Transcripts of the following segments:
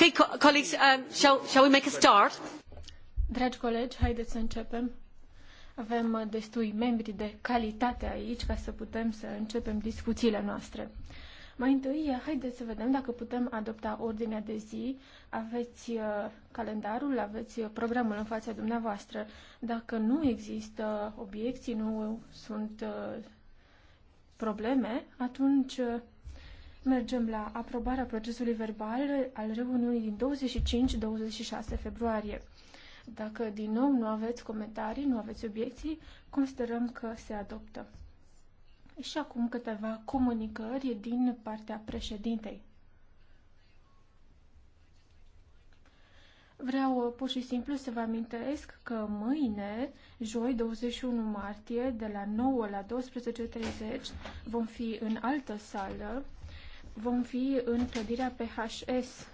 Okay, um, shall, we make a start? Dragi colegi, haideți să începem. Avem uh, destui membri de calitate aici ca să putem să începem discuțiile noastre. Mai întâi, uh, haideți să vedem dacă putem adopta ordinea de zi. Aveți uh, calendarul, aveți programul în fața dumneavoastră. Dacă nu există obiecții, nu sunt probleme, atunci Mergem la aprobarea procesului verbal al reuniunii din 25-26 februarie. Dacă din nou nu aveți comentarii, nu aveți obiecții, considerăm că se adoptă. Și acum câteva comunicări din partea președintei. Vreau pur și simplu să vă amintesc că mâine, joi 21 martie, de la 9 la 12.30, vom fi în altă sală, vom fi în clădirea PHS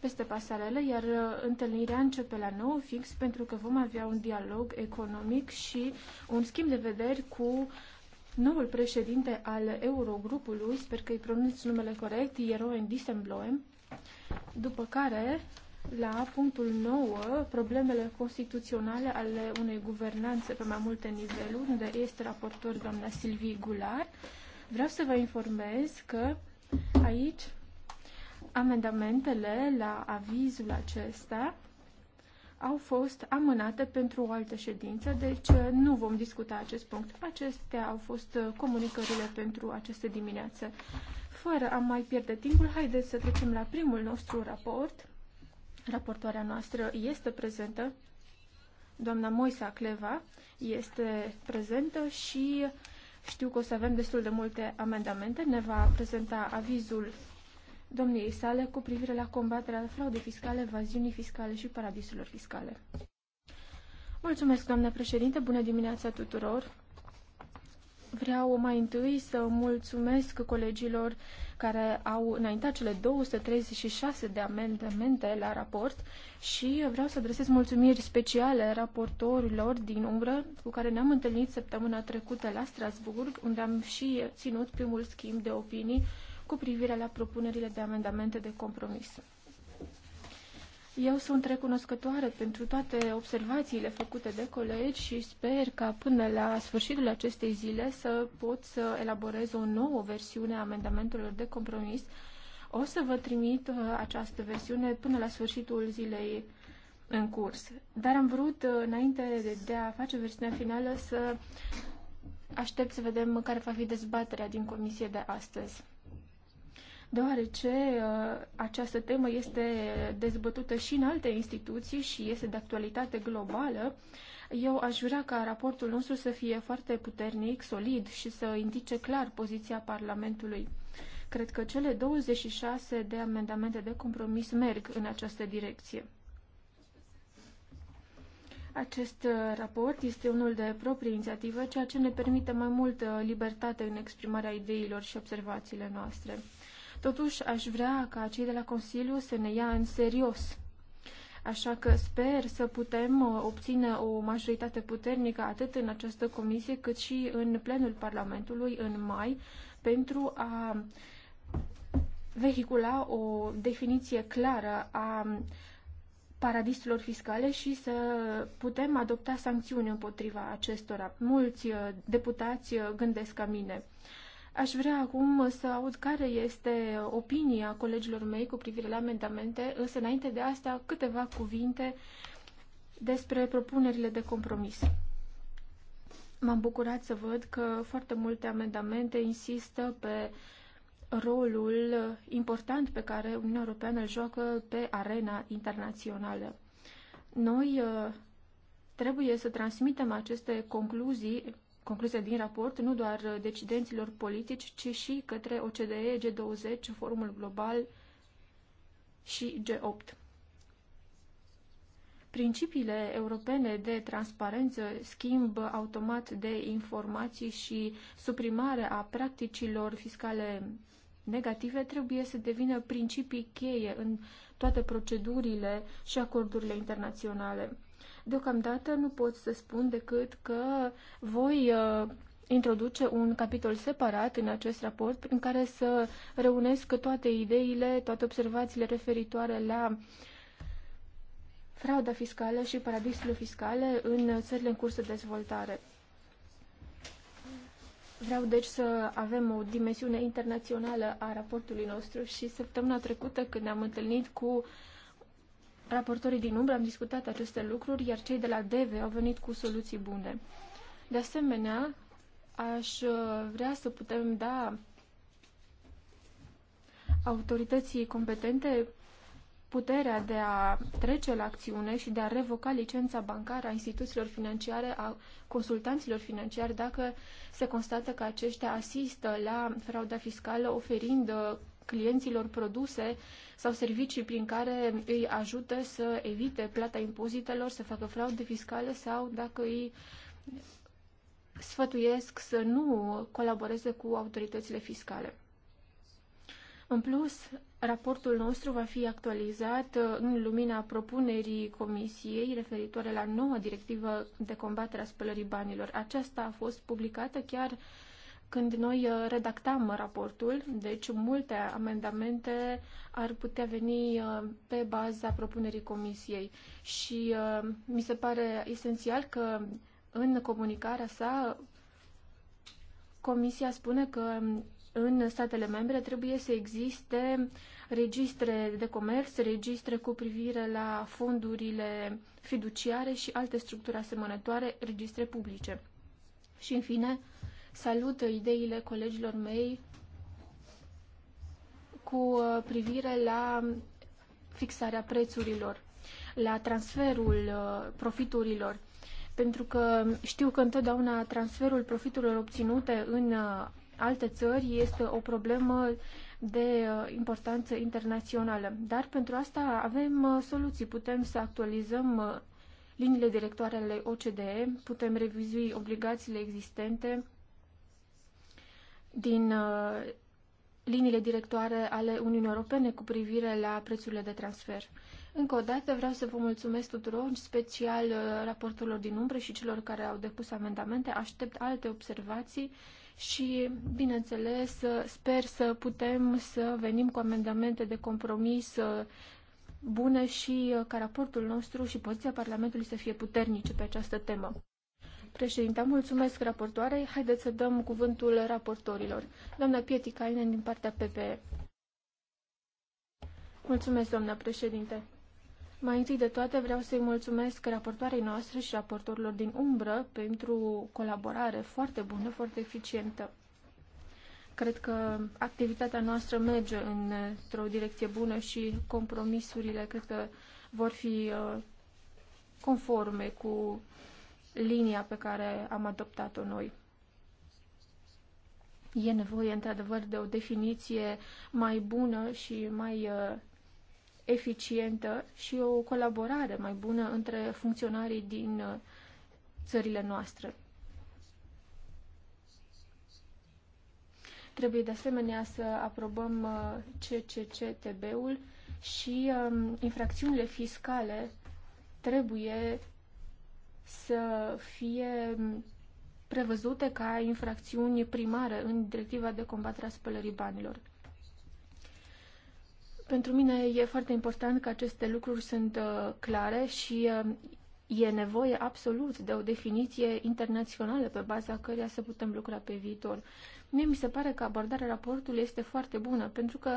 peste pasarele, iar uh, întâlnirea începe la nou fix pentru că vom avea un dialog economic și un schimb de vederi cu noul președinte al Eurogrupului, sper că îi pronunț numele corect, Ieroen Disembloem, după care la punctul 9, problemele constituționale ale unei guvernanțe pe mai multe niveluri, unde este raportor doamna Silvie Gular, Vreau să vă informez că aici amendamentele la avizul acesta au fost amânate pentru o altă ședință, deci uh, nu vom discuta acest punct. Acestea au fost uh, comunicările pentru această dimineață. Fără a mai pierde timpul, haideți să trecem la primul nostru raport. Raportoarea noastră este prezentă. Doamna Moisa Cleva este prezentă și știu că o să avem destul de multe amendamente. Ne va prezenta avizul domniei sale cu privire la combaterea fraudei fiscale, evaziunii fiscale și paradisurilor fiscale. Mulțumesc, doamnă președinte. Bună dimineața tuturor. Vreau mai întâi să mulțumesc colegilor care au înaintat cele 236 de amendamente la raport și vreau să adresez mulțumiri speciale raportorilor din umbră cu care ne-am întâlnit săptămâna trecută la Strasburg, unde am și ținut primul schimb de opinii cu privire la propunerile de amendamente de compromis. Eu sunt recunoscătoare pentru toate observațiile făcute de colegi și sper ca până la sfârșitul acestei zile să pot să elaborez o nouă versiune a amendamentelor de compromis. O să vă trimit uh, această versiune până la sfârșitul zilei în curs. Dar am vrut, uh, înainte de a face versiunea finală, să aștept să vedem care va fi dezbaterea din comisie de astăzi deoarece uh, această temă este dezbătută și în alte instituții și este de actualitate globală. Eu aș vrea ca raportul nostru să fie foarte puternic, solid și să indice clar poziția Parlamentului. Cred că cele 26 de amendamente de compromis merg în această direcție. Acest uh, raport este unul de proprie inițiativă, ceea ce ne permite mai multă uh, libertate în exprimarea ideilor și observațiile noastre. Totuși, aș vrea ca cei de la Consiliu să ne ia în serios. Așa că sper să putem uh, obține o majoritate puternică atât în această comisie cât și în plenul Parlamentului în mai pentru a vehicula o definiție clară a paradisurilor fiscale și să putem adopta sancțiuni împotriva acestora. Mulți uh, deputați uh, gândesc ca mine. Aș vrea acum să aud care este opinia colegilor mei cu privire la amendamente, însă înainte de asta câteva cuvinte despre propunerile de compromis. M-am bucurat să văd că foarte multe amendamente insistă pe rolul important pe care Uniunea Europeană îl joacă pe arena internațională. Noi uh, trebuie să transmitem aceste concluzii concluzia din raport, nu doar decidenților politici, ci și către OCDE, G20, Forumul Global și G8. Principiile europene de transparență, schimb automat de informații și suprimare a practicilor fiscale negative trebuie să devină principii cheie în toate procedurile și acordurile internaționale. Deocamdată nu pot să spun decât că voi uh, introduce un capitol separat în acest raport prin care să reunesc toate ideile, toate observațiile referitoare la frauda fiscală și paradisurile fiscale în țările în curs de dezvoltare. Vreau deci să avem o dimensiune internațională a raportului nostru și săptămâna trecută când ne-am întâlnit cu uh, raportorii din umbră am discutat aceste lucruri, iar cei de la DEVE au venit cu soluții bune. De asemenea, aș uh, vrea să putem da autorității competente puterea de a trece la acțiune și de a revoca licența bancară a instituțiilor financiare, a consultanților financiari, dacă se constată că aceștia asistă la frauda fiscală oferind uh, clienților produse sau servicii prin care îi ajută să evite plata impozitelor, să facă fraude fiscale sau dacă îi sfătuiesc să nu colaboreze cu autoritățile fiscale. În plus, raportul nostru va fi actualizat uh, în lumina propunerii Comisiei referitoare la noua directivă de combatere a spălării banilor. Aceasta a fost publicată chiar uh, când noi uh, redactam raportul, deci multe amendamente ar putea veni uh, pe baza propunerii comisiei și uh, mi se pare esențial că în comunicarea sa comisia spune că în statele membre trebuie să existe registre de comerț, registre cu privire la fondurile fiduciare și alte structuri asemănătoare, registre publice. Și, în fine, Salut ideile colegilor mei cu uh, privire la fixarea prețurilor, la transferul uh, profiturilor. Pentru că știu că întotdeauna transferul profiturilor obținute în uh, alte țări este o problemă de importanță internațională. Dar pentru asta avem soluții. Putem să actualizăm liniile directoare ale OCDE, putem revizui obligațiile existente, din uh, liniile directoare ale Uniunii Europene cu privire la prețurile de transfer. Încă o dată vreau să vă mulțumesc tuturor, în special uh, raporturilor din umbră și celor care au depus amendamente. Aștept alte observații și, bineînțeles, uh, sper să putem să venim cu amendamente de compromis bune și ca raportul nostru și poziția Parlamentului să fie puternice pe această temă președinte. Mulțumesc raportoarei. Haideți să dăm cuvântul raportorilor. Doamna Pietikainen din partea PPE. Mulțumesc, doamna președinte. Mai întâi de toate vreau să-i mulțumesc raportoarei noastre și raportorilor din umbră pentru colaborare foarte bună, foarte eficientă. Cred că activitatea noastră merge într-o direcție bună și compromisurile cred că vor fi uh, conforme cu linia pe care am adoptat-o noi. E nevoie, într-adevăr, de o definiție mai bună și mai uh, eficientă și o colaborare mai bună între funcționarii din uh, țările noastre. Trebuie de asemenea să aprobăm uh, CCCTB-ul și um, infracțiunile fiscale trebuie să fie prevăzute ca infracțiuni primare în directiva de combatere a spălării banilor. Pentru mine e foarte important că aceste lucruri sunt uh, clare și uh, e nevoie absolut de o definiție internațională pe baza căreia să putem lucra pe viitor. Mie mi se pare că abordarea raportului este foarte bună, pentru că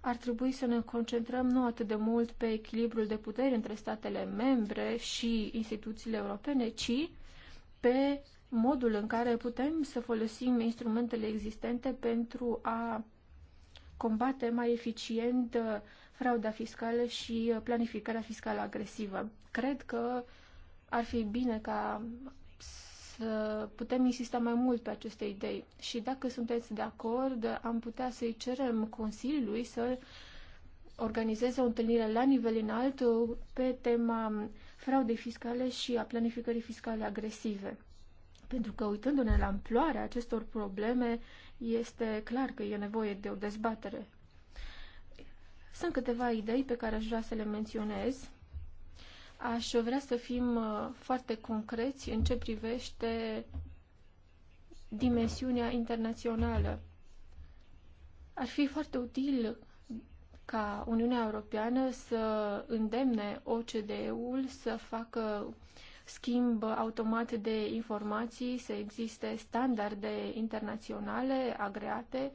ar trebui să ne concentrăm nu atât de mult pe echilibrul de putere între statele membre și instituțiile europene, ci pe modul în care putem să folosim instrumentele existente pentru a combate mai eficient uh, frauda fiscală și uh, planificarea fiscală agresivă. Cred că ar fi bine ca să putem insista mai mult pe aceste idei. Și dacă sunteți de acord, am putea să-i cerem Consiliului să organizeze o întâlnire la nivel înalt pe tema fraudei fiscale și a planificării fiscale agresive. Pentru că, uitându-ne la amploarea acestor probleme, este clar că e nevoie de o dezbatere. Sunt câteva idei pe care aș vrea să le menționez Aș vrea să fim uh, foarte concreți în ce privește dimensiunea internațională. Ar fi foarte util ca Uniunea Europeană să îndemne OCDE-ul să facă schimb automat de informații, să existe standarde internaționale agreate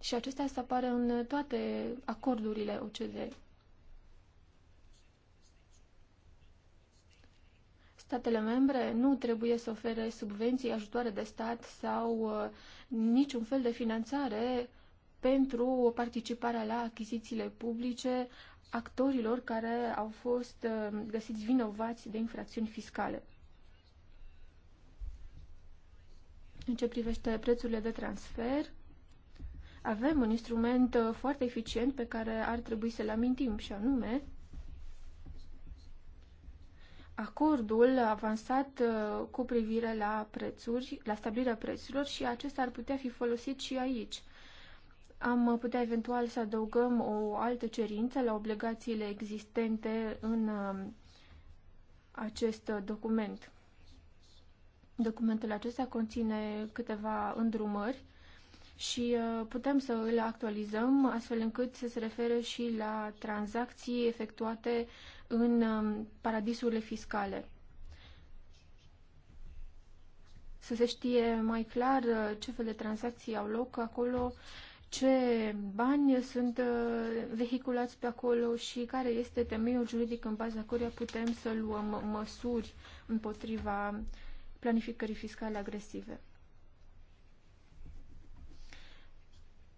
și acestea să apară în toate acordurile OCDE. Statele membre nu trebuie să ofere subvenții, ajutoare de stat sau uh, niciun fel de finanțare pentru participarea la achizițiile publice actorilor care au fost uh, găsiți vinovați de infracțiuni fiscale. În ce privește prețurile de transfer, avem un instrument uh, foarte eficient pe care ar trebui să-l amintim și anume acordul avansat uh, cu privire la prețuri, la stabilirea prețurilor și acesta ar putea fi folosit și aici. Am putea eventual să adăugăm o altă cerință la obligațiile existente în uh, acest document. Documentul acesta conține câteva îndrumări și uh, putem să îl actualizăm astfel încât să se refere și la tranzacții efectuate în um, paradisurile fiscale. Să se știe mai clar uh, ce fel de tranzacții au loc acolo, ce bani sunt uh, vehiculați pe acolo și care este temeiul juridic în baza căruia putem să luăm măsuri împotriva planificării fiscale agresive.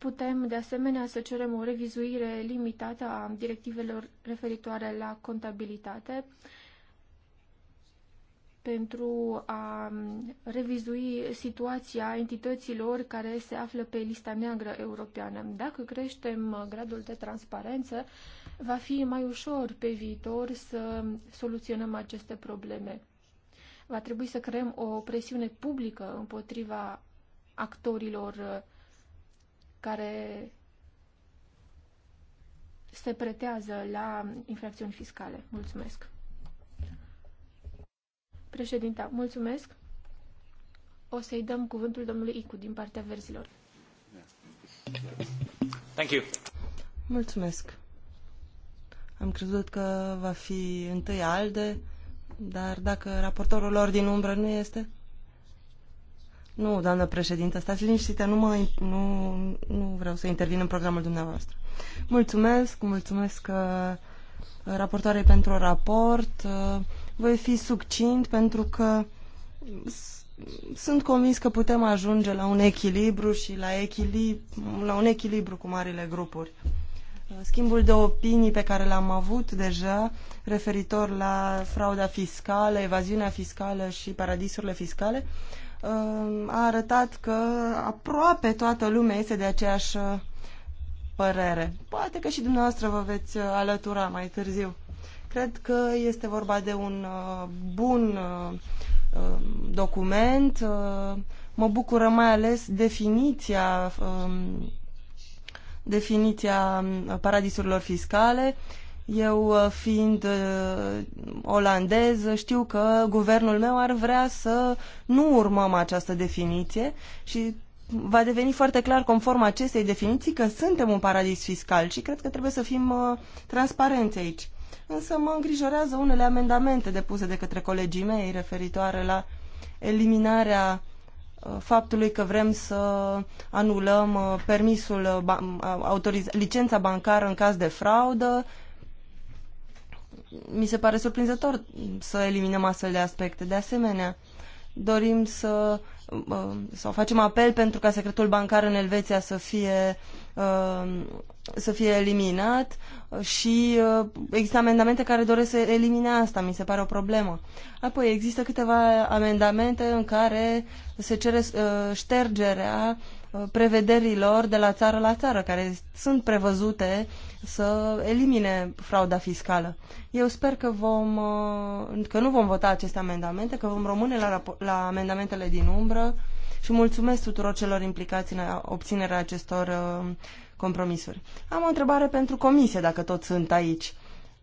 Putem, de asemenea, să cerem o revizuire limitată a directivelor referitoare la contabilitate pentru a revizui situația entităților care se află pe lista neagră europeană. Dacă creștem gradul de transparență, va fi mai ușor pe viitor să soluționăm aceste probleme. Va trebui să creăm o presiune publică împotriva actorilor care se pretează la infracțiuni fiscale. Mulțumesc. Președinta, mulțumesc. O să-i dăm cuvântul domnului Icu din partea verzilor. Thank you. Mulțumesc. Am crezut că va fi întâi ALDE, dar dacă raportorul lor din umbră nu este, nu, doamnă președintă, stați liniștită, nu, mă, nu, nu vreau să intervin în programul dumneavoastră. Mulțumesc, mulțumesc uh, raportoarei pentru raport. Uh, voi fi succint pentru că sunt convins că putem ajunge la un echilibru și la, echilibru, la un echilibru cu marile grupuri. Uh, schimbul de opinii pe care l-am avut deja referitor la frauda fiscală, evaziunea fiscală și paradisurile fiscale Ehm, a arătat că aproape toată lumea este de aceeași uh, părere. Poate că și dumneavoastră vă veți uh, alătura mai târziu. Cred că este vorba de un uh, bun um, document. Mă bucură mai ales definiția um, definiția um, paradisurilor fiscale eu, uh, fiind uh, olandez, știu că guvernul meu ar vrea să nu urmăm această definiție și va deveni foarte clar conform acestei definiții că suntem un paradis fiscal și cred că trebuie să fim uh, transparenți aici. Însă mă îngrijorează unele amendamente depuse de către colegii mei referitoare la eliminarea faptului că vrem să anulăm permisul, licența bancară în caz de fraudă mi se pare surprinzător să eliminăm astfel de aspecte. De asemenea, dorim să uh, sau facem apel pentru ca secretul bancar în Elveția să fie uh, să fie eliminat și uh, există amendamente care doresc să elimine asta, mi se pare o problemă. Apoi există câteva amendamente în care se cere ștergerea prevederilor de la țară la țară, care sunt prevăzute să elimine frauda fiscală. Eu sper că, vom, uh, că nu vom vota aceste amendamente, că vom rămâne la, la amendamentele din umbră și mulțumesc tuturor celor implicați în obținerea acestor uh, compromisuri. Am o întrebare pentru comisie, dacă toți sunt aici.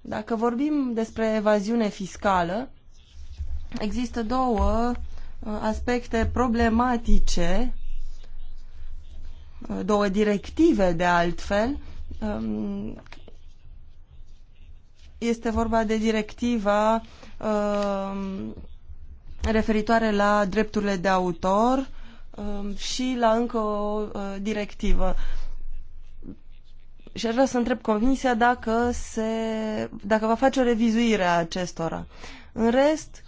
Dacă vorbim despre evaziune fiscală, există două uh, aspecte problematice două directive de altfel. Um, este vorba de directiva um, referitoare la drepturile de autor um, și la încă o uh, directivă. Și aș vrea să întreb Comisia dacă, se, dacă va face o revizuire a acestora. În rest,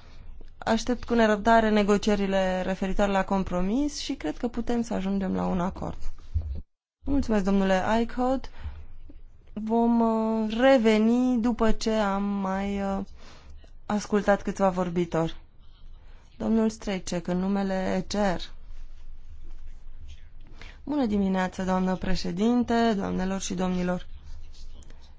aștept cu nerăbdare negocierile referitoare la compromis și cred că putem să ajungem la un acord. Mulțumesc, domnule Eichhout. Vom uh, reveni după ce am mai uh, ascultat câțiva vorbitori. Domnul Strecec, în numele CER. Bună dimineața, doamnă președinte, doamnelor și domnilor.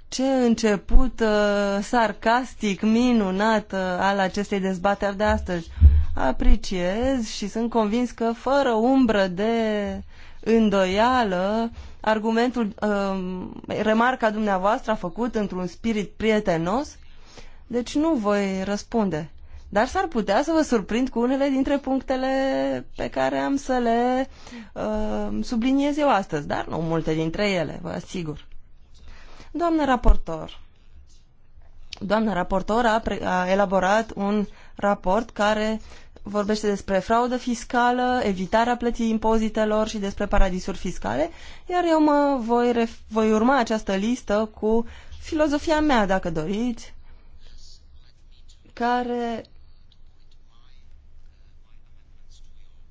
Ce început uh, sarcastic, minunat uh, al acestei dezbateri de astăzi. Apreciez și sunt convins că fără umbră de îndoială argumentul, um, remarca dumneavoastră a făcut într-un spirit prietenos, deci nu voi răspunde. Dar s-ar putea să vă surprind cu unele dintre punctele pe care am să le uh, subliniez eu astăzi, dar nu multe dintre ele, vă asigur. Doamnă raportor, doamna raportor a, pre- a elaborat un raport care vorbește despre fraudă fiscală, evitarea plății impozitelor și despre paradisuri fiscale, iar eu mă voi, voi urma această listă cu filozofia mea, dacă doriți, care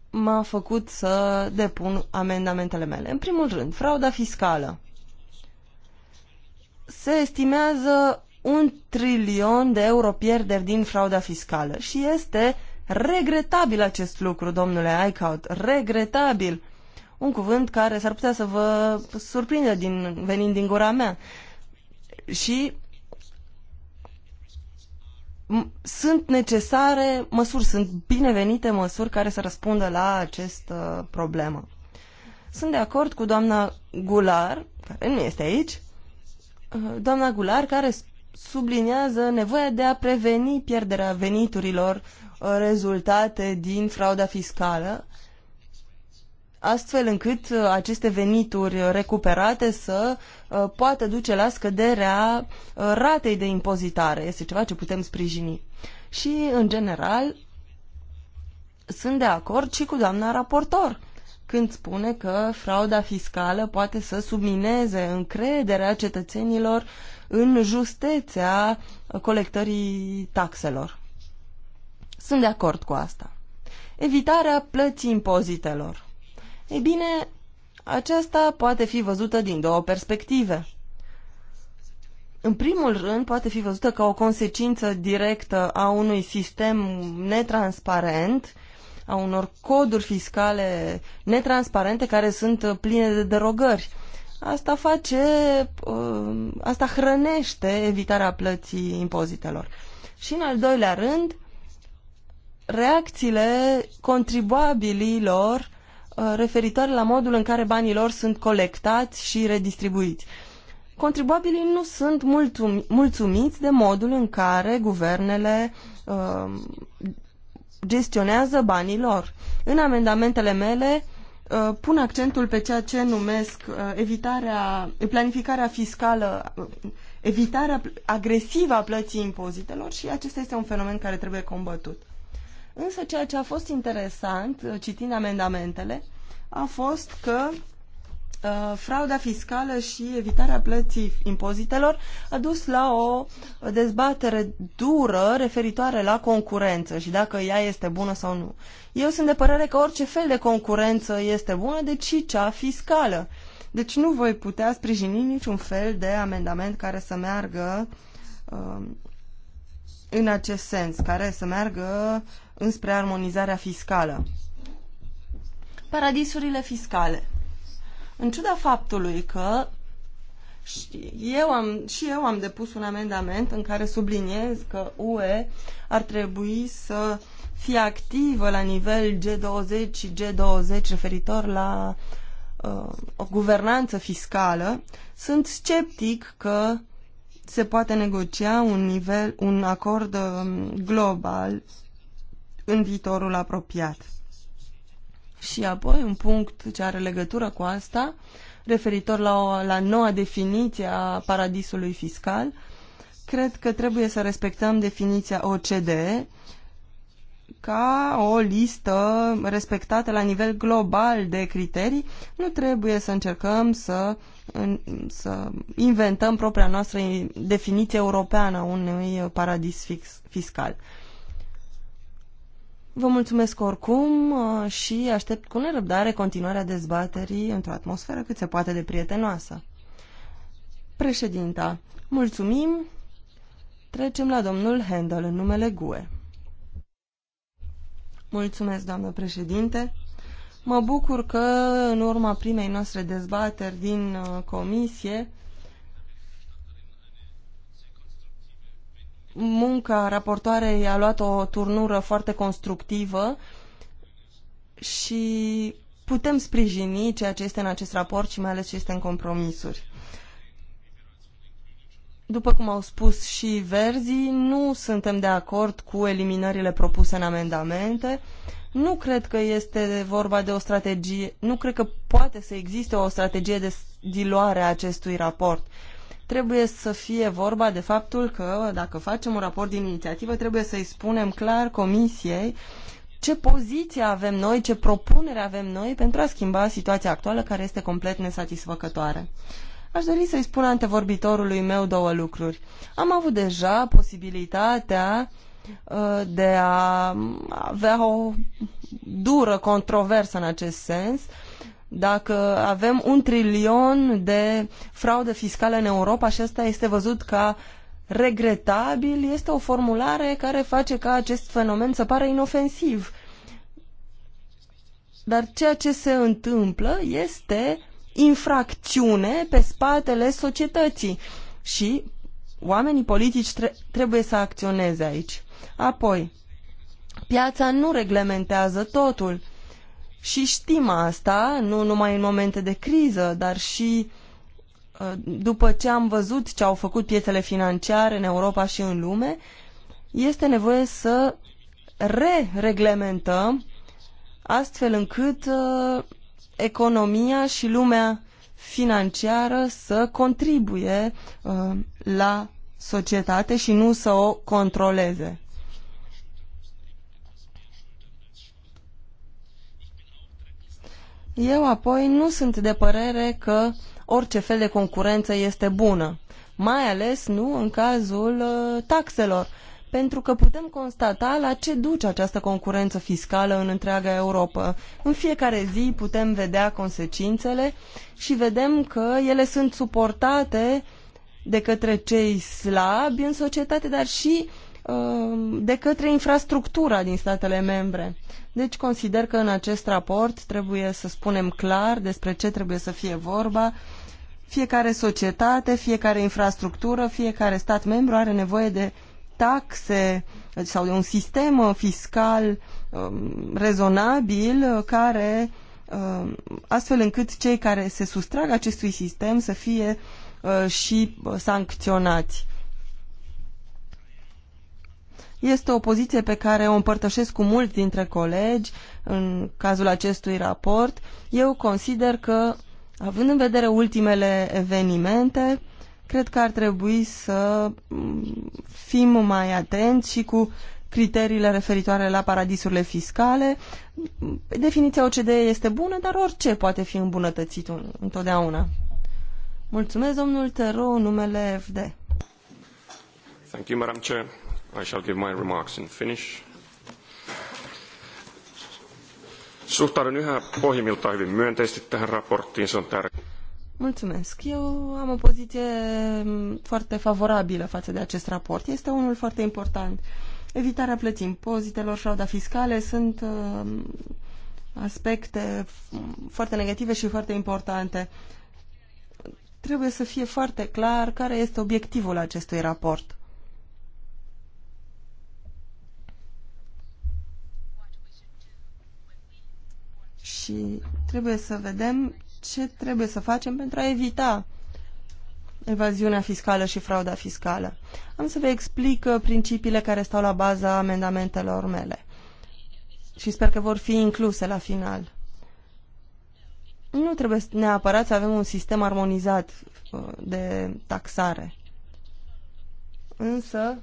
m-a făcut să depun amendamentele mele. În primul rând, frauda fiscală. Se estimează un trilion de euro pierderi din frauda fiscală și este uh, Regretabil acest lucru, domnule Eichhout, regretabil. Un cuvânt care s-ar putea să vă surprindă din, venind din gura mea. Și sunt necesare măsuri, sunt binevenite măsuri care să răspundă la această uh, problemă. Sunt de acord cu doamna Gular, care nu este aici, uh, doamna Gular care subliniază nevoia de a preveni pierderea veniturilor rezultate din frauda fiscală, astfel încât uh, aceste venituri recuperate să uh, poată duce la scăderea uh, ratei de impozitare. Este ceva ce putem sprijini. Și, în general, sunt de acord și cu doamna raportor când spune că frauda fiscală poate să submineze încrederea cetățenilor în justețea colectării taxelor. Sunt de acord cu asta. Evitarea plății impozitelor. Ei bine, aceasta poate fi văzută din două perspective. În primul rând, poate fi văzută ca o consecință directă a unui sistem netransparent, a unor coduri fiscale netransparente care sunt pline de derogări. Asta face, uh, asta hrănește evitarea plății impozitelor. Și în al doilea rând, reacțiile contribuabililor uh, referitor la modul în care banii lor sunt colectați și redistribuiți. Contribuabilii nu sunt mulțumiți de modul în care guvernele uh, gestionează banii lor. În amendamentele mele uh, pun accentul pe ceea ce numesc evitarea, planificarea fiscală, evitarea agresivă a plății impozitelor și acesta este un fenomen care trebuie combătut. Însă ceea ce a fost interesant, uh, citind amendamentele, a fost că uh, frauda fiscală și evitarea plății impozitelor a dus la o dezbatere dură referitoare la concurență și dacă ea este bună sau nu. Eu sunt de părere că orice fel de concurență este bună, deci și cea fiscală. Deci nu voi putea sprijini niciun fel de amendament care să meargă uh, în acest sens, care să meargă înspre armonizarea fiscală. Paradisurile fiscale. În ciuda faptului că și eu am, și eu am depus un amendament în care subliniez că UE ar trebui să fie activă la nivel G20 și G20 referitor la uh, o guvernanță fiscală, sunt sceptic că se poate negocia un nivel, un acord um, global în viitorul apropiat. Și apoi un punct ce are legătură cu asta, referitor la, o, la noua definiție a paradisului fiscal, cred că trebuie să respectăm definiția OCDE ca o listă respectată la nivel global de criterii. Nu trebuie să încercăm să, să inventăm propria noastră definiție europeană a unui paradis fix, fiscal. Vă mulțumesc oricum uh, și aștept cu nerăbdare continuarea dezbaterii într-o atmosferă cât se poate de prietenoasă. Președinta, mulțumim. Trecem la domnul Handel în numele GUE. Mulțumesc, doamnă președinte. Mă bucur că, în urma primei noastre dezbateri din uh, comisie, munca raportoarei a luat o turnură foarte constructivă și putem sprijini ceea ce este în acest raport și mai ales ce este în compromisuri. După cum au spus și verzii, nu suntem de acord cu eliminările propuse în amendamente. Nu cred că este vorba de o strategie, nu cred că poate să existe o strategie de diluare a acestui raport. Trebuie să fie vorba de faptul că dacă facem un raport din inițiativă, trebuie să-i spunem clar comisiei ce poziție avem noi, ce propunere avem noi pentru a schimba situația actuală care este complet nesatisfăcătoare. Aș dori să-i spun antevorbitorului meu două lucruri. Am avut deja posibilitatea uh, de a avea o dură controversă în acest sens dacă avem un trilion de fraudă fiscală în Europa și asta este văzut ca regretabil, este o formulare care face ca acest fenomen să pară inofensiv. Dar ceea ce se întâmplă este infracțiune pe spatele societății și oamenii politici tre trebuie să acționeze aici. Apoi, piața nu reglementează totul. Și știm asta, nu numai în momente de criză, dar și ă, după ce am văzut ce au făcut piețele financiare în Europa și în lume, este nevoie să re-reglementăm astfel încât ă, economia și lumea financiară să contribuie ă, la societate și nu să o controleze. Eu apoi nu sunt de părere că orice fel de concurență este bună, mai ales nu în cazul uh, taxelor, pentru că putem constata la ce duce această concurență fiscală în întreaga Europa. În fiecare zi putem vedea consecințele și vedem că ele sunt suportate de către cei slabi în societate, dar și uh, de către infrastructura din statele membre. Deci consider că în acest raport trebuie să spunem clar despre ce trebuie să fie vorba. Fiecare societate, fiecare infrastructură, fiecare stat membru are nevoie de taxe deci, sau de un sistem fiscal um, rezonabil care um, astfel încât cei care se sustrag acestui sistem să fie uh, și sancționați. Este o poziție pe care o împărtășesc cu mulți dintre colegi în cazul acestui raport. Eu consider că, având în vedere ultimele evenimente, cred că ar trebui să mm, fim mai atenți și cu criteriile referitoare la paradisurile fiscale. Definiția OCDE este bună, dar orice poate fi îmbunătățit întotdeauna. Mulțumesc, domnul Tero, numele FD. Thank you, Madam Chair. I shall give my remarks in Finnish. Suhtaudun yhä pohjimmiltaan hyvin myönteisesti tähän raporttiin, se on tärkeää. Mulțumesc. Eu am o poziție mm, foarte favorabilă față de acest raport. Este unul foarte important. Evitarea plății impozitelor, frauda fiscale sunt mm, aspecte foarte negative și foarte importante. Trebuie să fie foarte clar care este obiectivul acestui raport. și trebuie să vedem ce trebuie să facem pentru a evita evaziunea fiscală și frauda fiscală. Am să vă explic uh, principiile care stau la baza amendamentelor mele și sper că vor fi incluse la final. Nu trebuie neapărat să avem un sistem armonizat uh, de taxare. Însă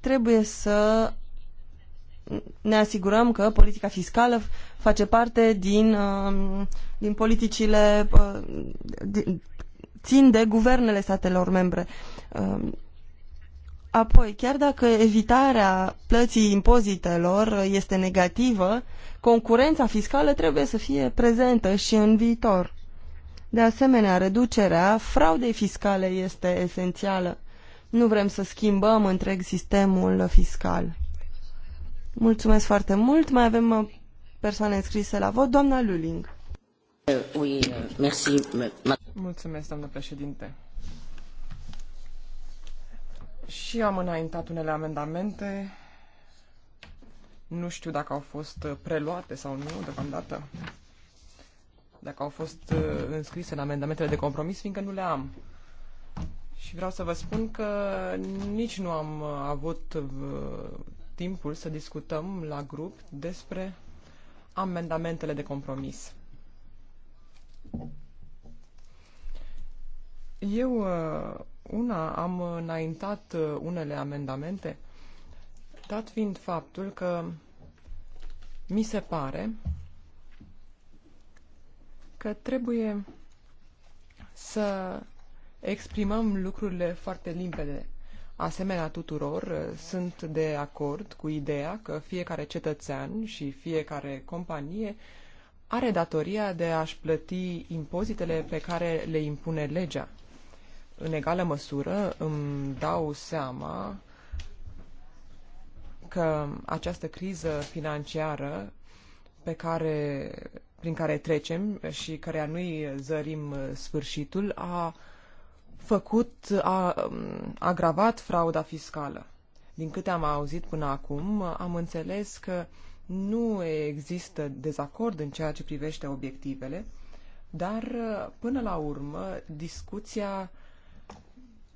trebuie să ne asigurăm că politica fiscală face parte din, um, din politicile uh, din, țin de guvernele statelor membre. Um, apoi, chiar dacă evitarea plății impozitelor este negativă, concurența fiscală trebuie să fie prezentă și în viitor. De asemenea, reducerea fraudei fiscale este esențială. Nu vrem să schimbăm întreg sistemul fiscal. Mulțumesc foarte mult. Mai avem uh, persoane înscrise la vot. Doamna Luling. Uh, uh, Mulțumesc, doamnă președinte. Și am înaintat unele amendamente. Nu știu dacă au fost preluate sau nu deocamdată. Dacă au fost înscrise în amendamentele de compromis, fiindcă nu le am. Și vreau să vă spun că nici nu am avut timpul să discutăm la grup despre amendamentele de compromis. Eu uh, una am înaintat uh, unele amendamente, dat fiind faptul că mi se pare că trebuie să exprimăm lucrurile foarte limpede asemenea tuturor, uh, sunt de acord cu ideea că fiecare cetățean și fiecare companie are datoria de a-și plăti impozitele pe care le impune legea. În egală măsură îmi dau seama că această criză financiară pe care, prin care trecem și care nu-i zărim uh, sfârșitul a făcut, a um, agravat frauda fiscală. Din câte am auzit până acum, am înțeles că nu există dezacord în ceea ce privește obiectivele, dar până la urmă discuția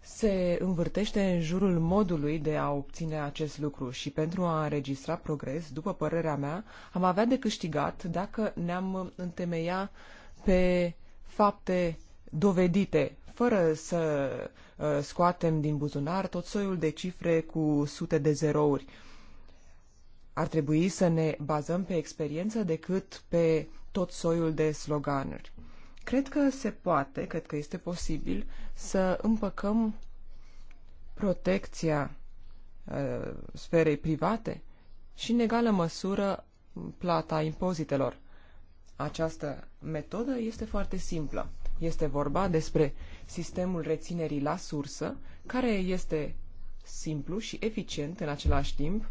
se învârtește în jurul modului de a obține acest lucru și pentru a înregistra progres, după părerea mea, am avea de câștigat dacă ne-am întemeia pe fapte dovedite fără să uh, scoatem din buzunar tot soiul de cifre cu sute de zerouri. Ar trebui să ne bazăm pe experiență decât pe tot soiul de sloganuri. Cred că se poate, cred că este posibil să împăcăm protecția uh, sferei private și, în egală măsură, plata impozitelor. Această metodă este foarte simplă. Este vorba despre sistemul reținerii la sursă, care este simplu și eficient în același timp.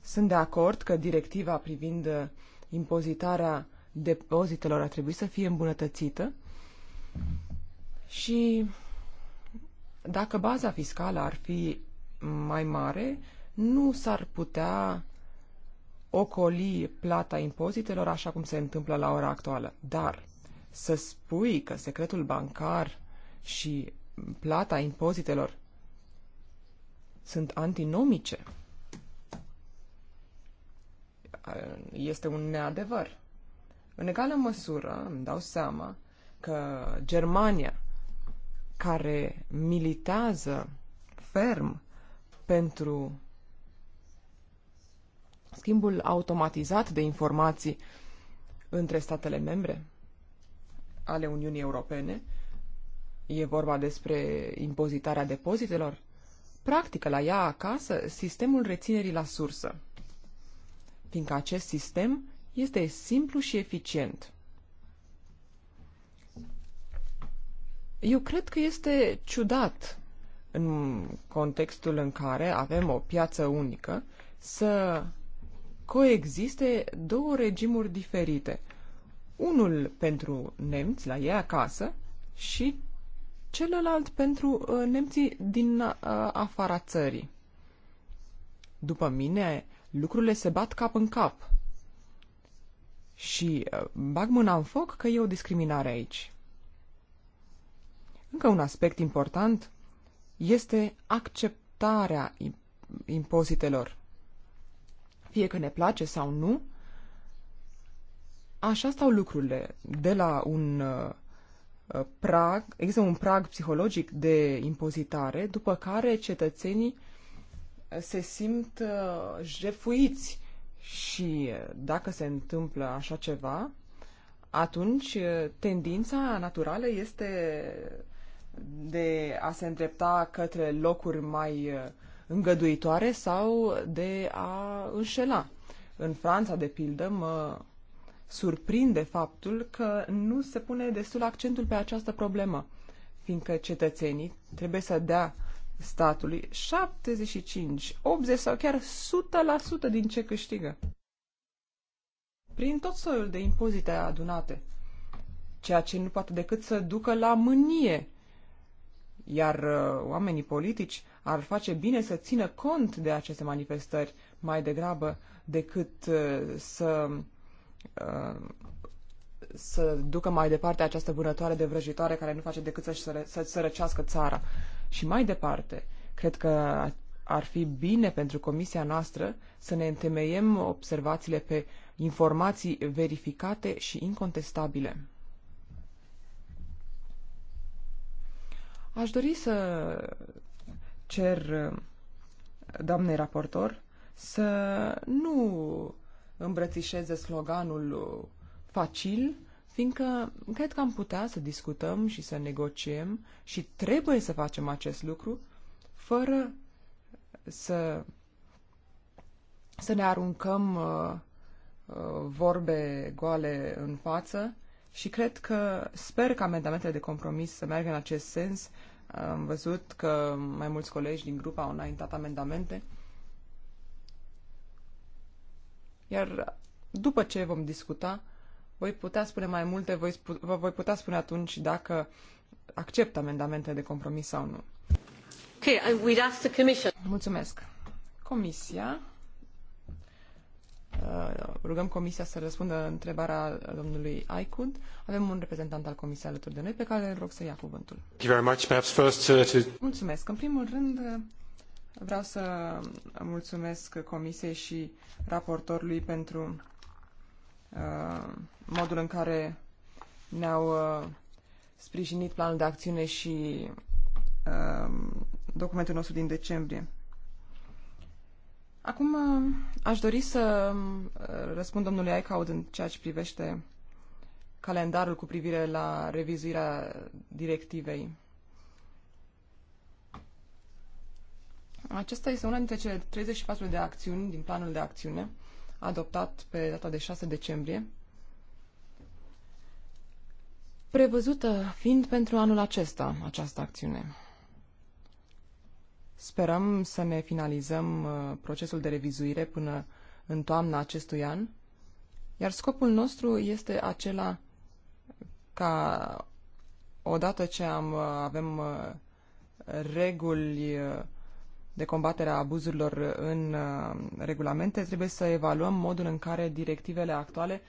Sunt de acord că directiva privind uh, impozitarea depozitelor ar trebui să fie îmbunătățită și dacă baza fiscală ar fi mai mare, nu s-ar putea ocoli plata impozitelor așa cum se întâmplă la ora actuală. Dar să spui că secretul bancar și plata impozitelor sunt antinomice este un neadevăr. În egală măsură îmi dau seama că Germania, care militează ferm pentru schimbul automatizat de informații între statele membre, ale Uniunii Europene, e vorba despre impozitarea depozitelor, practică la ea acasă sistemul reținerii la sursă, fiindcă acest sistem este simplu și eficient. Eu cred că este ciudat în contextul în care avem o piață unică să coexiste două regimuri diferite – unul pentru nemți la ei acasă și celălalt pentru uh, nemții din uh, afara țării. După mine, lucrurile se bat cap în cap. Și uh, bag mâna în foc că e o discriminare aici. Încă un aspect important este acceptarea impozitelor. Fie că ne place sau nu, Așa stau lucrurile. De la un uh, prag, există un prag psihologic de impozitare, după care cetățenii uh, se simt uh, jefuiți și dacă se întâmplă așa ceva, atunci tendința naturală este de a se îndrepta către locuri mai îngăduitoare sau de a înșela. În Franța, de pildă, mă surprinde faptul că nu se pune destul accentul pe această problemă, fiindcă cetățenii trebuie să dea statului 75, 80 sau chiar 100% din ce câștigă. Prin tot soiul de impozite adunate, ceea ce nu poate decât să ducă la mânie. Iar uh, oamenii politici ar face bine să țină cont de aceste manifestări mai degrabă decât uh, să să ducă mai departe această vânătoare de vrăjitoare care nu face decât să-și sără, să sărăcească țara. Și mai departe, cred că ar fi bine pentru comisia noastră să ne întemeiem observațiile pe informații verificate și incontestabile. Aș dori să cer doamnei raportor să nu îmbrățișeze sloganul uh, facil, fiindcă cred că am putea să discutăm și să negociem și trebuie să facem acest lucru fără să, să ne aruncăm uh, uh, vorbe goale în față și cred că sper că amendamentele de compromis să meargă în acest sens. Am văzut că mai mulți colegi din grup au înaintat amendamente Iar după ce vom discuta, voi putea spune mai multe, voi sp- vă voi putea spune atunci dacă accept amendamentele de compromis sau nu. Okay, we'd ask the commission. Mulțumesc. Comisia. Uh, rugăm Comisia să răspundă întrebarea domnului Aicud. Avem un reprezentant al Comisiei alături de noi pe care îl rog să ia cuvântul. Thank you very much. Perhaps first to. Mulțumesc. În primul rând, Vreau să mulțumesc Comisiei și raportorului pentru uh, modul în care ne-au uh, sprijinit planul de acțiune și uh, documentul nostru din decembrie. Acum uh, aș dori să uh, răspund domnului Aicaud în ceea ce privește calendarul cu privire la revizuirea directivei Acesta este una dintre cele 34 de acțiuni din planul de acțiune adoptat pe data de 6 decembrie, prevăzută fiind pentru anul acesta această acțiune. Sperăm să ne finalizăm uh, procesul de revizuire până în toamna acestui an, iar scopul nostru este acela ca odată ce am, uh, avem uh, reguli de combatere a abuzurilor în uh, regulamente, trebuie să evaluăm modul în care directivele actuale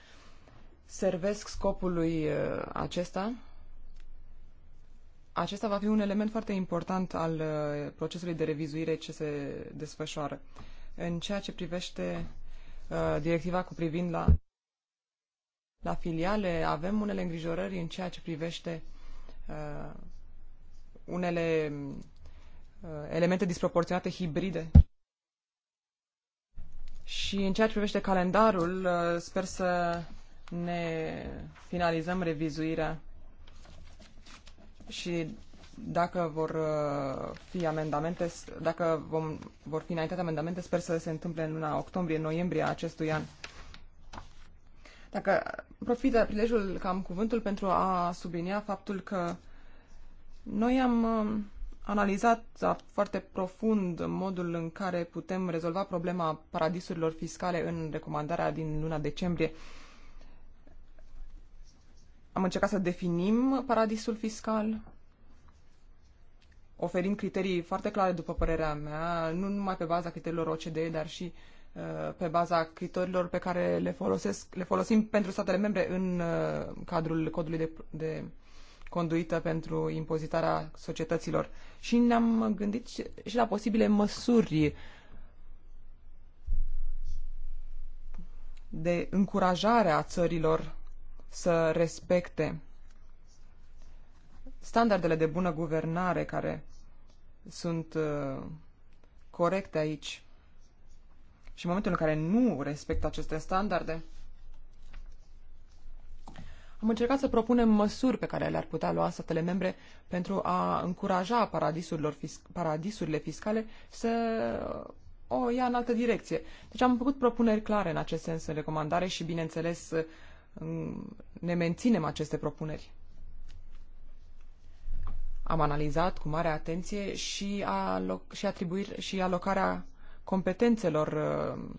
servesc scopului uh, acesta. Acesta va fi un element foarte important al uh, procesului de revizuire ce se desfășoară. În ceea ce privește directiva cu privind la, la filiale, avem unele îngrijorări în ceea ce privește unele Uh, elemente disproporționate hibride. Și în ceea ce privește calendarul, uh, sper să ne finalizăm revizuirea și dacă vor uh, fi amendamente, dacă vom, vor fi înaintate amendamente, sper să se întâmple în luna octombrie-noiembrie acestui an. Dacă profit de prilejul cam cuvântul pentru a sublinia faptul că noi am um, analizat da, foarte profund modul în care putem rezolva problema paradisurilor fiscale în recomandarea din luna decembrie. Am încercat să definim paradisul fiscal, oferind criterii foarte clare, după părerea mea, nu numai pe baza criteriilor OCDE, dar și uh, pe baza criteriilor pe care le, folosesc, le folosim pentru statele membre în uh, cadrul codului de, de conduită pentru impozitarea societăților. Și ne-am gândit și la posibile măsuri de încurajare a țărilor să respecte standardele de bună guvernare care sunt uh, corecte aici. Și în momentul în care nu respectă aceste standarde, am încercat să propunem măsuri pe care le-ar putea lua statele membre pentru a încuraja paradisurilor fisc- paradisurile fiscale să o ia în altă direcție. Deci am făcut propuneri clare în acest sens în recomandare și, bineînțeles, ne menținem aceste propuneri. Am analizat cu mare atenție și, aloc- și, atribuir- și alocarea competențelor uh,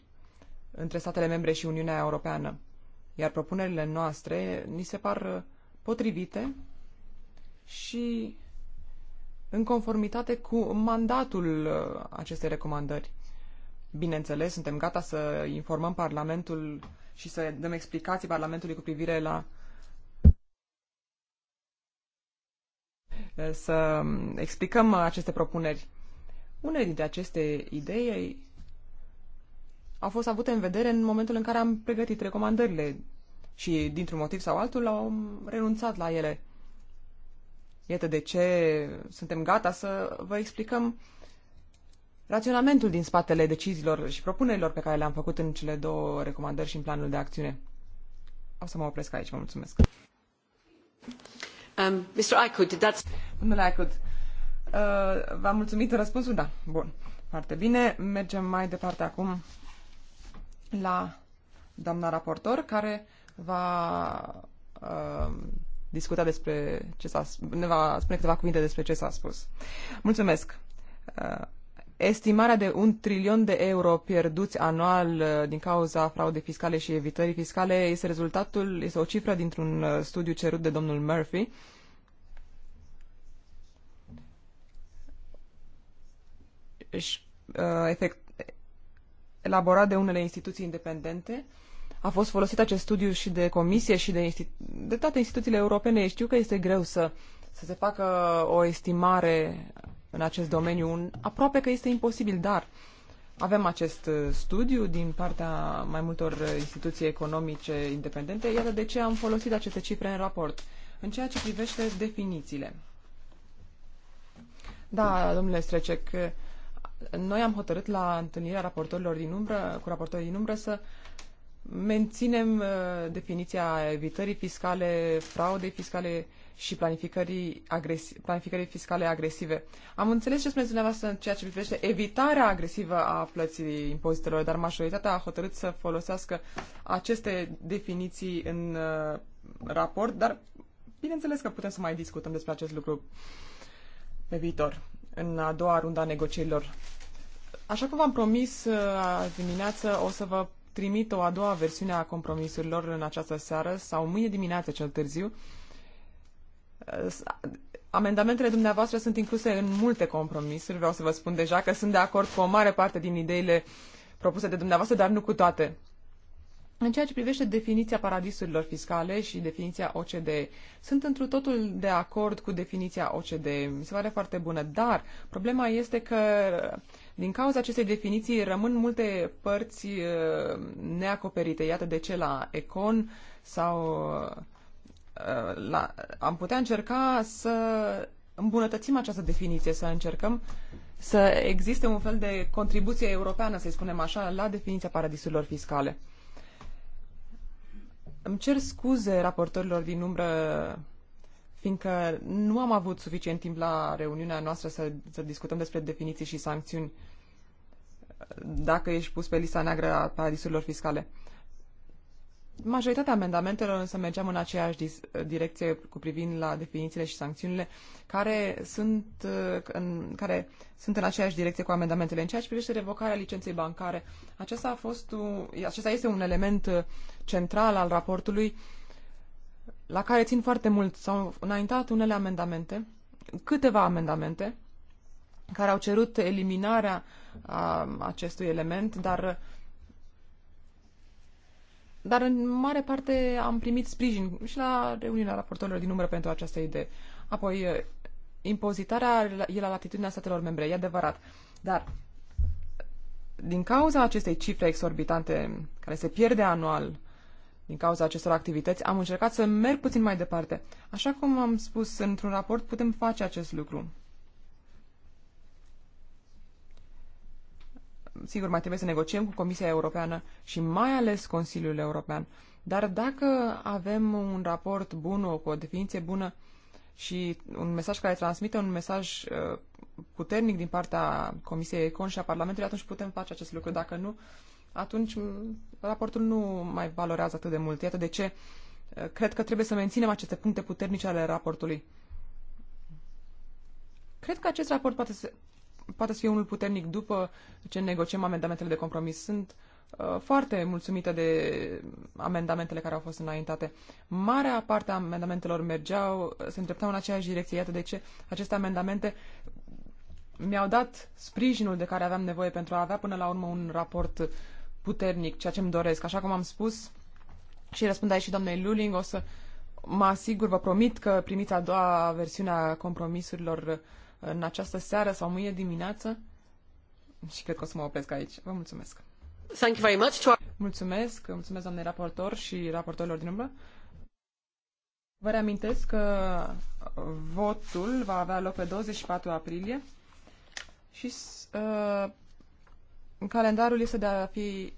între statele membre și Uniunea Europeană. Iar propunerile noastre ni se par uh, potrivite și în conformitate cu mandatul uh, acestei recomandări. Bineînțeles, suntem gata să informăm Parlamentul și să dăm explicații Parlamentului cu privire la uh, să um, explicăm aceste propuneri. Unele dintre aceste idei au fost avute în vedere în momentul în care am pregătit recomandările și, dintr-un motiv sau altul, am renunțat la ele. Iată de ce suntem gata să vă explicăm raționamentul din spatele deciziilor și propunerilor pe care le-am făcut în cele două recomandări și în planul de acțiune. O să mă opresc aici, vă mulțumesc. Um, Mr. Aykut, did that... Domnule Aykut, uh, v-am mulțumit răspunsul? Da. Bun. Foarte bine. Mergem mai departe acum la doamna raportor, care va uh, discuta despre ce s-a ne va spune câteva cuvinte despre ce s-a spus. Mulțumesc! Uh, estimarea de un trilion de euro pierduți anual uh, din cauza fraudei fiscale și evitării fiscale este rezultatul, este o cifră dintr-un uh, studiu cerut de domnul Murphy. Și, uh, efect, elaborat de unele instituții independente. A fost folosit acest studiu și de comisie și de, de toate instituțiile europene. Știu că este greu să, să se facă o estimare în acest domeniu. aproape că este imposibil, dar avem acest uh, studiu din partea mai multor uh, instituții economice independente. Iată de ce am folosit aceste cifre în raport. În ceea ce privește definițiile. Da, domnule Strecec, noi am hotărât la întâlnirea raportorilor din umbră, cu raportorii din umbră să menținem uh, definiția evitării fiscale, fraudei fiscale și planificării, agresi- planificării fiscale agresive. Am înțeles ce spuneți dumneavoastră în ceea ce privește evitarea agresivă a plății impozitelor, dar majoritatea a hotărât să folosească aceste definiții în uh, raport, dar bineînțeles că putem să mai discutăm despre acest lucru pe viitor în a doua rundă a negocierilor. Așa cum v-am promis uh, dimineață, o să vă trimit o a doua versiune a compromisurilor în această seară sau mâine dimineață cel târziu. Amendamentele dumneavoastră sunt incluse în multe compromisuri. Vreau să vă spun deja că sunt de acord cu o mare parte din ideile propuse de dumneavoastră, dar nu cu toate. În ceea ce privește definiția paradisurilor fiscale și definiția OCDE, sunt întru totul de acord cu definiția OCDE. Mi se pare foarte bună, dar problema este că din cauza acestei definiții rămân multe părți uh, neacoperite. Iată de ce la Econ sau uh, la, am putea încerca să îmbunătățim această definiție, să încercăm să existe un fel de contribuție europeană, să-i spunem așa, la definiția paradisurilor fiscale. Îmi cer scuze raportorilor din umbră, fiindcă nu am avut suficient timp la reuniunea noastră să, să discutăm despre definiții și sancțiuni dacă ești pus pe lista neagră a paradisurilor fiscale. Majoritatea amendamentelor însă mergeam în aceeași direcție cu privind la definițiile și sancțiunile care sunt, uh, în, care sunt în aceeași direcție cu amendamentele. În ceea ce privește revocarea licenței bancare, acesta, a fost, acesta este un element uh, central al raportului la care țin foarte mult. S-au înaintat unele amendamente, câteva amendamente, care au cerut eliminarea a, uh, acestui element, dar dar în mare parte am primit sprijin și la reuniunea raportorilor din umbră pentru această idee. Apoi, eh, impozitarea e la latitudinea statelor membre, e adevărat. Dar din cauza acestei cifre exorbitante care se pierde anual din cauza acestor activități, am încercat să merg puțin mai departe. Așa cum am spus într-un raport, putem face acest lucru. sigur, mai trebuie să negociem cu Comisia Europeană și mai ales Consiliul European. Dar dacă avem un raport bun, o, o definiție bună și un mesaj care transmite un mesaj uh, puternic din partea Comisiei Econ și a Parlamentului, atunci putem face acest lucru. Dacă nu, atunci raportul nu mai valorează atât de mult. Iată de ce uh, cred că trebuie să menținem aceste puncte puternice ale raportului. Cred că acest raport poate să, poate să fie unul puternic după ce negociem amendamentele de compromis. Sunt uh, foarte mulțumită de amendamentele care au fost înaintate. Marea parte a amendamentelor mergeau, se îndreptau în aceeași direcție. Iată de ce aceste amendamente mi-au dat sprijinul de care aveam nevoie pentru a avea până la urmă un raport puternic, ceea ce îmi doresc. Așa cum am spus și răspund aici și doamnei Luling, o să mă asigur, vă promit că primiți a doua versiune a compromisurilor uh, în această seară sau mâine dimineață. Și cred că o să mă opresc aici. Vă mulțumesc! Thank you very much to... Mulțumesc, mulțumesc doamnei raportor și raportorilor din umbră. Vă reamintesc că votul va avea loc pe 24 aprilie și uh, calendarul este de a, fi,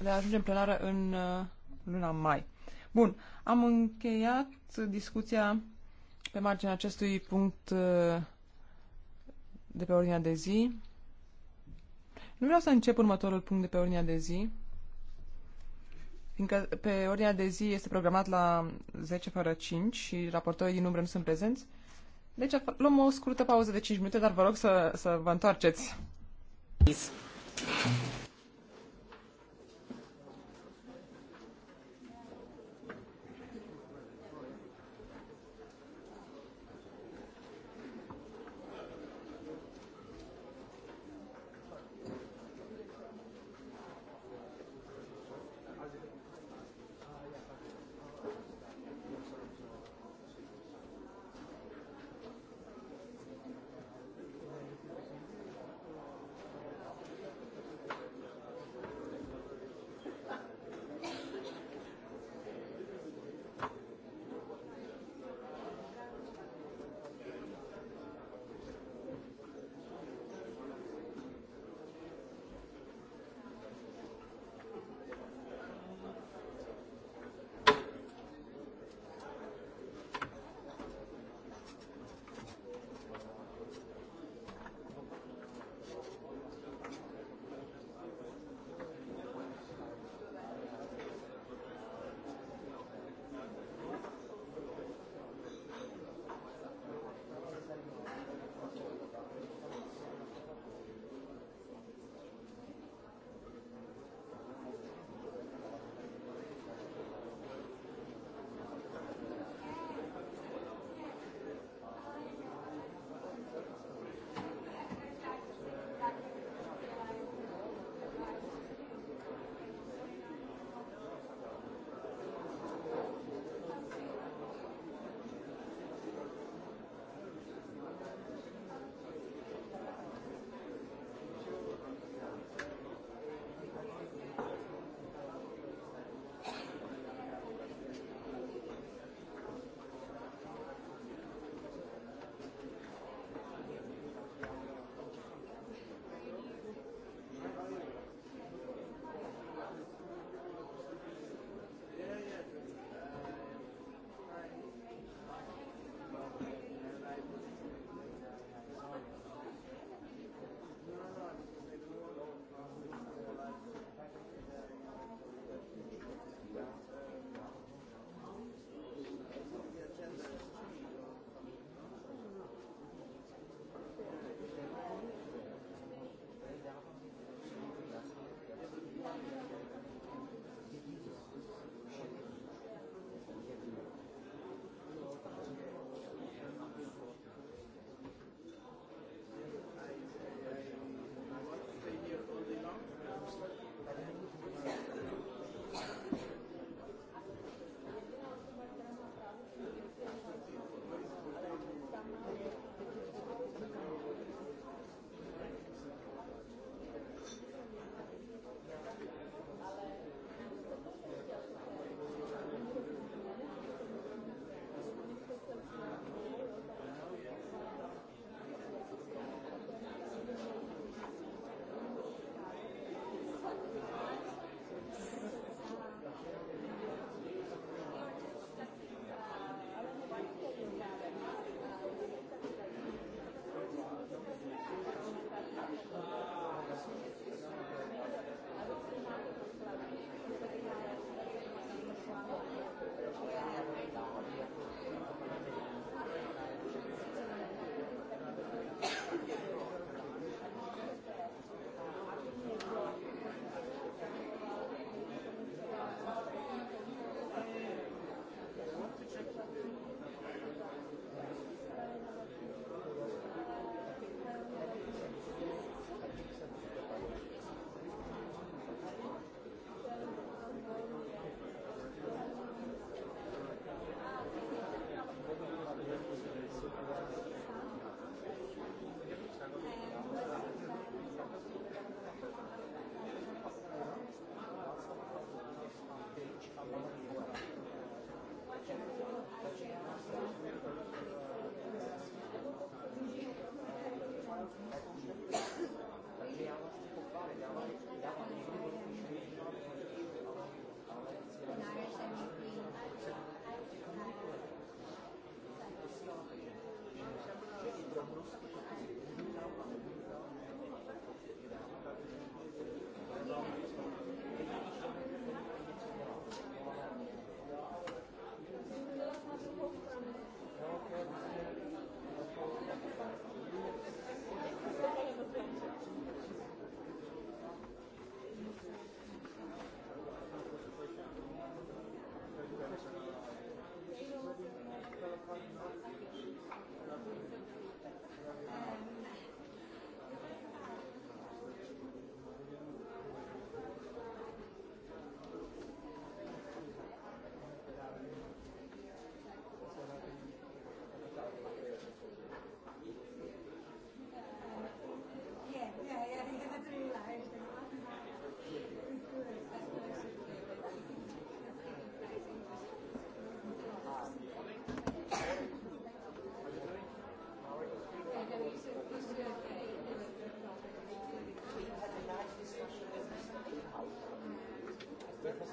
de a ajunge în plenară în uh, luna mai. Bun, am încheiat discuția pe marginea acestui punct uh, de pe ordinea de zi. Nu vreau să încep următorul punct de pe ordinea de zi, fiindcă pe ordinea de zi este programat la 10 fără 5 și raportorii din umbră nu sunt prezenți. Deci luăm o scurtă pauză de 5 minute, dar vă rog să, să vă întoarceți. Peace.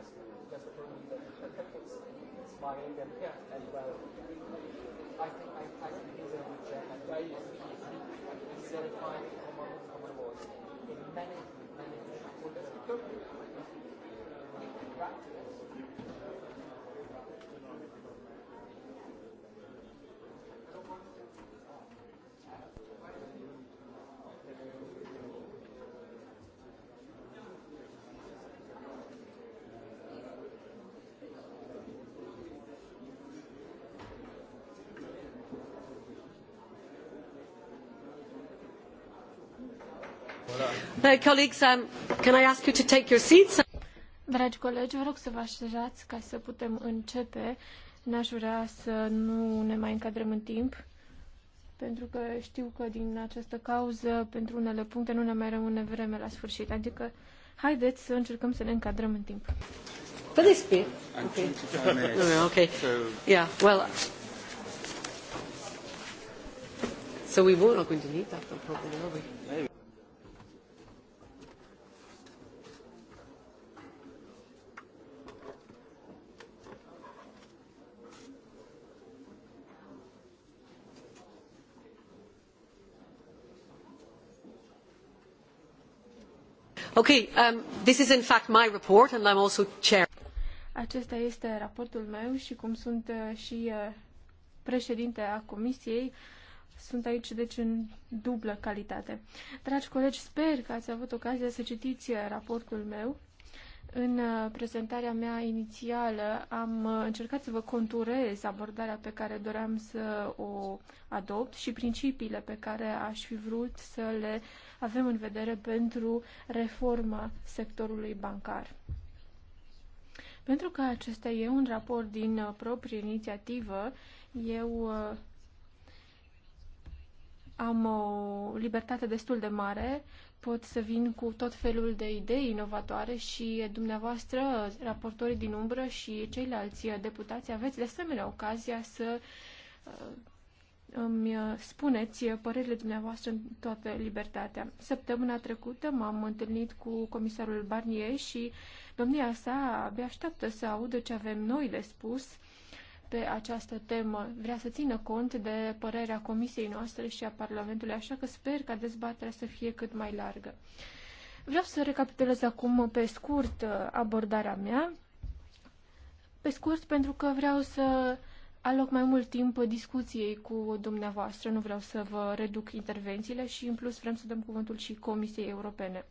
just just to me that was smiling and yeah. and well I think I, I think he's a good chef and I was he's certified common common laws in many Uh, colleagues, um, can I ask you to take your seats? Dragi colegi, vă rog să vă așezați ca să putem începe. N-aș vrea să nu ne mai încadrem în timp, pentru că știu că din această cauză, pentru unele puncte, nu ne mai rămâne vreme la sfârșit. Adică, haideți să încercăm să ne încadrăm în timp. Could this be? Okay. okay. Yeah, well... So we won't continue that, problem, will we? Acesta este raportul meu și cum sunt uh, și uh, președinte a comisiei, sunt aici deci în dublă calitate. Dragi colegi, sper că ați avut ocazia să citiți uh, raportul meu în uh, prezentarea mea inițială am uh, încercat să vă conturez abordarea pe care doream să o adopt și principiile pe care aș fi vrut să le avem în vedere pentru reforma sectorului bancar. Pentru că acesta e un raport din uh, proprie inițiativă, eu am o libertate destul de mare pot să vin cu tot felul de idei inovatoare și dumneavoastră, raportorii din umbră și ceilalți deputați, aveți de asemenea ocazia să uh, îmi spuneți părerile dumneavoastră în toată libertatea. Săptămâna trecută m-am întâlnit cu comisarul Barnier și domnia sa abia așteaptă să audă ce avem noi de spus pe această temă. Vrea să țină cont de părerea comisiei noastre și a Parlamentului, așa că sper ca dezbaterea să fie cât mai largă. Vreau să recapitulez acum pe scurt uh, abordarea mea. Pe scurt, pentru că vreau să aloc mai mult timp discuției cu dumneavoastră, nu vreau să vă reduc intervențiile și, în plus, vrem să dăm cuvântul și Comisiei Europene.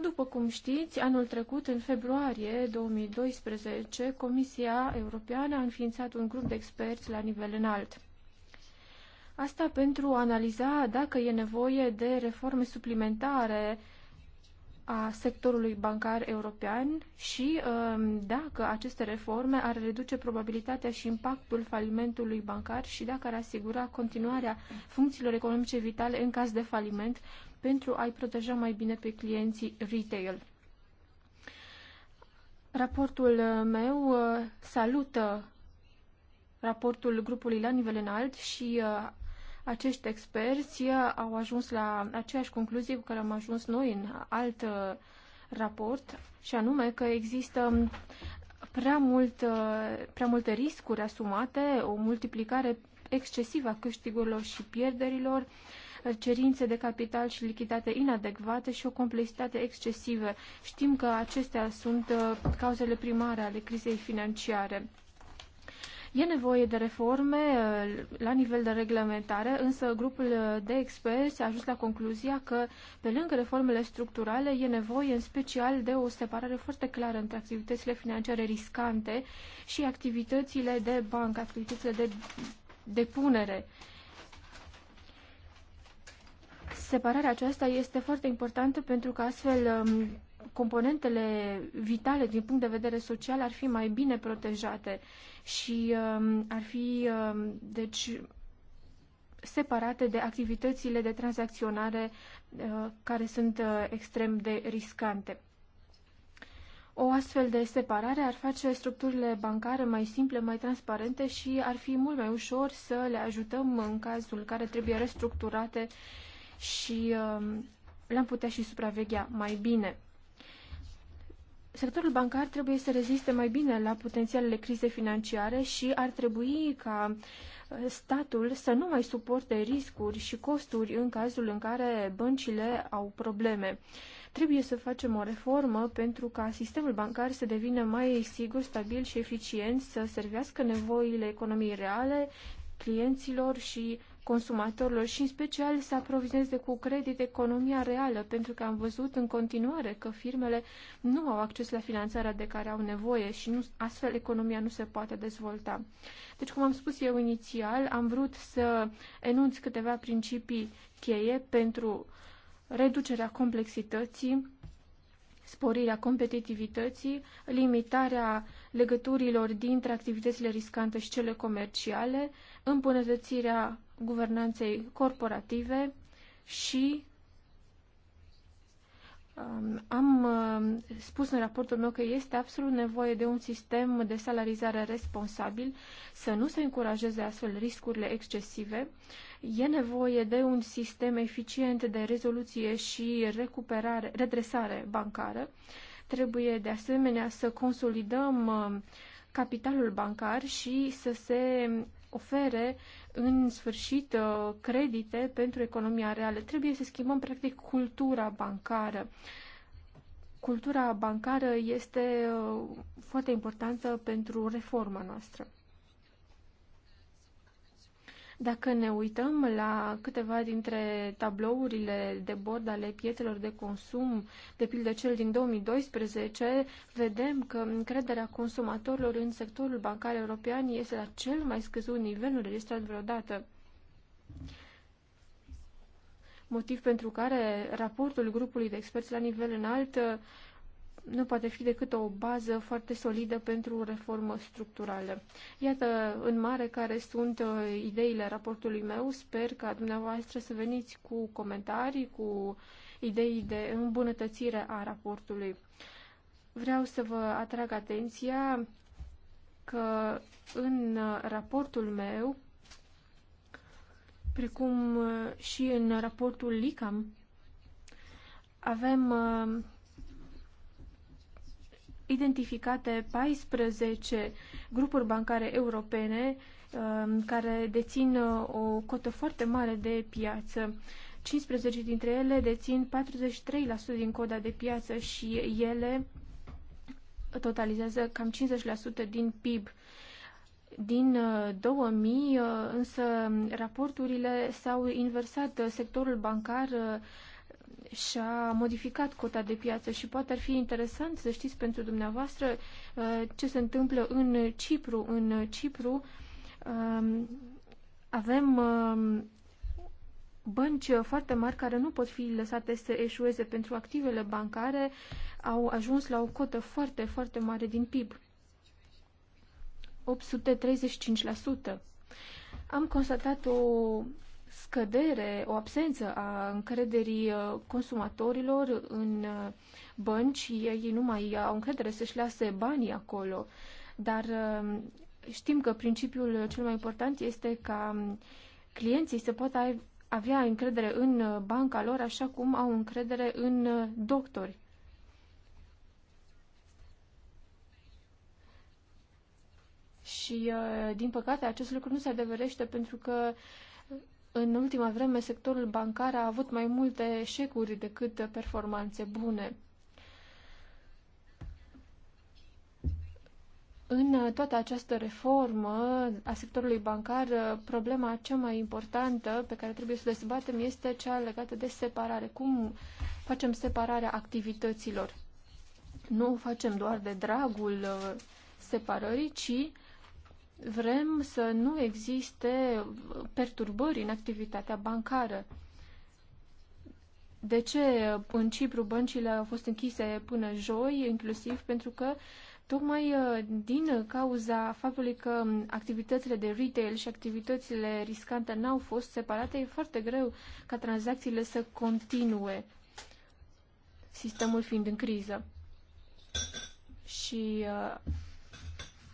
După cum știți, anul trecut, în februarie 2012, Comisia Europeană a înființat un grup de experți la nivel înalt. Asta pentru a analiza dacă e nevoie de reforme suplimentare a sectorului bancar european și um, dacă aceste reforme ar reduce probabilitatea și impactul falimentului bancar și dacă ar asigura continuarea funcțiilor economice vitale în caz de faliment pentru a-i proteja mai bine pe clienții retail. Raportul uh, meu uh, salută raportul grupului la nivel înalt și uh, acești experți au ajuns la aceeași concluzie cu care am ajuns noi în alt raport, și anume că există prea, mult, prea multe riscuri asumate, o multiplicare excesivă a câștigurilor și pierderilor, Uh, cerințe de capital și lichitate inadecvate și o complexitate excesivă. Știm că acestea sunt uh, cauzele primare ale crizei financiare. E nevoie de reforme uh, la nivel de reglementare, însă grupul de experți a ajuns la concluzia că, pe lângă reformele structurale, e nevoie în special de o separare foarte clară între activitățile financiare riscante și activitățile de bancă, activitățile de depunere. Uh, Separarea aceasta este foarte importantă pentru că astfel um, componentele vitale din punct de vedere social ar fi mai bine protejate și um, ar fi um, deci separate de activitățile de tranzacționare uh, care sunt uh, extrem de riscante. O astfel de separare ar face structurile bancare mai simple, mai transparente și ar fi mult mai ușor să le ajutăm în cazul care trebuie restructurate uh, și um, le-am putea și supraveghea mai bine. Sectorul bancar trebuie să reziste mai bine la potențialele crize financiare și ar trebui ca uh, statul să nu mai suporte riscuri și costuri în cazul în care băncile au probleme. Trebuie să facem o reformă pentru ca sistemul bancar să devină mai sigur, stabil și eficient, să servească nevoile economiei reale, clienților și consumatorilor și în special să aprovizioneze cu credit economia reală, pentru că am văzut în continuare că firmele nu au acces la finanțarea de care au nevoie și nu, astfel economia nu se poate dezvolta. Deci, cum am spus eu inițial, am vrut să enunț câteva principii cheie pentru reducerea complexității, sporirea competitivității, limitarea legăturilor dintre activitățile riscante și cele comerciale, îmbunătățirea guvernanței corporative și um, am um, spus în raportul meu că este absolut nevoie de un sistem de salarizare responsabil, să nu se încurajeze astfel riscurile excesive. E nevoie de un sistem eficient de rezoluție și recuperare, redresare bancară. Trebuie de asemenea să consolidăm um, capitalul bancar și să se ofere în sfârșit uh, credite pentru economia reală. Trebuie să schimbăm practic cultura bancară. Cultura bancară este uh, foarte importantă pentru reforma noastră. Dacă ne uităm la câteva dintre tablourile de bord ale piețelor de consum, de pildă cel din 2012, vedem că încrederea consumatorilor în sectorul bancar european este la cel mai scăzut nivel înregistrat vreodată motiv pentru care raportul grupului de experți la nivel înalt nu poate fi decât o bază foarte solidă pentru o reformă structurală. Iată, în mare, care sunt uh, ideile raportului meu. Sper ca dumneavoastră să veniți cu comentarii, cu idei de îmbunătățire a raportului. Vreau să vă atrag atenția că în uh, raportul meu, precum uh, și în raportul LICAM, avem identificate 14 grupuri bancare europene um, care dețin uh, o cotă foarte mare de piață. 15 dintre ele dețin 43% din coda de piață și ele totalizează cam 50% din PIB. Din 2000, uh, uh, însă, raporturile s-au inversat. Sectorul bancar și-a modificat cota de piață și poate ar fi interesant să știți pentru dumneavoastră uh, ce se întâmplă în Cipru. În Cipru um, avem um, bănci foarte mari care nu pot fi lăsate să eșueze pentru activele bancare au ajuns la o cotă foarte, foarte mare din PIB. 835%. Am constatat o scădere, o absență a încrederii uh, consumatorilor în uh, bănci. Ei nu mai au încredere să-și lase banii acolo. Dar uh, știm că principiul cel mai important este ca um, clienții să poată avea încredere în banca lor așa cum au încredere în doctori. Și, din păcate, acest lucru nu se adevărește pentru că uh, în ultima vreme, sectorul bancar a avut mai multe eșecuri decât performanțe bune. În toată această reformă a sectorului bancar, problema cea mai importantă pe care trebuie să o dezbatem este cea legată de separare. Cum facem separarea activităților? Nu o facem doar de dragul separării, ci Vrem să nu existe perturbări în activitatea bancară. De ce în Cipru băncile au fost închise până joi, inclusiv pentru că tocmai uh, din cauza faptului că activitățile de retail și activitățile riscante n-au fost separate, e foarte greu ca tranzacțiile să continue, sistemul fiind în criză. Și uh,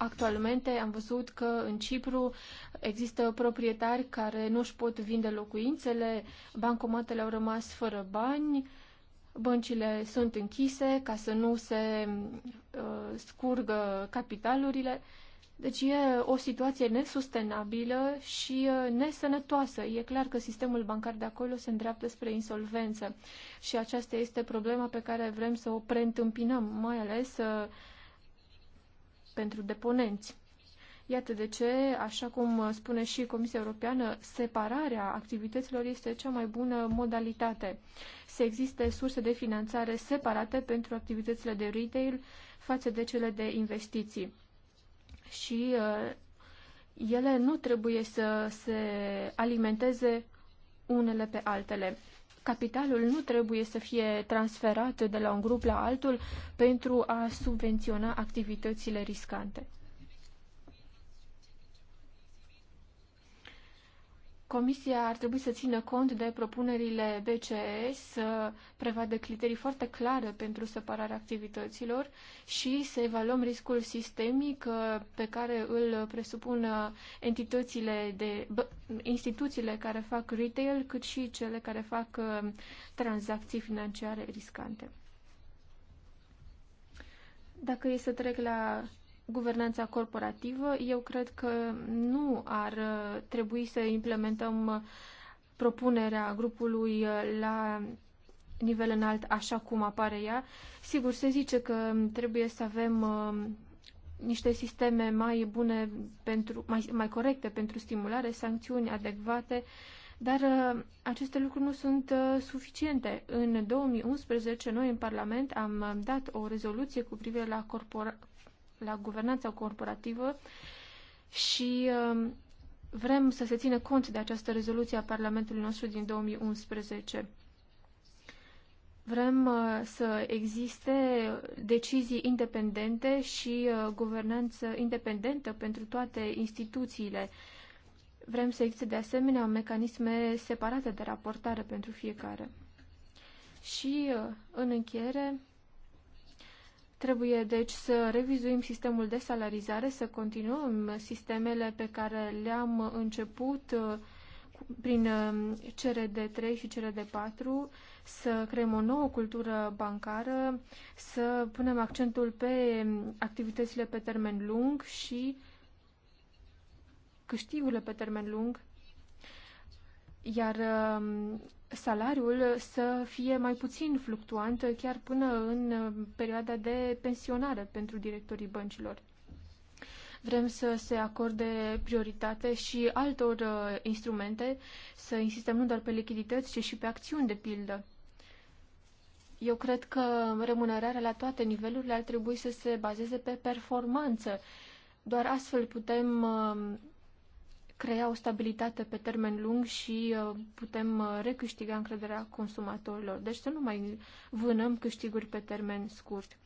Actualmente am văzut că în Cipru există proprietari care nu își pot vinde locuințele, bancomatele au rămas fără bani, băncile sunt închise ca să nu se uh, scurgă capitalurile. Deci e o situație nesustenabilă și uh, nesănătoasă. E clar că sistemul bancar de acolo se îndreaptă spre insolvență și aceasta este problema pe care vrem să o preîntâmpinăm, mai ales uh, pentru deponenți. Iată de ce, așa cum spune și Comisia Europeană, separarea activităților este cea mai bună modalitate. Să existe surse de finanțare separate pentru activitățile de retail față de cele de investiții. Și uh, ele nu trebuie să se alimenteze unele pe altele. Capitalul nu trebuie să fie transferat de la un grup la altul pentru a subvenționa activitățile riscante. Comisia ar trebui să țină cont de propunerile BCE, să prevadă criterii foarte clare pentru separarea activităților și să evaluăm riscul sistemic uh, pe care îl presupun entitățile de instituțiile care fac retail, cât și cele care fac uh, tranzacții financiare riscante. Dacă e să trec la guvernanța corporativă, eu cred că nu ar uh, trebui să implementăm uh, propunerea grupului uh, la nivel înalt așa cum apare ea. Sigur, se zice că trebuie să avem niște sisteme mai bune, pentru, mai, mai corecte pentru stimulare, sancțiuni adecvate, dar aceste lucruri nu sunt suficiente. În 2011, noi în Parlament am dat o rezoluție cu privire la corpora- la guvernanța corporativă și um, vrem să se țină cont de această rezoluție a Parlamentului nostru din 2011. Vrem uh, să existe decizii independente și uh, guvernanță independentă pentru toate instituțiile. Vrem să existe de asemenea mecanisme separate de raportare pentru fiecare. Și, uh, în încheiere, Trebuie deci să revizuim sistemul de salarizare, să continuăm sistemele pe care le-am început uh, prin um, CRD3 și CRD4, să creăm o nouă cultură bancară, să punem accentul pe um, activitățile pe termen lung și câștigurile pe termen lung iar um, salariul să fie mai puțin fluctuant chiar până în um, perioada de pensionare pentru directorii băncilor. Vrem să se acorde prioritate și altor uh, instrumente, să insistăm nu doar pe lichidități, ci și pe acțiuni, de pildă. Eu cred că remunerarea la toate nivelurile ar trebui să se bazeze pe performanță. Doar astfel putem um, crea o stabilitate pe termen lung și uh, putem uh, recâștiga încrederea consumatorilor. Deci să nu mai vânăm câștiguri pe termen scurt.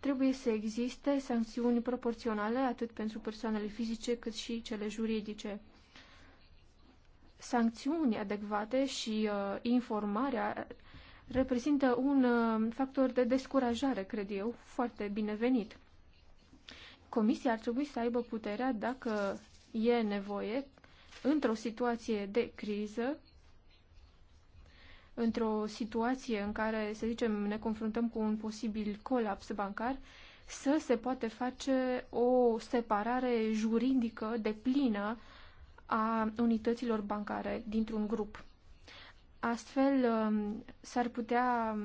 Trebuie să existe sancțiuni proporționale atât pentru persoanele fizice cât și cele juridice. Sancțiuni adecvate și uh, informarea reprezintă un uh, factor de descurajare, cred eu, foarte binevenit. Comisia ar trebui să aibă puterea, dacă e nevoie, într-o situație de criză, într-o situație în care, să zicem, ne confruntăm cu un posibil colaps bancar, să se poate face o separare juridică de plină a unităților bancare dintr-un grup. Astfel, um, s-ar putea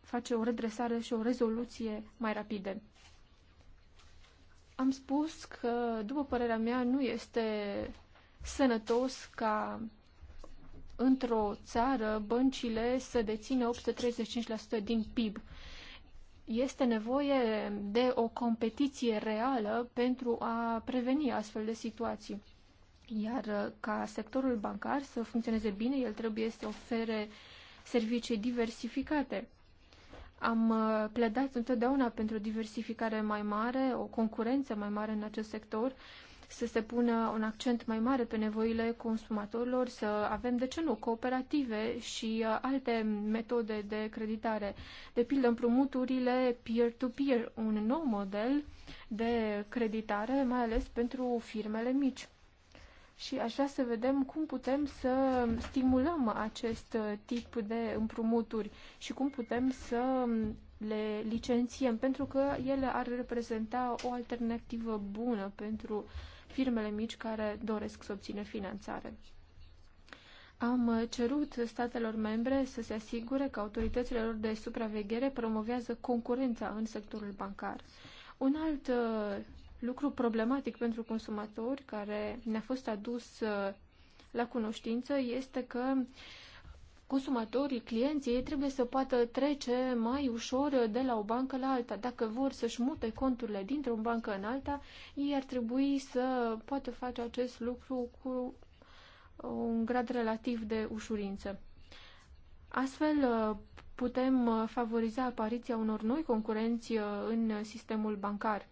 face o redresare și o rezoluție mai rapide. Am spus că, după părerea mea, nu este sănătos ca într-o țară băncile să dețină 835% din PIB. Este nevoie de o competiție reală pentru a preveni astfel de situații. Iar uh, ca sectorul bancar să funcționeze bine, el trebuie să ofere servicii diversificate. Am uh, pledat întotdeauna pentru diversificare mai mare, o concurență mai mare în acest sector, să se pună un accent mai mare pe nevoile consumatorilor, să avem, de ce nu, cooperative și uh, alte metode de creditare. De pildă, împrumuturile peer-to-peer, -peer, un nou model de creditare, mai ales pentru firmele mici. Și aș vrea să vedem cum putem să stimulăm acest uh, tip de împrumuturi și cum putem să um, le licențiem, pentru că ele ar reprezenta o alternativă bună pentru firmele mici care doresc să obțină finanțare. Am cerut statelor membre să se asigure că autoritățile lor de supraveghere promovează concurența în sectorul bancar. Un alt uh, lucru problematic pentru consumatori care ne-a fost adus uh, la cunoștință este că uh, consumatorii, clienții trebuie să poată trece mai ușor de la o bancă la alta. Dacă vor să-și mute conturile dintr-o bancă în alta, ei ar trebui să poată face acest lucru cu uh, un grad relativ de ușurință. Astfel, uh, putem uh, favoriza apariția unor noi concurenți în sistemul bancar.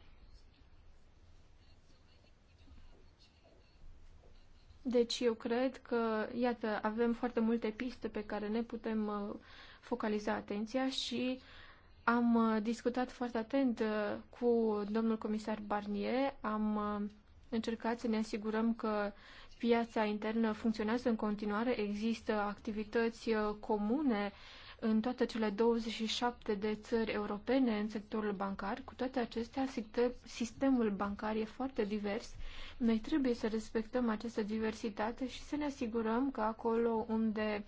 Deci eu cred că, iată, avem foarte multe piste pe care ne putem uh, focaliza atenția și am uh, discutat foarte atent uh, cu domnul comisar Barnier, am încercat să ne asigurăm că piața internă funcționează în continuare, există activități comune în toate cele 27 de țări europene în sectorul bancar. Cu toate acestea, sistemul bancar e foarte divers. Noi trebuie să respectăm această diversitate și să ne asigurăm că acolo unde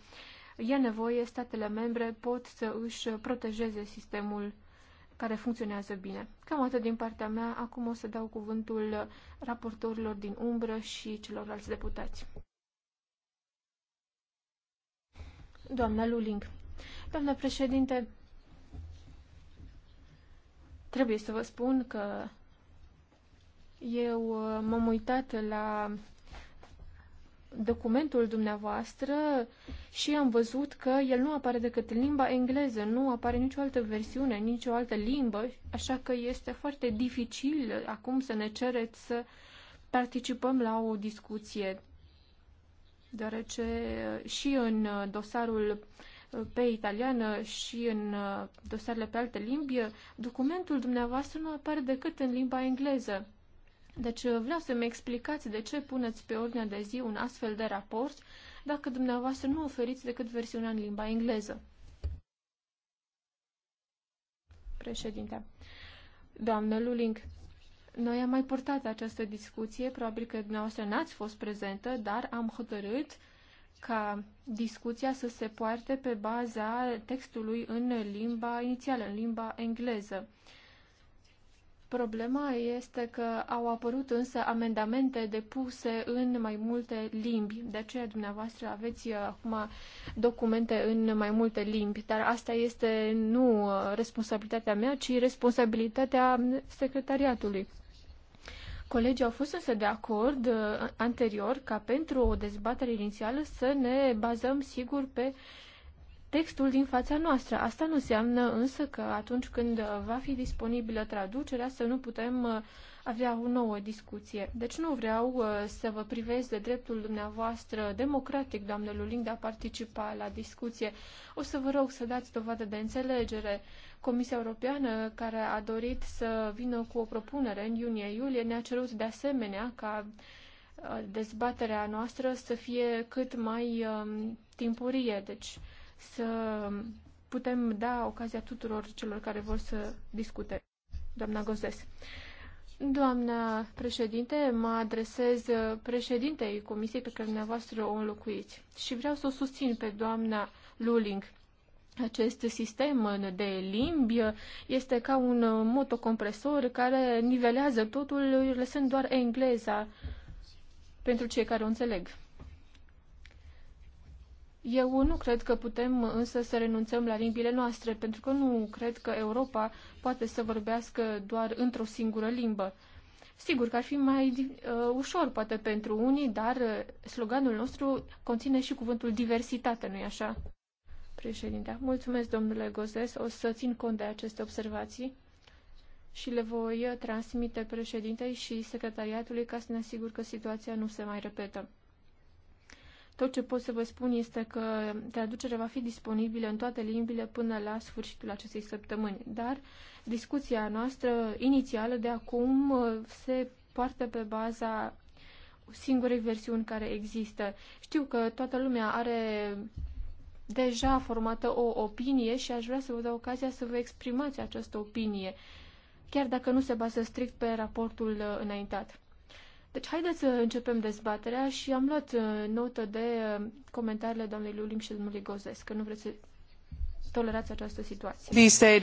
e nevoie, statele membre pot să își protejeze sistemul care funcționează bine. Cam atât din partea mea. Acum o să dau cuvântul raportorilor din umbră și celorlalți deputați. Doamna Luling. Doamnă președinte, trebuie să vă spun că eu uh, m-am uitat la documentul dumneavoastră și am văzut că el nu apare decât în limba engleză, nu apare nicio altă versiune, nicio altă limbă, așa că este foarte dificil acum să ne cereți să participăm la o discuție, deoarece uh, și în uh, dosarul pe italiană și în uh, dosarele pe alte limbi, documentul dumneavoastră nu apare decât în limba engleză. Deci uh, vreau să-mi explicați de ce puneți pe ordinea de zi un astfel de raport dacă dumneavoastră nu oferiți decât versiunea în limba engleză. Președinte. Doamnă Luling, noi am mai purtat această discuție, probabil că dumneavoastră n-ați fost prezentă, dar am hotărât ca discuția să se poarte pe baza textului în limba inițială, în limba engleză. Problema este că au apărut însă amendamente depuse în mai multe limbi. De aceea dumneavoastră aveți uh, acum documente în mai multe limbi, dar asta este nu uh, responsabilitatea mea, ci responsabilitatea secretariatului. Colegii au fost însă de acord uh, anterior ca pentru o dezbatere inițială să ne bazăm sigur pe textul din fața noastră. Asta nu înseamnă însă că atunci când va fi disponibilă traducerea să nu putem uh, avea o nouă discuție. Deci nu vreau uh, să vă privez de dreptul dumneavoastră democratic, doamnă Luling, de a participa la discuție. O să vă rog să dați dovadă de înțelegere. Comisia Europeană, care a dorit să vină cu o propunere în iunie-iulie, ne-a cerut de asemenea ca uh, dezbaterea noastră să fie cât mai um, timpurie, deci să putem da ocazia tuturor celor care vor să discute. Doamna Gozes. Doamna președinte, mă adresez președintei comisiei pe care dumneavoastră o înlocuiți și vreau să o susțin pe doamna Luling. Acest sistem de limbi este ca un motocompresor care nivelează totul, lăsând doar engleza pentru cei care o înțeleg. Eu nu cred că putem însă să renunțăm la limbile noastre, pentru că nu cred că Europa poate să vorbească doar într-o singură limbă. Sigur că ar fi mai uh, ușor, poate, pentru unii, dar uh, sloganul nostru conține și cuvântul diversitate, nu-i așa? Președinte, mulțumesc, domnule Gozes, o să țin cont de aceste observații și le voi transmite președintei și secretariatului ca să ne asigur că situația nu se mai repetă. Tot ce pot să vă spun este că traducerea va fi disponibilă în toate limbile până la sfârșitul acestei săptămâni, dar discuția noastră inițială de acum uh, se poartă pe baza singurei versiuni care există. Știu că toată lumea are deja formată o opinie și aș vrea să vă dau ocazia să vă exprimați această opinie, chiar dacă nu se bază strict pe raportul uh, înaintat. Deci haideți să începem dezbaterea și am luat uh, notă de uh, comentariile doamnei Luling și domnului Gozesc, că nu vreți să tolerați această situație.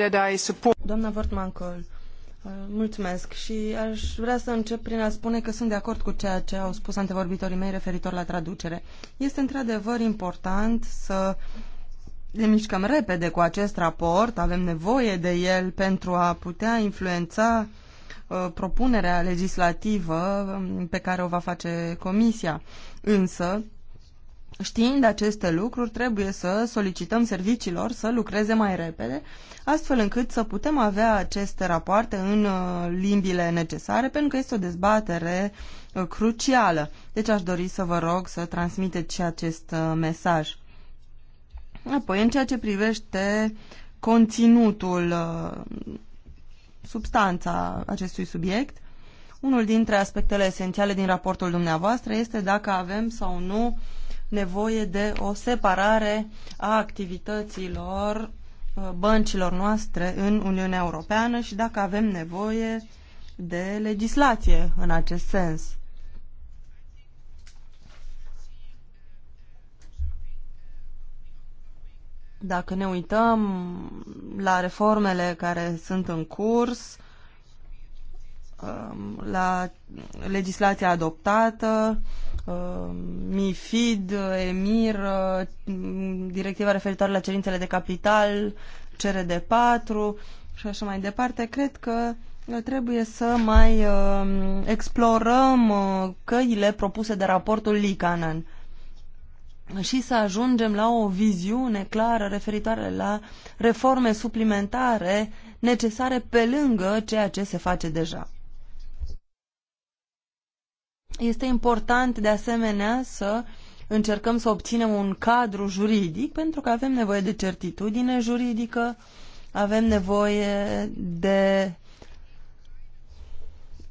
Doamna Vortmancol, uh, mulțumesc și aș vrea să încep prin a spune că sunt de acord cu ceea ce au spus antevorbitorii mei referitor la traducere. Este într-adevăr important să ne mișcăm repede cu acest raport, avem nevoie de el pentru a putea influența uh, Uh, propunerea legislativă um, pe care o va face Comisia. Însă, Știind aceste lucruri, trebuie să solicităm serviciilor să lucreze mai repede, astfel încât să putem avea aceste rapoarte în uh, limbile necesare, pentru că este o dezbatere uh, crucială. Deci aș dori să vă rog să transmiteți și acest mesaj. Apoi, în ceea ce privește conținutul substanța acestui subiect. Unul dintre aspectele esențiale din raportul dumneavoastră este dacă avem sau nu nevoie de o separare a activităților uh, băncilor noastre în Uniunea Europeană și dacă avem nevoie de legislație în acest sens. Dacă ne uităm la reformele care sunt în curs, um, la legislația adoptată, um, MIFID, EMIR, um, directiva referitoare la cerințele de capital, CRD4 și așa mai departe, cred că trebuie să mai explorăm uh, căile propuse de raportul Licanen și să ajungem la o viziune clară referitoare la reforme suplimentare necesare pe lângă ceea ce se face deja. Este important de asemenea să încercăm să obținem un cadru juridic pentru că avem nevoie de certitudine juridică, avem nevoie de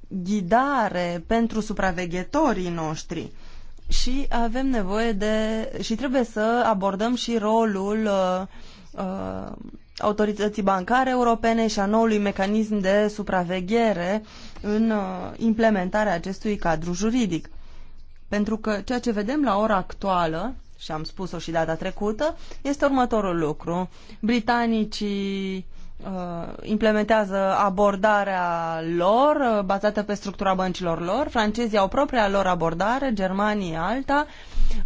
ghidare pentru supraveghetorii noștri și avem nevoie de și trebuie să abordăm și rolul uh, uh, autorității bancare europene și a noului mecanism de supraveghere în uh, implementarea acestui cadru juridic. Pentru că ceea ce vedem la ora actuală, și am spus-o și data trecută, este următorul lucru. Britanicii Uh, implementează abordarea lor, uh, bazată pe structura băncilor lor. Francezii au propria lor abordare, germanii alta,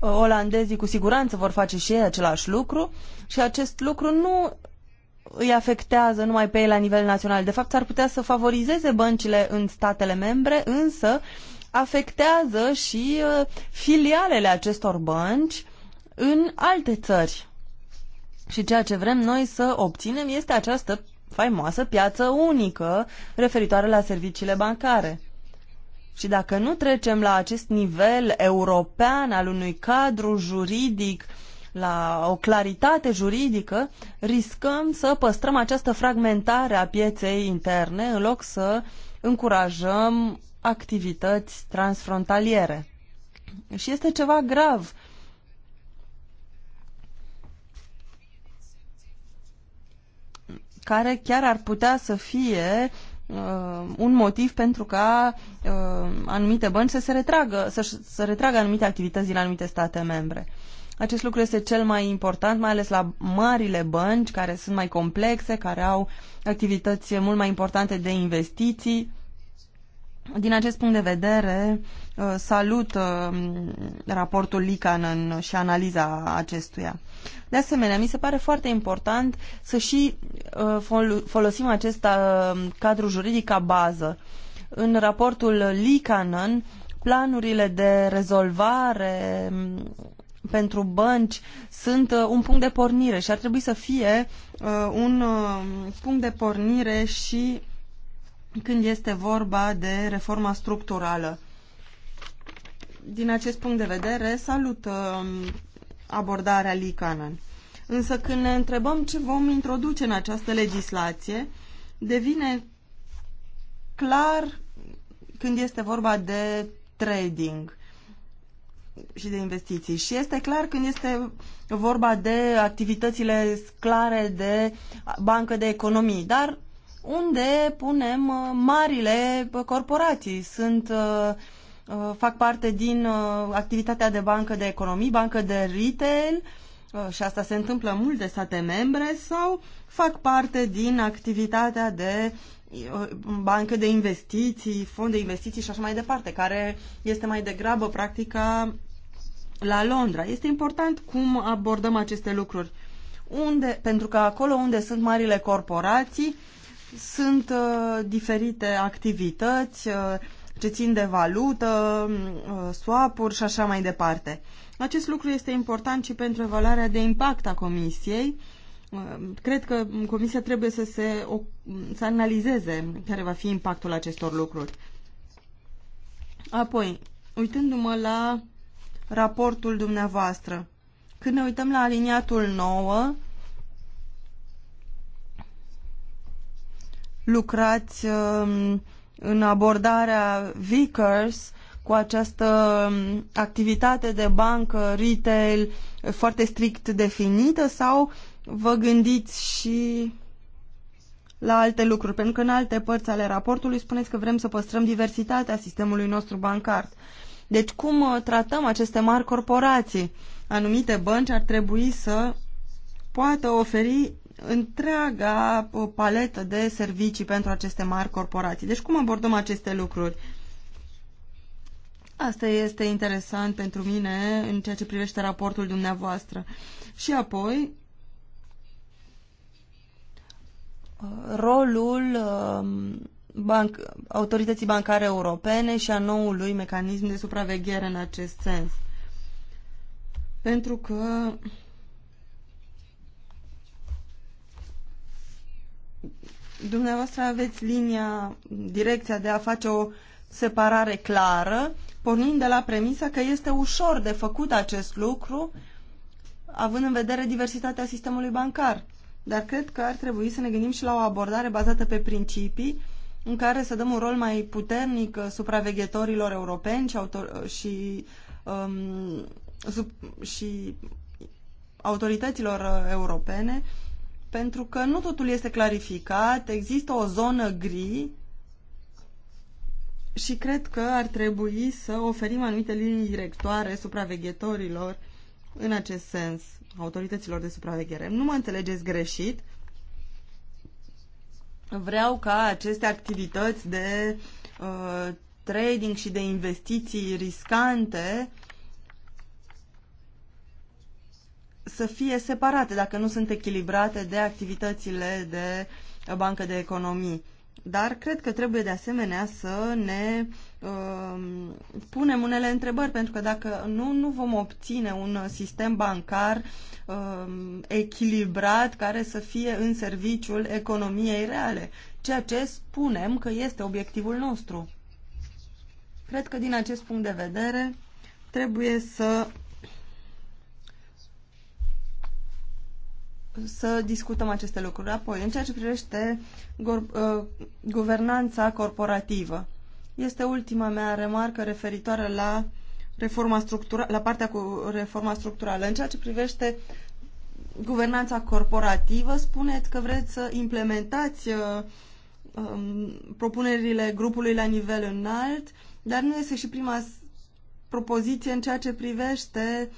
uh, olandezii cu siguranță vor face și ei același lucru și acest lucru nu îi afectează numai pe ei la nivel național. De fapt, ar putea să favorizeze băncile în statele membre, însă afectează și filialele acestor bănci în alte țări. Și ceea ce vrem noi să obținem este această faimoasă piață unică referitoare la serviciile bancare. Și dacă nu trecem la acest nivel european al unui cadru juridic, la o claritate juridică, riscăm să păstrăm această fragmentare a pieței interne în loc să încurajăm activități transfrontaliere. Și este ceva grav care chiar ar putea să fie uh, un motiv pentru ca uh, anumite bănci să se retragă, să, să retragă anumite activități din anumite state membre. Acest lucru este cel mai important, mai ales la marile bănci care sunt mai complexe, care au activități mult mai importante de investiții din acest punct de vedere, uh, salut uh, raportul Licanen și analiza acestuia. De asemenea, mi se pare foarte important să și uh, folosim acest cadru juridic ca bază. În raportul Licanen, planurile de rezolvare mm, pentru bănci sunt un punct de pornire și ar trebui să fie un punct de pornire și când este vorba de reforma structurală. Din acest punct de vedere, salut um, abordarea Licanen. Însă când ne întrebăm ce vom introduce în această legislație, devine clar când este vorba de trading și de investiții. Și este clar când este vorba de activitățile clare de bancă de economii. Dar unde punem uh, marile uh, corporații. Sunt, uh, fac parte din activitatea de bancă de economii, bancă de retail și asta se întâmplă în multe state membre sau fac parte din activitatea de bancă de investiții, fond de investiții și așa mai departe, care este mai degrabă practica la Londra. Este important cum abordăm aceste lucruri. Unde, pentru că acolo unde sunt marile corporații, uh, sunt uh, diferite activități uh, ce țin de valută, mm, uh, swap-uri și așa mai departe. Acest lucru este important și pentru evaluarea de impact a comisiei. Uh, cred că comisia trebuie să se să analizeze care va fi impactul acestor lucruri. Apoi, uitându-mă la raportul dumneavoastră, când ne uităm la aliniatul 9, lucrați um, în abordarea Vickers cu această um, activitate de bancă, retail, foarte strict definită sau vă gândiți și la alte lucruri, pentru că în alte părți ale raportului spuneți că vrem să păstrăm diversitatea sistemului nostru bancar. Deci cum uh, tratăm aceste mari corporații? Anumite bănci ar trebui să poată oferi întreaga uh, paletă de servicii pentru aceste mari corporații. Deci cum abordăm aceste lucruri? Asta este interesant pentru mine în ceea ce privește raportul dumneavoastră. Și apoi, uh, rolul um, banc, autorității bancare europene și a noului mecanism de supraveghere în acest sens. Pentru că Dumneavoastră aveți linia, direcția de a face o separare clară, pornind de la premisa că este ușor de făcut acest lucru, având în vedere diversitatea sistemului bancar. Dar cred că ar trebui să ne gândim și la o abordare bazată pe principii, în care să dăm un rol mai puternic supraveghetorilor europeni și, autor- și, um, sub- și autorităților uh, europene pentru că nu totul este clarificat, există o zonă gri și cred că ar trebui să oferim anumite linii directoare supraveghetorilor în acest sens, autorităților de supraveghere. Nu mă înțelegeți greșit. Vreau ca aceste activități de uh, trading și de investiții riscante să fie separate dacă nu sunt echilibrate de activitățile de bancă de economii. Dar cred că trebuie de asemenea să ne uh, punem unele întrebări, pentru că dacă nu, nu vom obține un sistem bancar uh, echilibrat care să fie în serviciul economiei reale, ceea ce spunem că este obiectivul nostru. Cred că din acest punct de vedere trebuie să să discutăm aceste lucruri. Apoi, în ceea ce privește uh, guvernanța corporativă, este ultima mea remarcă referitoare la reforma structura, la partea cu reforma structurală. În ceea ce privește guvernanța corporativă, spuneți că vreți să implementați uh, um, propunerile grupului la nivel înalt, dar nu este și prima propoziție în ceea ce privește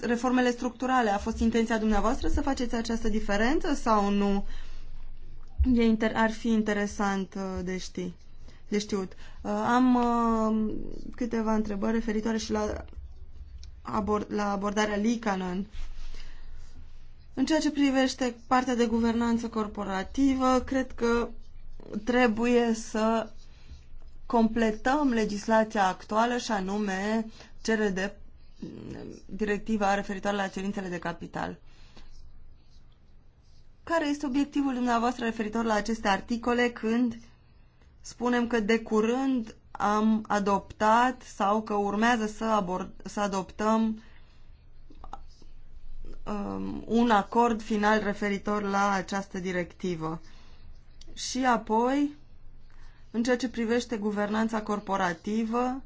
reformele structurale. A fost intenția dumneavoastră să faceți această diferență sau nu? E inter- ar fi interesant uh, de ști. De știut. Uh, am uh, câteva întrebări referitoare și la, abord, la abordarea Licanon. În ceea ce privește partea de guvernanță corporativă, cred că trebuie să completăm legislația actuală și anume cele de directiva referitoare la cerințele de capital. Care este obiectivul dumneavoastră referitor la aceste articole când spunem că de curând am adoptat sau că urmează să, abord, să adoptăm um, un acord final referitor la această directivă. Și apoi, în ceea ce privește guvernanța corporativă,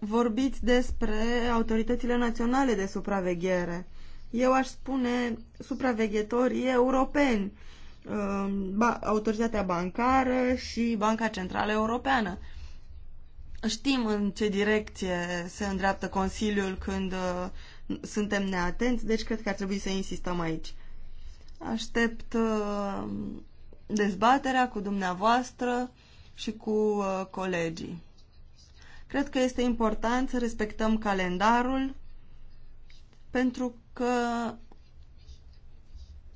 vorbiți despre autoritățile naționale de supraveghere. Eu aș spune supraveghetorii europeni, um, autoritatea bancară și Banca Centrală Europeană. Știm în ce direcție se îndreaptă Consiliul când uh, suntem neatenți, deci cred că ar trebui să insistăm aici. Aștept uh, dezbaterea cu dumneavoastră și cu uh, colegii. Cred că este important să respectăm calendarul pentru că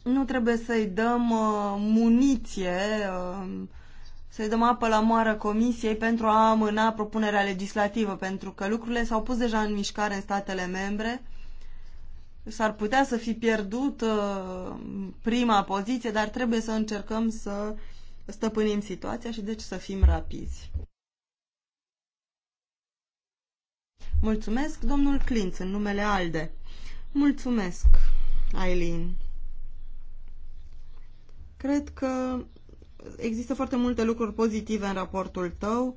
nu trebuie să-i dăm uh, muniție, uh, să-i dăm apă la moară comisiei pentru a amâna propunerea legislativă, pentru că lucrurile s-au pus deja în mișcare în statele membre. S-ar putea să fi pierdut uh, prima poziție, dar trebuie să încercăm să stăpânim situația și deci să fim rapizi. Mulțumesc, domnul Clint, în numele ALDE. Mulțumesc, Aileen. Cred că există foarte multe lucruri pozitive în raportul tău.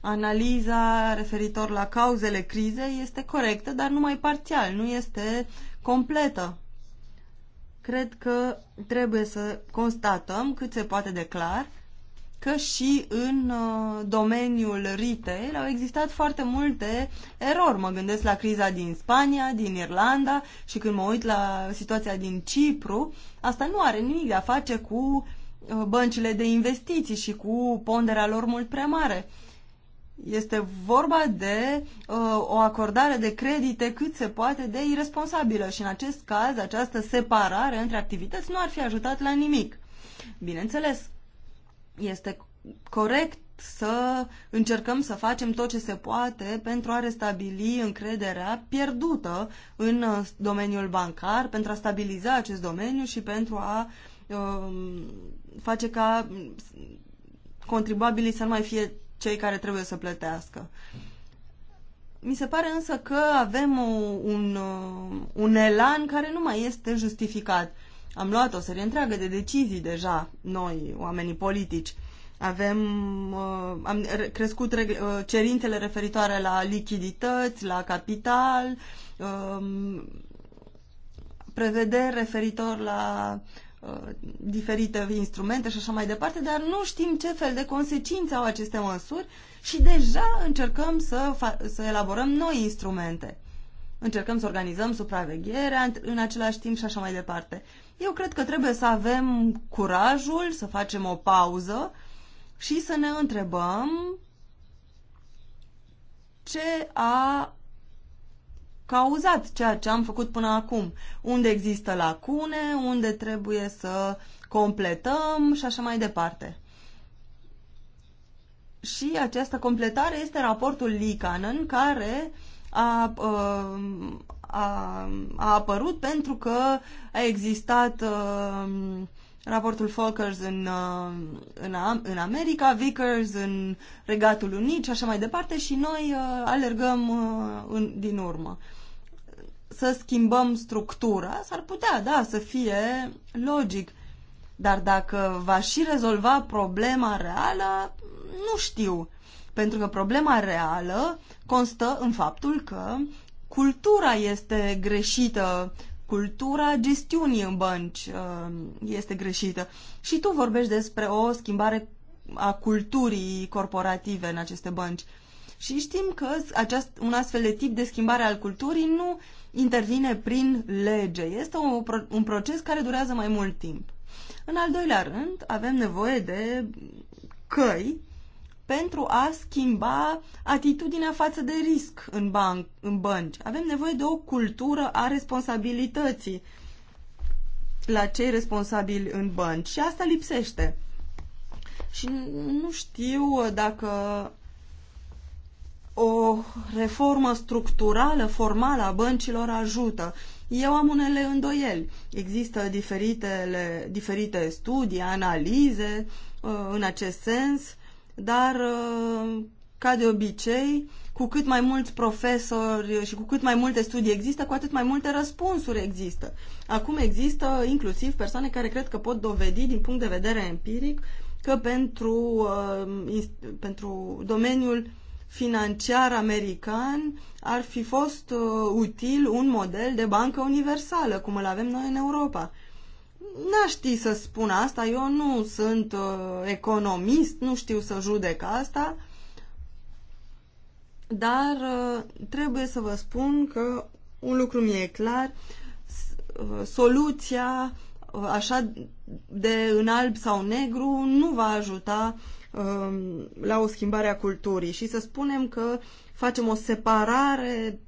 Analiza referitor la cauzele crizei este corectă, dar numai parțial, nu este completă. Cred că trebuie să constatăm cât se poate de clar că și în uh, domeniul retail au existat foarte multe erori. Mă gândesc la criza din Spania, din Irlanda și când mă uit la situația din Cipru, asta nu are nimic de a face cu uh, băncile de investiții și cu ponderea lor mult prea mare. Este vorba de uh, o acordare de credite cât se poate de irresponsabilă și în acest caz această separare între activități nu ar fi ajutat la nimic. Bineînțeles, este corect să încercăm să facem tot ce se poate pentru a restabili încrederea pierdută în uh, domeniul bancar, pentru a stabiliza acest domeniu și pentru a uh, face ca contribuabilii să nu mai fie cei care trebuie să plătească. Mi se pare însă că avem o, uh, un, uh, un elan care nu mai este justificat. Am luat o serie întreagă de decizii deja noi, oamenii politici. Avem, uh, am crescut reg- uh, cerințele referitoare la lichidități, la capital, uh, prevederi referitor la uh, diferite instrumente și așa mai departe, dar nu știm ce fel de consecințe au aceste măsuri și deja încercăm să, să elaborăm noi instrumente. Încercăm să organizăm supravegherea în același timp și așa mai departe. Eu cred că trebuie să avem curajul să facem o pauză și să ne întrebăm ce a cauzat ceea ce am făcut până acum, unde există lacune, unde trebuie să completăm și așa mai departe. Și această completare este raportul Cannon, care a uh, a, a apărut pentru că a existat uh, raportul Falkers în, uh, în, în America, Vickers în Regatul Unit și așa mai departe și noi uh, alergăm uh, în, din urmă. Să schimbăm structura, s-ar putea, da, să fie logic. Dar dacă va și rezolva problema reală, nu știu. Pentru că problema reală constă în faptul că cultura este greșită, cultura gestiunii în bănci uh, este greșită. Și tu vorbești despre o schimbare a culturii corporative în aceste bănci. Și știm că aceast, un astfel de tip de schimbare al culturii nu intervine prin lege. Este un, un proces care durează mai mult timp. În al doilea rând, avem nevoie de căi pentru a schimba atitudinea față de risc în, ban- în bănci. Avem nevoie de o cultură a responsabilității la cei responsabili în bănci și asta lipsește. Și nu știu dacă o reformă structurală, formală a băncilor ajută. Eu am unele îndoieli. Există diferitele, diferite studii, analize uh, în acest sens dar ă, ca de obicei, cu cât mai mulți profesori și cu cât mai multe studii există, cu atât mai multe răspunsuri există. Acum există inclusiv persoane care cred că pot dovedi din punct de vedere empiric că pentru, ă, pentru domeniul financiar american ar fi fost ă, util un model de bancă universală, cum îl avem noi în Europa. N-aș ști să spun asta, eu nu sunt uh, economist, nu știu să judec asta, dar uh, trebuie să vă spun că un lucru mi-e clar, uh, soluția uh, așa de în alb sau negru nu va ajuta uh, la o schimbare a culturii și să spunem că facem o separare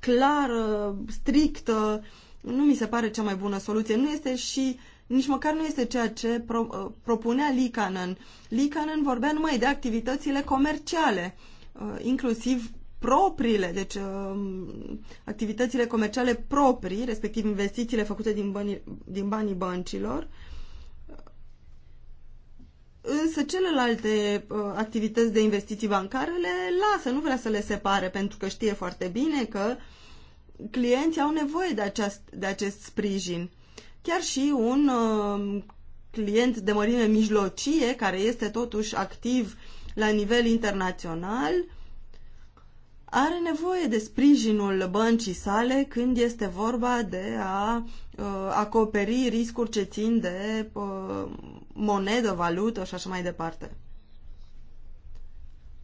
clară, strictă nu mi se pare cea mai bună soluție. Nu este și nici măcar nu este ceea ce pro, uh, propunea Likanen. Likanen vorbea numai de activitățile comerciale, uh, inclusiv propriile, deci uh, activitățile comerciale proprii, respectiv investițiile făcute din banii, din banii băncilor. Însă celelalte activități de investiții bancare le lasă, nu vrea să le separe, pentru că știe foarte bine că uh, clienții au nevoie de, aceast, de acest sprijin. Chiar și un uh, client de mărime mijlocie, care este totuși activ la nivel internațional, are nevoie de sprijinul băncii sale când este vorba de a uh, acoperi riscuri ce țin de uh, monedă, valută și așa mai departe.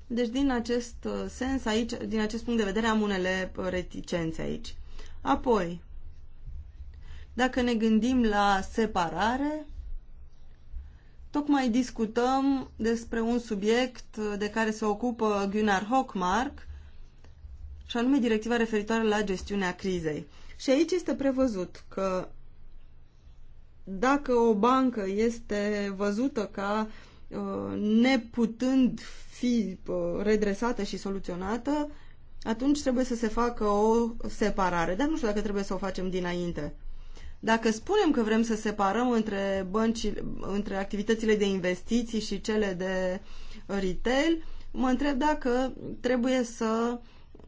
Deci, din acest uh, sens, aici, din acest punct de vedere, am unele uh, reticențe aici. Apoi, dacă ne gândim la separare, tocmai discutăm despre un subiect uh, de care se ocupă Gunnar Hockmark, și anume directiva referitoare la gestiunea crizei. Și aici este prevăzut că dacă o bancă este văzută ca uh, Uh, neputând fi uh, redresată și soluționată, atunci trebuie să se facă o separare. Dar nu știu dacă trebuie să o facem dinainte. Dacă spunem că vrem să separăm între, bănci, între activitățile de investiții și cele de retail, mă întreb dacă trebuie să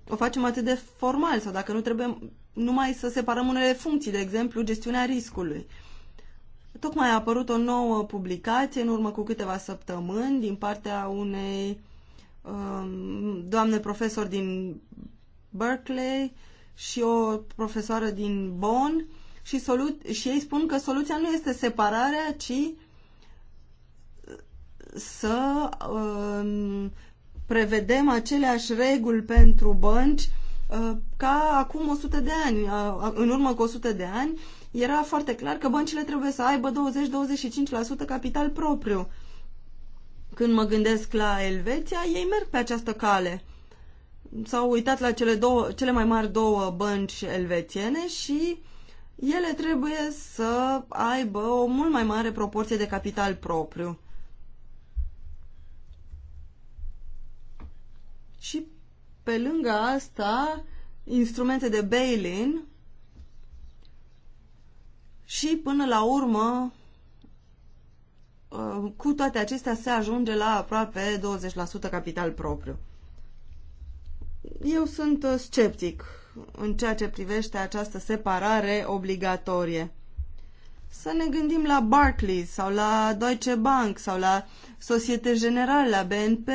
o facem atât de formal sau dacă nu trebuie numai să separăm unele funcții, de exemplu, gestiunea riscului. Uh, Tocmai a apărut o nouă publicație în urmă cu câteva săptămâni din partea unei um, doamne profesor din Berkeley și o profesoară din Bonn și, solu- și ei spun că soluția nu este separarea, ci uh, să um, prevedem aceleași reguli pentru bănci uh, ca acum 100 de ani, uh, în urmă cu 100 de ani, era foarte clar că băncile trebuie să aibă 20-25% capital propriu. Când mă gândesc la Elveția, ei merg pe această cale. S-au uitat la cele, două, cele mai mari două bănci elvețiene și ele trebuie să aibă o mult mai mare proporție de capital propriu. Și pe lângă asta, instrumente de bail-in și până la urmă, ă, cu toate acestea se ajunge la aproape 20% capital propriu. Eu sunt ă, sceptic în ceea ce privește această separare obligatorie. Să ne gândim la Barclays sau la Deutsche Bank sau la Societe Generale, la BNP.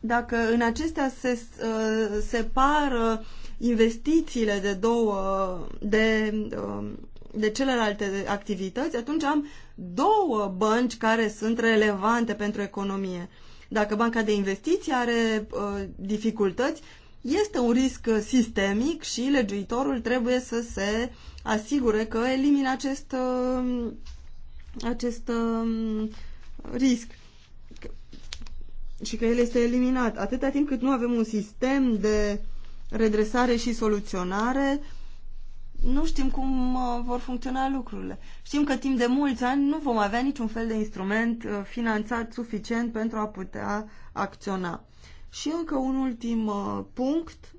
Dacă în acestea se uh, separă investițiile de două, de, um, de celelalte activități, atunci am două bănci care sunt relevante pentru economie. Dacă banca de investiții are uh, dificultăți, este un risc sistemic și legiuitorul trebuie să se asigure că elimină acest, uh, acest uh, risc și că el este eliminat. Atâta timp cât nu avem un sistem de redresare și soluționare, nu știm cum uh, vor funcționa lucrurile. Știm că timp de mulți ani nu vom avea niciun fel de instrument uh, finanțat suficient pentru a putea acționa. Și încă un ultim uh, punct.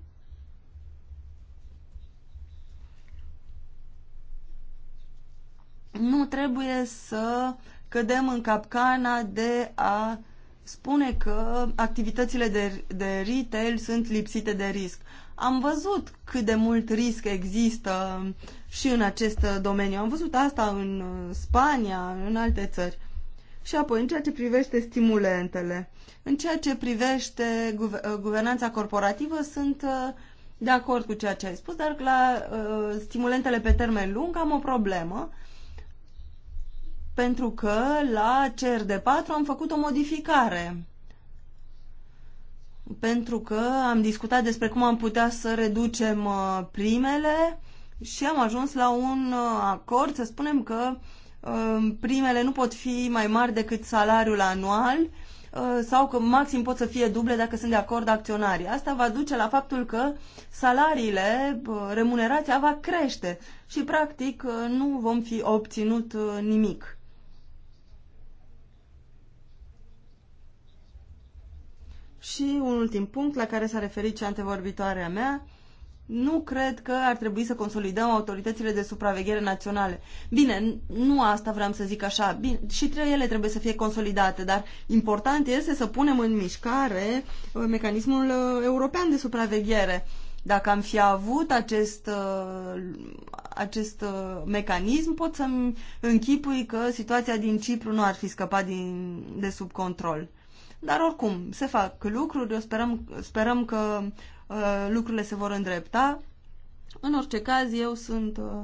Nu trebuie să cădem în capcana de a spune că activitățile de, de retail sunt lipsite de risc am văzut cât de mult risc există și în acest domeniu. Am văzut asta în uh, Spania, în alte țări. Și apoi, în ceea ce privește stimulentele, în ceea ce privește uh, guvernanța corporativă, sunt uh, de acord cu ceea ce ai spus, dar la stimulentele pe termen lung am o problemă, pentru că la CR de 4 am făcut o modificare pentru că am discutat despre cum am putea să reducem uh, primele și am ajuns la un uh, acord, să spunem că uh, primele nu pot fi mai mari decât salariul anual sau că maxim pot să fie duble dacă sunt de acord acționarii. Asta va duce la faptul că salariile, remunerația va crește și practic nu vom fi obținut nimic. Și un ultim punct la care s-a referit și antevorbitoarea mea, nu cred că ar trebui să consolidăm autoritățile de supraveghere naționale. Bine, nu asta vreau să zic așa. Bine, și ele trebuie să fie consolidate, dar important este să punem în mișcare uh, mecanismul uh, european de supraveghere. Dacă am fi avut acest, uh, acest mecanism, pot să-mi închipui că situația din Cipru nu ar fi scăpat din, de sub control. Dar oricum, se fac lucruri, sperăm, sperăm că uh, lucrurile se vor îndrepta. În orice caz, eu sunt, uh,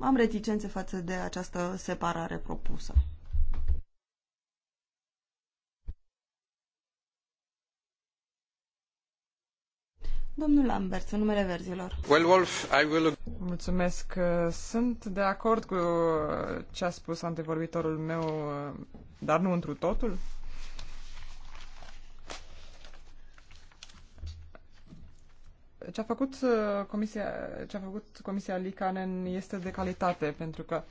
am reticențe față de această separare propusă. Domnul Lambert, în numele verzilor. Well, Wolf, I will... Mulțumesc. Sunt de acord cu ce a spus antevorbitorul meu, uh, dar nu întru totul. ce a făcut uh, comisia, ce a făcut comisia Licanen este de calitate, pentru că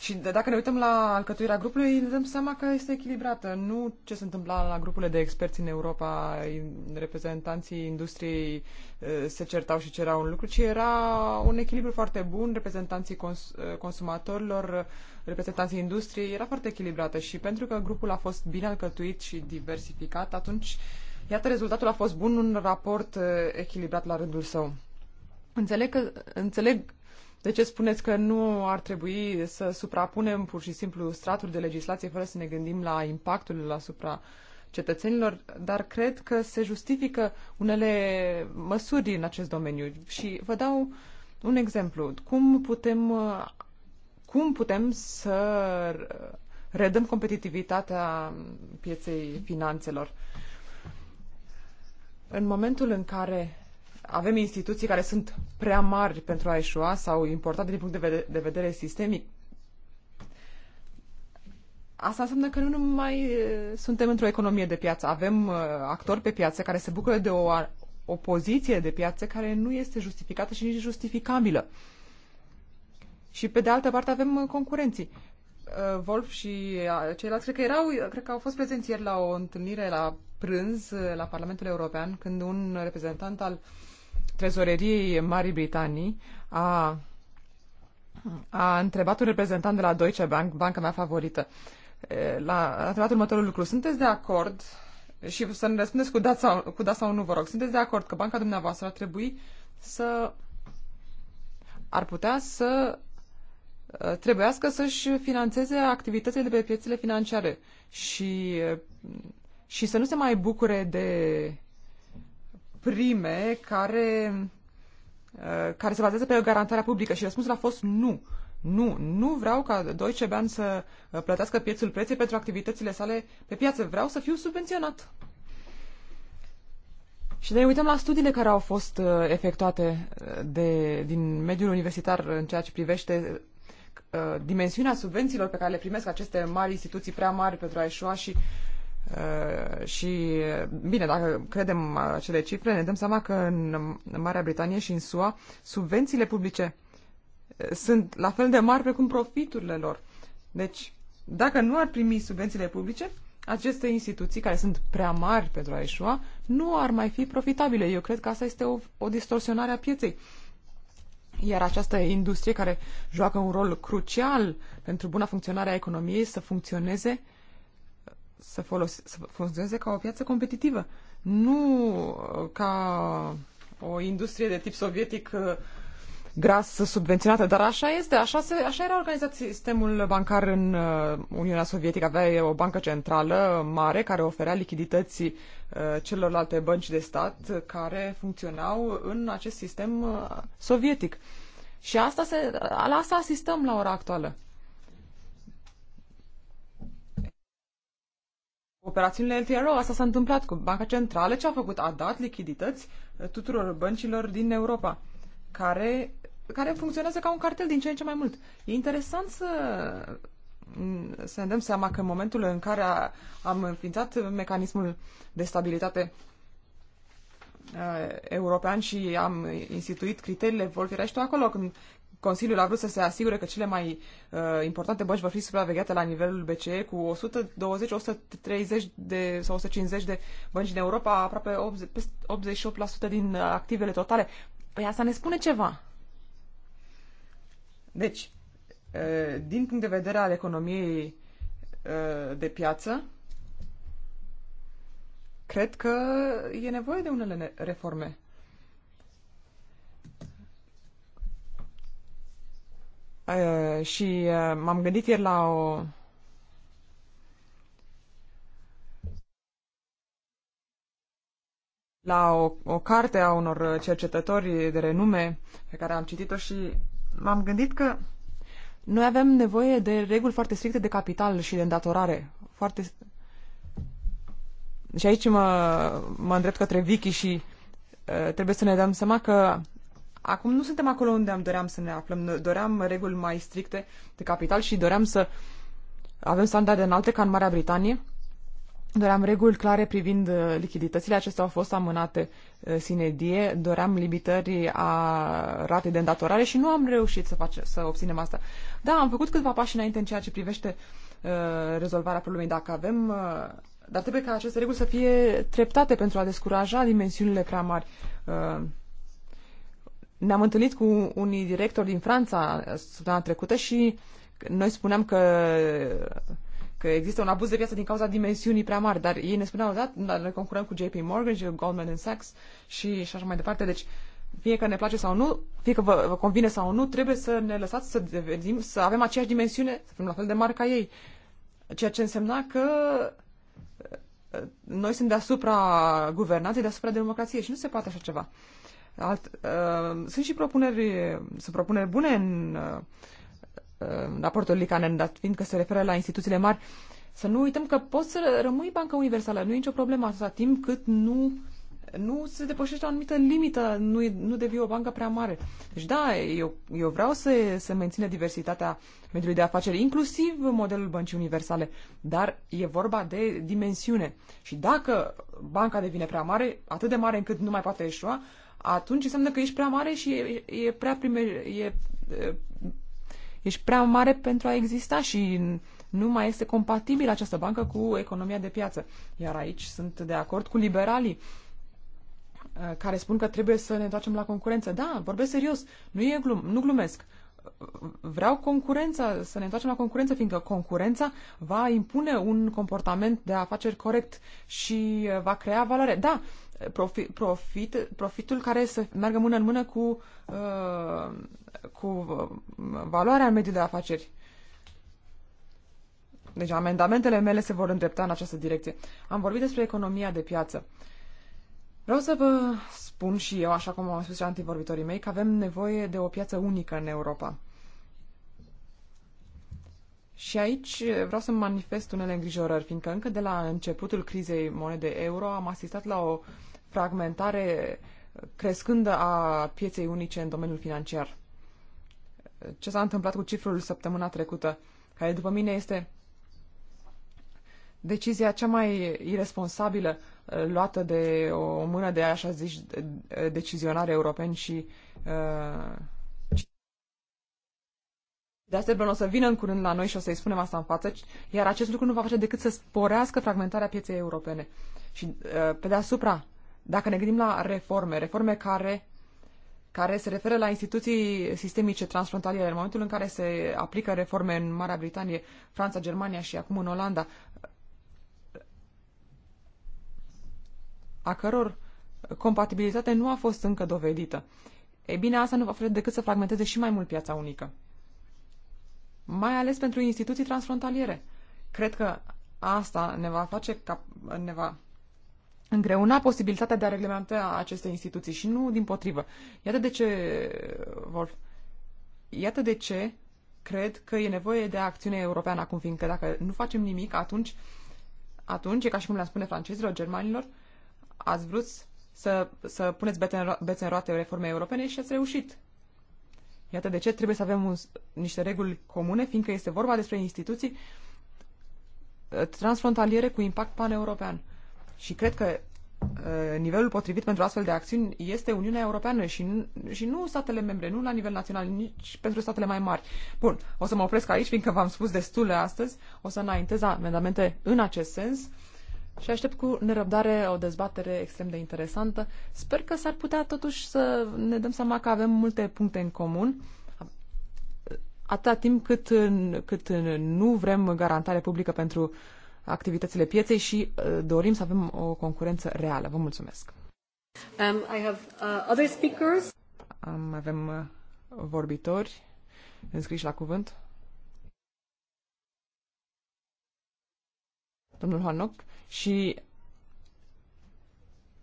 și dacă ne uităm la alcătuirea grupului, ne dăm seama că este echilibrată. Nu ce se întâmpla la grupurile de experți în Europa, reprezentanții industriei uh, se certau și cerau un lucru, ci era un echilibru foarte bun, reprezentanții cons- uh, consumatorilor, reprezentanții industriei, era foarte echilibrată și pentru că grupul a fost bine alcătuit și diversificat, atunci uh, Iată, rezultatul a fost bun, un raport uh, echilibrat la rândul său. Înțeleg, că, înțeleg de ce spuneți că nu ar trebui să suprapunem pur și simplu straturi de legislație fără să ne gândim la impactul asupra cetățenilor, dar cred că se justifică unele măsuri în acest domeniu. Și vă dau un exemplu. Cum putem, uh, cum putem să redăm competitivitatea pieței finanțelor? În momentul în care avem instituții care sunt prea mari pentru a eșua sau importante din punct de vedere, de vedere sistemic, Asta înseamnă că nu numai suntem într-o economie de piață, avem actori pe piață care se bucură de o, o poziție de piață care nu este justificată și nici justificabilă. Și pe de altă parte avem concurenții. Wolf și ceilalți, cred că erau, cred că au fost prezenți ieri la o întâlnire la prânz uh, la Parlamentul European când un reprezentant al trezoreriei Marii Britanii a, a întrebat un reprezentant de la Deutsche Bank, banca mea favorită, la, a întrebat următorul lucru. Sunteți de acord și să ne răspundeți cu da, sau, cu da sau nu, vă rog. Sunteți de acord că banca dumneavoastră ar trebui să ar putea să trebuiască să-și financeze activitățile de pe piețele financiare și și să nu se mai bucure de prime care, uh, care se bazează pe o garantare publică. Și răspunsul a fost nu. Nu, nu vreau ca Deutsche Bahn să uh, plătească piețul preței pentru activitățile sale pe piață. Vreau să fiu subvenționat. Și ne uităm la studiile care au fost uh, efectuate de, din mediul universitar în ceea ce privește dimensiunea subvențiilor pe care le primesc aceste mari instituții prea mari pentru a eșua și uh, Uh, și, bine, dacă credem acele cifre, ne dăm seama că în Marea Britanie și în SUA subvențiile publice uh, sunt la fel de mari precum profiturile lor. Deci, dacă nu ar primi subvențiile publice, aceste instituții, care sunt prea mari pentru a ieșua, nu ar mai fi profitabile. Eu cred că asta este o, o distorsionare a pieței. Iar această industrie care joacă un rol crucial pentru buna funcționare a economiei să funcționeze uh, să, folos- să funcționeze ca o piață competitivă, nu uh, ca o industrie de tip sovietic uh, gras subvenționată, dar așa este, așa, se, așa era organizat sistemul bancar în uh, Uniunea Sovietică. Avea o bancă centrală mare care oferea lichidități celorlalte bănci de stat care funcționau în acest sistem sovietic. Și asta se, la asta asistăm la ora actuală. operațiunile LTRO. Asta s-a întâmplat cu Banca Centrală. Ce a făcut? A dat lichidități eh, tuturor băncilor din Europa, care, care funcționează ca un cartel din ce în ce mai mult. E interesant să să ne dăm seama că în momentul în care a, am înființat mecanismul de stabilitate eh, european și am instituit criteriile, vor fi tu acolo când Consiliul a vrut să se asigure că cele mai uh, importante băci vor fi supravegheate la nivelul BCE cu 120, 130 de, sau 150 de bănci din Europa, aproape 80, 88% din uh, activele totale. Păi asta ne spune ceva. Deci, uh, din punct de vedere al economiei uh, de piață, cred că e nevoie de unele reforme Eh, și uh, m-am gândit ieri la o... la o, o carte a unor cercetători de renume pe care am citit-o și m-am gândit că noi avem nevoie de reguli foarte stricte de capital și de îndatorare. Foarte... Și aici mă, mă îndrept către Vicky și uh, trebuie să ne dăm seama că Acum nu suntem acolo unde am doream să ne aflăm. Doream reguli mai stricte de capital și doream să avem standarde înalte ca în Marea Britanie. Doream reguli clare privind uh, lichiditățile, acestea au fost amânate uh, sinedie, doream limitări a ratei de îndatorare și nu am reușit să, face, să obținem asta. Da, am făcut câțiva pași înainte în ceea ce privește uh, rezolvarea problemei. Dacă avem, uh, dar trebuie ca aceste reguli să fie treptate pentru a descuraja dimensiunile prea mari. Uh, ne-am întâlnit cu unii directori din Franța uh, săptămâna trecută și noi spuneam că, că există un abuz de piață din cauza dimensiunii prea mari, dar ei ne spuneau, da, da noi concurăm cu JP Morgan și Goldman Sachs și, și așa mai departe. Deci, fie că ne place sau nu, fie că vă, vă convine sau nu, trebuie să ne lăsați să, devenim, să avem aceeași dimensiune, să fim la fel de mari ca ei. Ceea ce însemna că uh, noi suntem deasupra guvernanței, deasupra democrației și nu se poate așa ceva. Alt, uh, sunt și propuneri, sunt propuneri bune în uh, raportul Licanen, dar fiindcă se referă la instituțiile mari, să nu uităm că poți să rămâi bancă universală, nu e nicio problemă asta, timp cât nu nu se depășește o anumită limită, nu, e, nu devii o bancă prea mare. Deci da, eu, eu vreau să se mențină diversitatea mediului de afaceri, inclusiv modelul băncii universale, dar e vorba de dimensiune. Și dacă banca devine prea mare, atât de mare încât nu mai poate ieșua, atunci înseamnă că ești prea mare și e, e prea prime, e, e, ești prea mare pentru a exista și nu mai este compatibilă această bancă cu economia de piață. Iar aici sunt de acord cu liberalii uh, care spun că trebuie să ne întoarcem la concurență. Da, vorbesc serios, nu, e glum, nu glumesc. Vreau concurența, să ne întoarcem la concurență, fiindcă concurența va impune un comportament de afaceri corect și uh, va crea valoare. Da, profi, profit, profitul care să meargă mână în mână cu, uh, cu uh, valoarea în mediul de afaceri. Deci amendamentele mele se vor îndrepta în această direcție. Am vorbit despre economia de piață. Vreau să vă spun și eu, așa cum am spus și antivorbitorii mei, că avem nevoie de o piață unică în Europa. Și aici vreau să manifest unele îngrijorări, fiindcă încă de la începutul crizei monede euro am asistat la o fragmentare crescândă a pieței unice în domeniul financiar. Ce s-a întâmplat cu cifrul săptămâna trecută, care după mine este decizia cea mai irresponsabilă uh, luată de o mână de așa zici decizionare europeni și uh, de asemenea, o să vină în curând la noi și o să-i spunem asta în față, iar acest lucru nu va face decât să sporească fragmentarea pieței europene. Și uh, pe deasupra, dacă ne gândim la reforme, reforme care, care se referă la instituții sistemice transfrontaliere, în momentul în care se aplică reforme în Marea Britanie, Franța, Germania și acum în Olanda, a căror compatibilitate nu a fost încă dovedită. Ei bine, asta nu va face decât să fragmenteze și mai mult piața unică mai ales pentru instituții transfrontaliere. Cred că asta ne va face ca, ne va îngreuna posibilitatea de a reglementa aceste instituții și nu din potrivă. Iată de ce, Wolf, iată de ce cred că e nevoie de acțiune europeană acum, fiindcă dacă nu facem nimic, atunci, atunci e ca și cum le-am spune francezilor, germanilor, ați vrut să, să puneți bețe în, ro- în roate reforme europene și ați reușit. Iată de ce trebuie să avem un, niște reguli comune, fiindcă este vorba despre instituții uh, transfrontaliere cu impact paneuropean. Și cred că uh, nivelul potrivit pentru astfel de acțiuni este Uniunea Europeană și, și nu statele membre, nu la nivel național, nici pentru statele mai mari. Bun, o să mă opresc aici, fiindcă v-am spus destule astăzi, o să înaintez amendamente în acest sens și aștept cu nerăbdare o dezbatere extrem de interesantă. Sper că s-ar putea totuși să ne dăm seama că avem multe puncte în comun, atâta timp cât, cât nu vrem garantare publică pentru activitățile pieței și uh, dorim să avem o concurență reală. Vă mulțumesc! Um, I have, uh, other speakers. Um, avem uh, vorbitori înscriși la cuvânt. Domnul Hanok și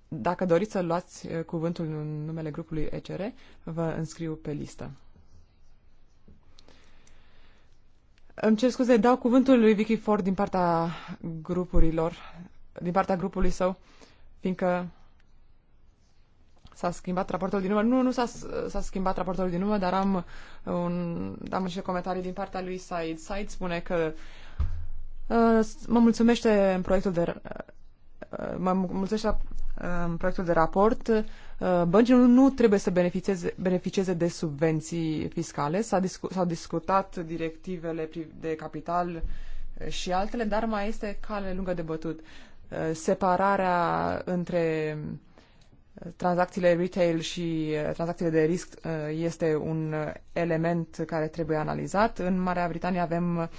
dacă doriți să luați eh, cuvântul în numele grupului ECR, vă înscriu pe listă. Îmi cer scuze, dau cuvântul lui Vicky Ford din partea grupurilor, din partea grupului său, fiindcă s-a schimbat raportul din număr. Nu, nu s-a, schimbat raportul din număr, dar am, un, am niște comentarii din partea lui Said. Said spune că uh, Uh, mă mulțumește în proiectul de uh, mă la uh, în proiectul de raport. Băncile nu trebuie să beneficieze, beneficieze de subvenții fiscale. S-au discu, discutat directivele de capital și altele, dar mai este cale lungă de bătut. Separarea între tranzacțiile retail și tranzacțiile de risc este un element care trebuie analizat. În Marea Britanie avem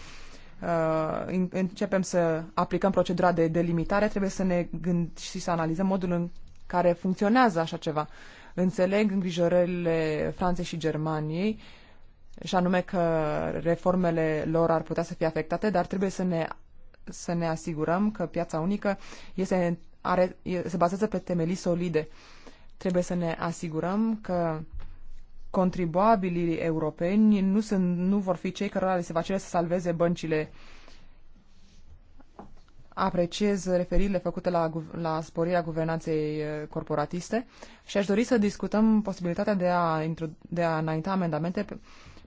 uh, începem să aplicăm procedura de delimitare, trebuie să ne gândim și să analizăm modul în care funcționează așa ceva. Înțeleg îngrijorările Franței și Germaniei, și anume că reformele lor ar putea să fie afectate, dar trebuie să ne, să ne asigurăm că piața unică este, are, se bazează pe temelii solide. Trebuie să ne asigurăm că contribuabilii europeni nu, sunt, nu vor fi cei cărora le se va cere să salveze băncile. Apreciez referirile făcute la, la sporirea guvernanței uh, corporatiste și aș dori să discutăm posibilitatea de a, de a înainta amendamente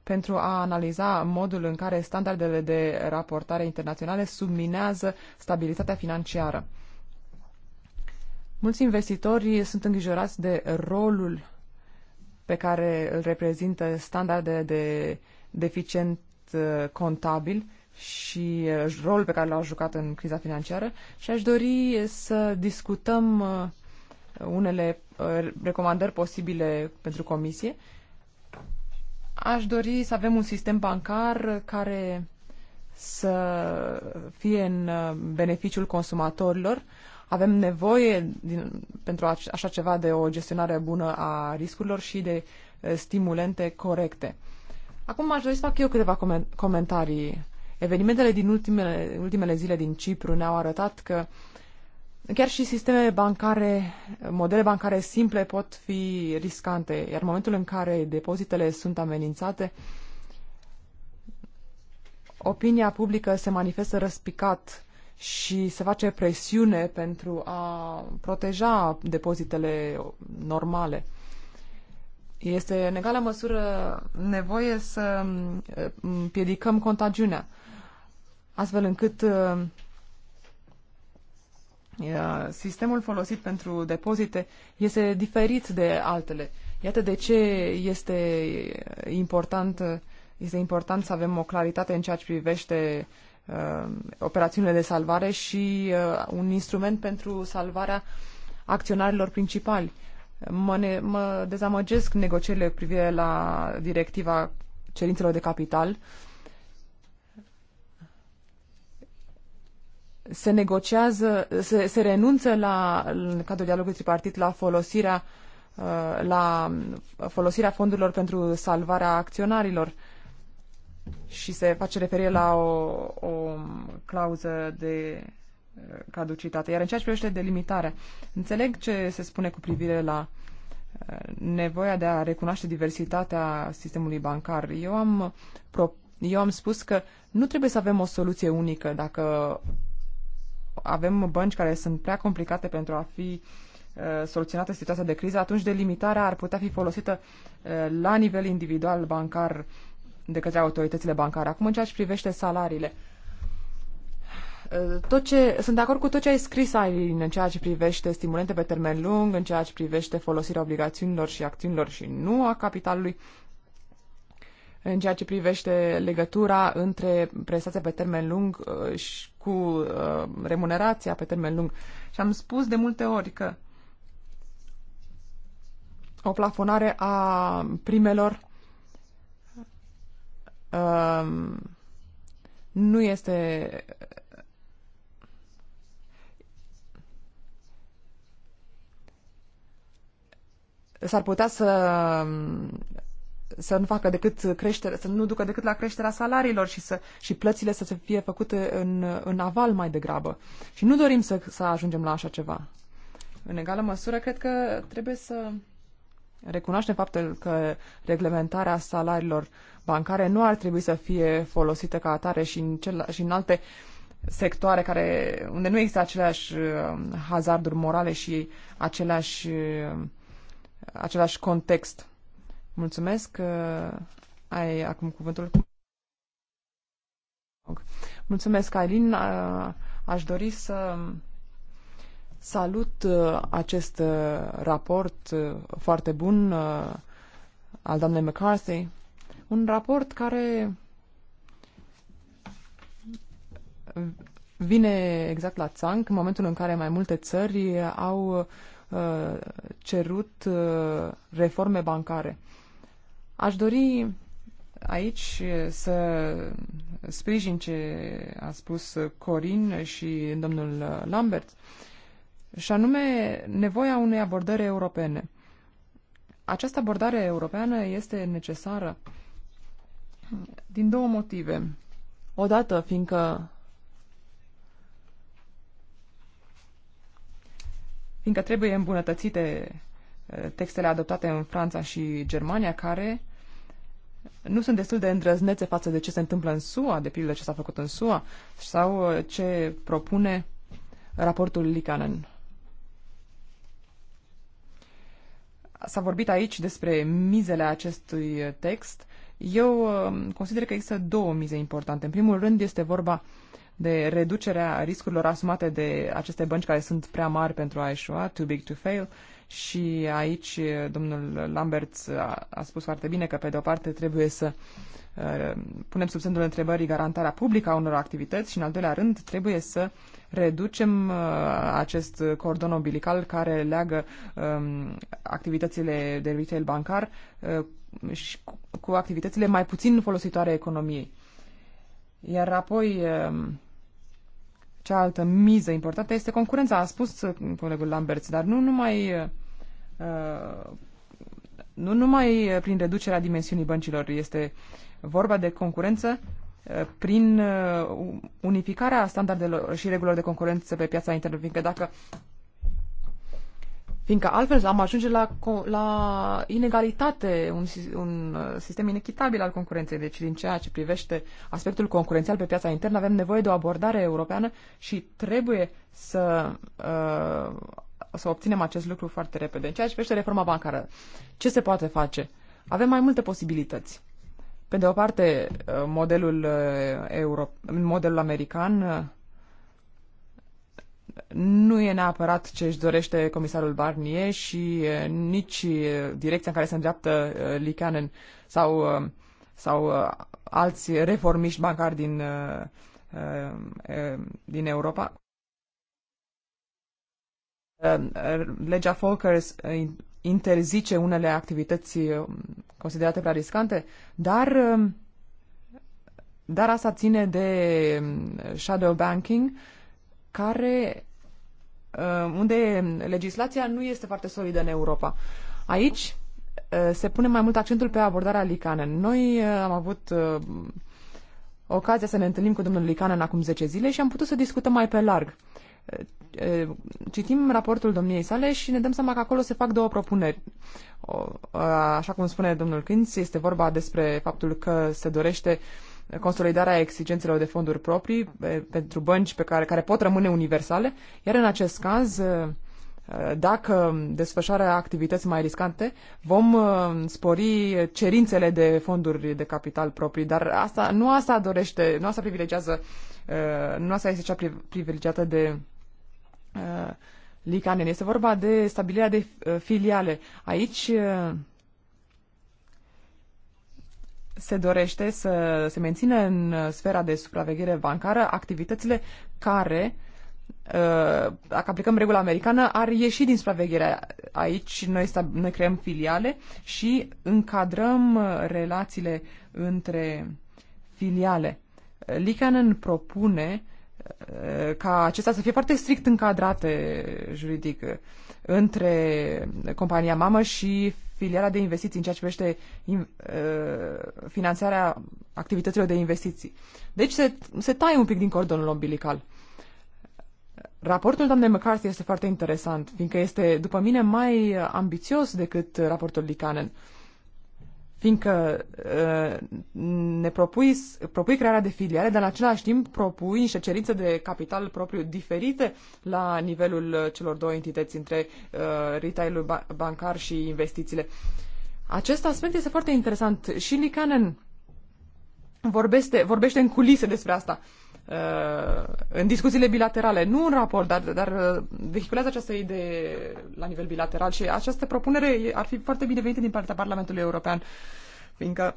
pentru a analiza modul în care standardele de raportare internaționale subminează stabilitatea financiară. Mulți investitori sunt îngrijorați de rolul pe care îl reprezintă standarde de deficient uh, contabil și uh, rolul pe care l-au jucat în criza financiară și aș dori să discutăm uh, unele recomandări posibile pentru comisie. Aș dori să avem un sistem bancar care să fie în beneficiul consumatorilor, avem nevoie din, pentru așa ceva de o gestionare bună a riscurilor și de eh, stimulente corecte. Acum aș dori să fac eu câteva comentarii. Evenimentele din ultimele, ultimele zile din Cipru ne-au arătat că chiar și sisteme bancare, modele bancare simple pot fi riscante, iar în momentul în care depozitele sunt amenințate, opinia publică se manifestă răspicat și se face presiune pentru a proteja depozitele normale. Este în egală măsură nevoie să mm, împiedicăm contagiunea, astfel încât mm, sistemul folosit pentru depozite este diferit de altele. Iată de ce este important, este important să avem o claritate în ceea ce privește uh, uh, operațiunile de salvare și uh, un instrument pentru salvarea acționarilor principali. Mă, ne, mă dezamăgesc negocierile cu privire la directiva cerințelor de capital. Se negociază, se, se renunță la, în cadrul dialogului tripartit la folosirea uh, la folosirea fondurilor pentru salvarea acționarilor și se face referire la o, o clauză de uh, caducitate. Iar în ceea ce privește delimitarea, înțeleg ce se spune cu privire la uh, nevoia de a recunoaște diversitatea sistemului bancar. Eu am, eu am spus că nu trebuie să avem o soluție unică dacă avem bănci care sunt prea complicate pentru a fi uh, soluționată situația de criză, atunci delimitarea ar putea fi folosită la nivel individual bancar de către autoritățile bancare. Acum, în ceea ce privește salariile, tot ce, sunt de acord cu tot ce ai scris, Aileen, în ceea ce privește stimulente pe termen lung, în ceea ce privește folosirea obligațiunilor și acțiunilor și nu a capitalului, în ceea ce privește legătura între prestația pe termen lung uh, și cu uh, remunerația pe termen lung. Și am spus de multe ori că o plafonare a primelor Um, nu este s-ar putea să să nu facă decât creștere, să nu ducă decât la creșterea salariilor și, să, și plățile să se fie făcute în, în aval mai degrabă. Și nu dorim să, să ajungem la așa ceva. În egală măsură, cred că trebuie să recunoaște faptul că reglementarea salariilor bancare nu ar trebui să fie folosită ca atare și în, cel, și în alte sectoare care, unde nu există aceleași um, hazarduri morale și aceleași, um, același context. Mulțumesc că uh, ai acum cuvântul. Mulțumesc, Alin. Uh, aș dori să um, Salut uh, acest uh, raport uh, foarte bun al doamnei McCarthy, un raport care vine exact la țanc în momentul în care mai multe țări au cerut reforme bancare. Aș dori aici să sprijin ce a spus Corin și domnul Lambert și anume nevoia unei abordări europene. Această abordare europeană este necesară din două motive. Odată, fiindcă fiindcă trebuie îmbunătățite uh, textele adoptate în Franța și Germania, care nu sunt destul de îndrăznețe față de ce se întâmplă în SUA, de pildă ce s-a făcut în SUA, sau uh, ce propune raportul Licanen. S-a vorbit aici despre mizele acestui text. Eu um, consider că există două mize importante. În primul rând este vorba de reducerea riscurilor asumate de aceste bănci care sunt prea mari pentru a eșua, too big to fail, și aici domnul Lambert a, a spus foarte bine că pe de o parte trebuie să uh, Uh, punem sub semnul întrebării garantarea publică a unor activități și, în al doilea rând, trebuie să reducem uh, acest cordon umbilical care leagă um, activitățile de retail bancar uh, și cu activitățile mai puțin folositoare economiei. Iar apoi, um, cealaltă miză importantă este concurența, a spus colegul Lamberts, dar nu numai nu numai prin reducerea dimensiunii băncilor este vorba de concurență uh, prin uh, unificarea standardelor și regulilor de concurență pe piața internă, fiindcă dacă fiindcă altfel am ajunge la, la inegalitate, un, un uh, sistem inechitabil al concurenței. Deci, din ceea ce privește aspectul concurențial pe piața internă, avem nevoie de o abordare europeană și trebuie să, să obținem acest lucru foarte repede. În ceea ce privește reforma bancară, ce se poate face? Avem mai multe posibilități. Pe de o parte, uh, modelul, uh, euro, modelul american uh, nu e neapărat ce își dorește comisarul Barnier și nici direcția în care se îndreaptă Lichanen sau, sau alți reformiști bancari din, din Europa legea Falkers interzice unele activități uh, considerate prea riscante, dar, um, dar asta ține de um, shadow banking, care um, unde legislația nu este foarte solidă în Europa. Aici uh, se pune mai mult accentul pe abordarea Licanen. Noi uh, am avut ocazia să ne întâlnim cu domnul Licanen acum 10 zile și am putut să discutăm mai pe larg. Eh, eh, citim raportul domniei sale și ne dăm seama că acolo se fac două propuneri. Așa cum spune domnul Kinz, este vorba despre faptul că se dorește consolidarea exigențelor de fonduri proprii pentru bănci pe care, care pot rămâne universale, iar în acest caz, eh, dacă desfășoară activități mai riscante, vom spori cerințele de fonduri de capital proprii, dar asta, nu asta dorește, nu asta privilegiază, nu asta este cea privilegiată de Uh, Licanen. Este vorba de stabilirea de uh, filiale. Aici uh, se dorește să se mențină în sfera de supraveghere bancară activitățile care dacă aplicăm regula americană, ar ieși din supraveghere. Aici noi, stab- noi creăm filiale și încadrăm relațiile între filiale. Licanen propune ca acestea să fie foarte strict încadrate juridic între compania mamă și filiala de investiții în ceea ce privește uh, finanțarea activităților de investiții. Deci se, se taie un pic din cordonul umbilical. Raportul doamnei McCarthy este foarte interesant, fiindcă este, după mine, mai ambițios decât raportul Licanen. Uh, fiindcă uh, ne propui, propui crearea de filiale, dar în același timp propui niște cerințe de capital propriu diferite la nivelul uh, celor două entități, între uh, retailul bancar și investițiile. Acest aspect este foarte interesant și Licanen vorbește, vorbește în culise despre asta. Uh, Uh, în discuțiile bilaterale, nu în raport, dar, dar uh, vehiculează această idee la nivel bilateral și această propunere ar fi foarte binevenită din partea Parlamentului European, fiindcă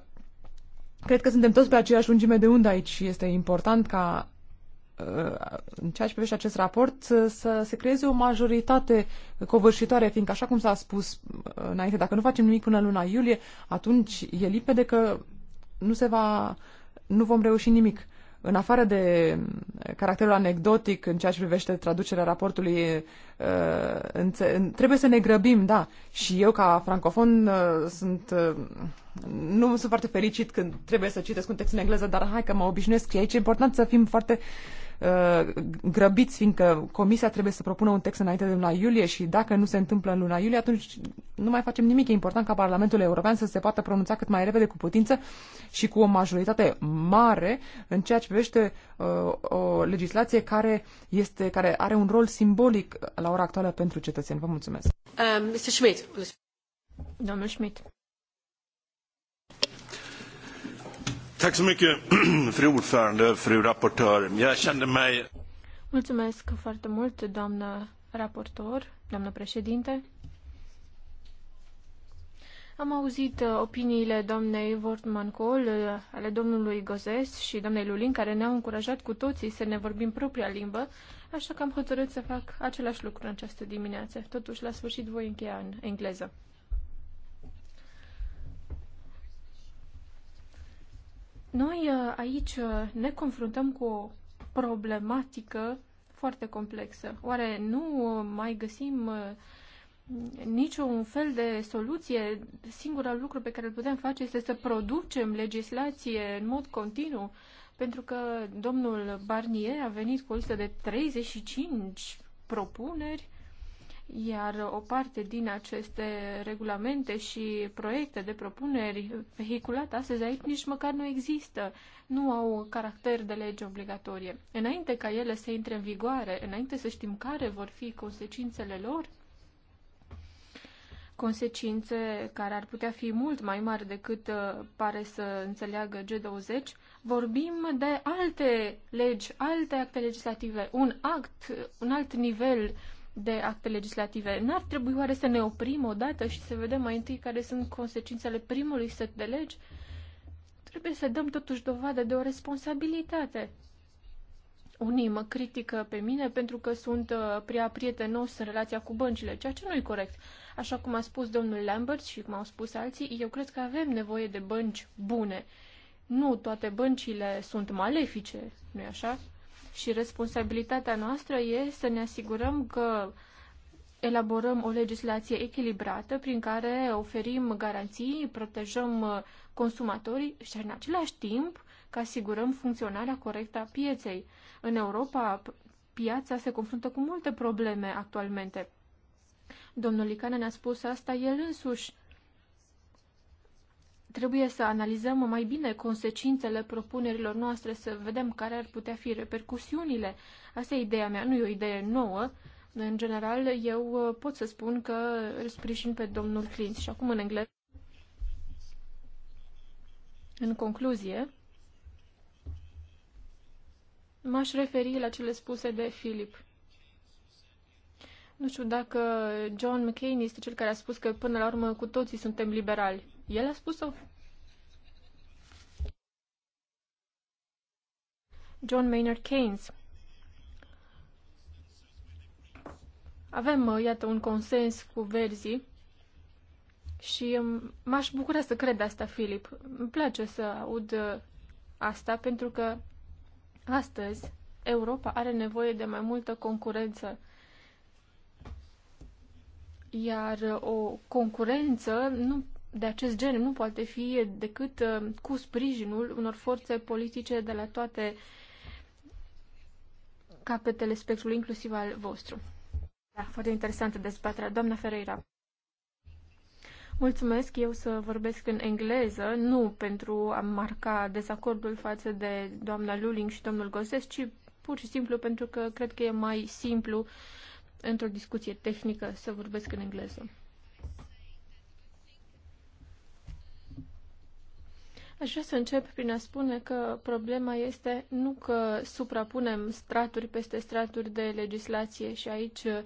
cred că suntem toți pe aceeași lungime de undă aici și este important ca uh, în ceea ce privește acest raport, să se creeze o majoritate covârșitoare, fiindcă, așa cum s-a spus înainte, dacă nu facem nimic până luna iulie, atunci e limpede că nu se va, nu vom reuși nimic în afară de eh, caracterul anecdotic în ceea ce privește traducerea raportului, eh, trebuie să ne grăbim, da. Și eu, ca francofon, eh, sunt, nu sunt foarte fericit când trebuie să citesc un text în engleză, dar hai că mă obișnuiesc. E aici important să fim foarte Uh, grăbiți, fiindcă comisia trebuie să propună un text înainte de luna iulie și dacă nu se întâmplă în luna iulie, atunci nu mai facem nimic. E important ca Parlamentul European să se poată pronunța cât mai repede cu putință și cu o majoritate mare în ceea ce privește uh, o legislație care, este, care are un rol simbolic la ora actuală pentru cetățeni. Vă mulțumesc. Um, uh, Mr. Schmidt. Domnul Schmidt. Tack så mycket, fru ordförande, fru rapportör. Jag kände mig... Mulțumesc foarte mult, doamnă raportor, doamnă președinte. Am auzit uh, opiniile doamnei Wortman Col, uh, ale domnului Gozes și doamnei Lulin, care ne-au încurajat cu toții să ne vorbim propria limbă, așa că am hotărât să fac același lucru în această dimineață. Totuși, la sfârșit, voi încheia în engleză. Noi uh, aici uh, ne confruntăm cu o problematică foarte complexă. Oare nu uh, mai găsim niciun fel de soluție? Singura lucru pe care îl putem face este să producem legislație în mod continuu, pentru că domnul Barnier a venit cu o listă de 35 propuneri iar o parte din aceste regulamente și proiecte de propuneri vehiculate astăzi aici nici măcar nu există, nu au caracter de lege obligatorie. Înainte ca ele să intre în vigoare, înainte să știm care vor fi consecințele lor, consecințe care ar putea fi mult mai mari decât uh, pare să înțeleagă G20, vorbim de alte legi, alte acte legislative, un act, un alt nivel uh, de acte legislative. N-ar trebui oare să ne oprim odată și să vedem mai întâi care sunt consecințele primului set de legi? Trebuie să dăm totuși dovadă de o responsabilitate. Unii mă critică pe mine pentru că sunt uh, prea prietenos în relația cu băncile, ceea ce nu e corect. Așa cum a spus domnul Lambert și cum au spus alții, eu cred că avem nevoie de bănci bune. Nu toate băncile sunt malefice, nu-i așa? și responsabilitatea noastră e să ne asigurăm că elaborăm o legislație echilibrată prin care oferim garanții, protejăm uh, consumatorii și în același timp că asigurăm funcționarea corectă a pieței. În Europa, piața se confruntă cu multe probleme actualmente. Domnul Licane ne-a spus asta el însuși. Trebuie să analizăm mai bine consecințele propunerilor noastre, să vedem care ar putea fi repercusiunile. Asta e ideea mea, nu e o idee nouă. În general, eu uh, pot să spun că îl sprijin pe domnul Clint și acum în engleză. În concluzie, m-aș referi la cele spuse de Philip. Nu știu dacă John McCain este cel care a spus că până la urmă cu toții suntem liberali. El a spus-o. John Maynard Keynes. Avem, uh, iată, un consens cu verzii și um, m-aș bucura să cred asta, Filip. Îmi place să aud uh, asta pentru că astăzi Europa are nevoie de mai multă concurență. Iar uh, o concurență nu de acest gen nu poate fi decât uh, cu sprijinul unor forțe politice de la toate capetele spectrului, inclusiv al vostru. Da, foarte interesantă dezbaterea. Doamna Ferreira. Mulțumesc, eu să vorbesc în engleză, nu pentru a marca dezacordul față de doamna Luling și domnul Gosesc, ci pur și simplu pentru că cred că e mai simplu într-o discuție tehnică să vorbesc în engleză. Aș vrea să încep prin a spune că problema este nu că suprapunem straturi peste straturi de legislație și aici uh,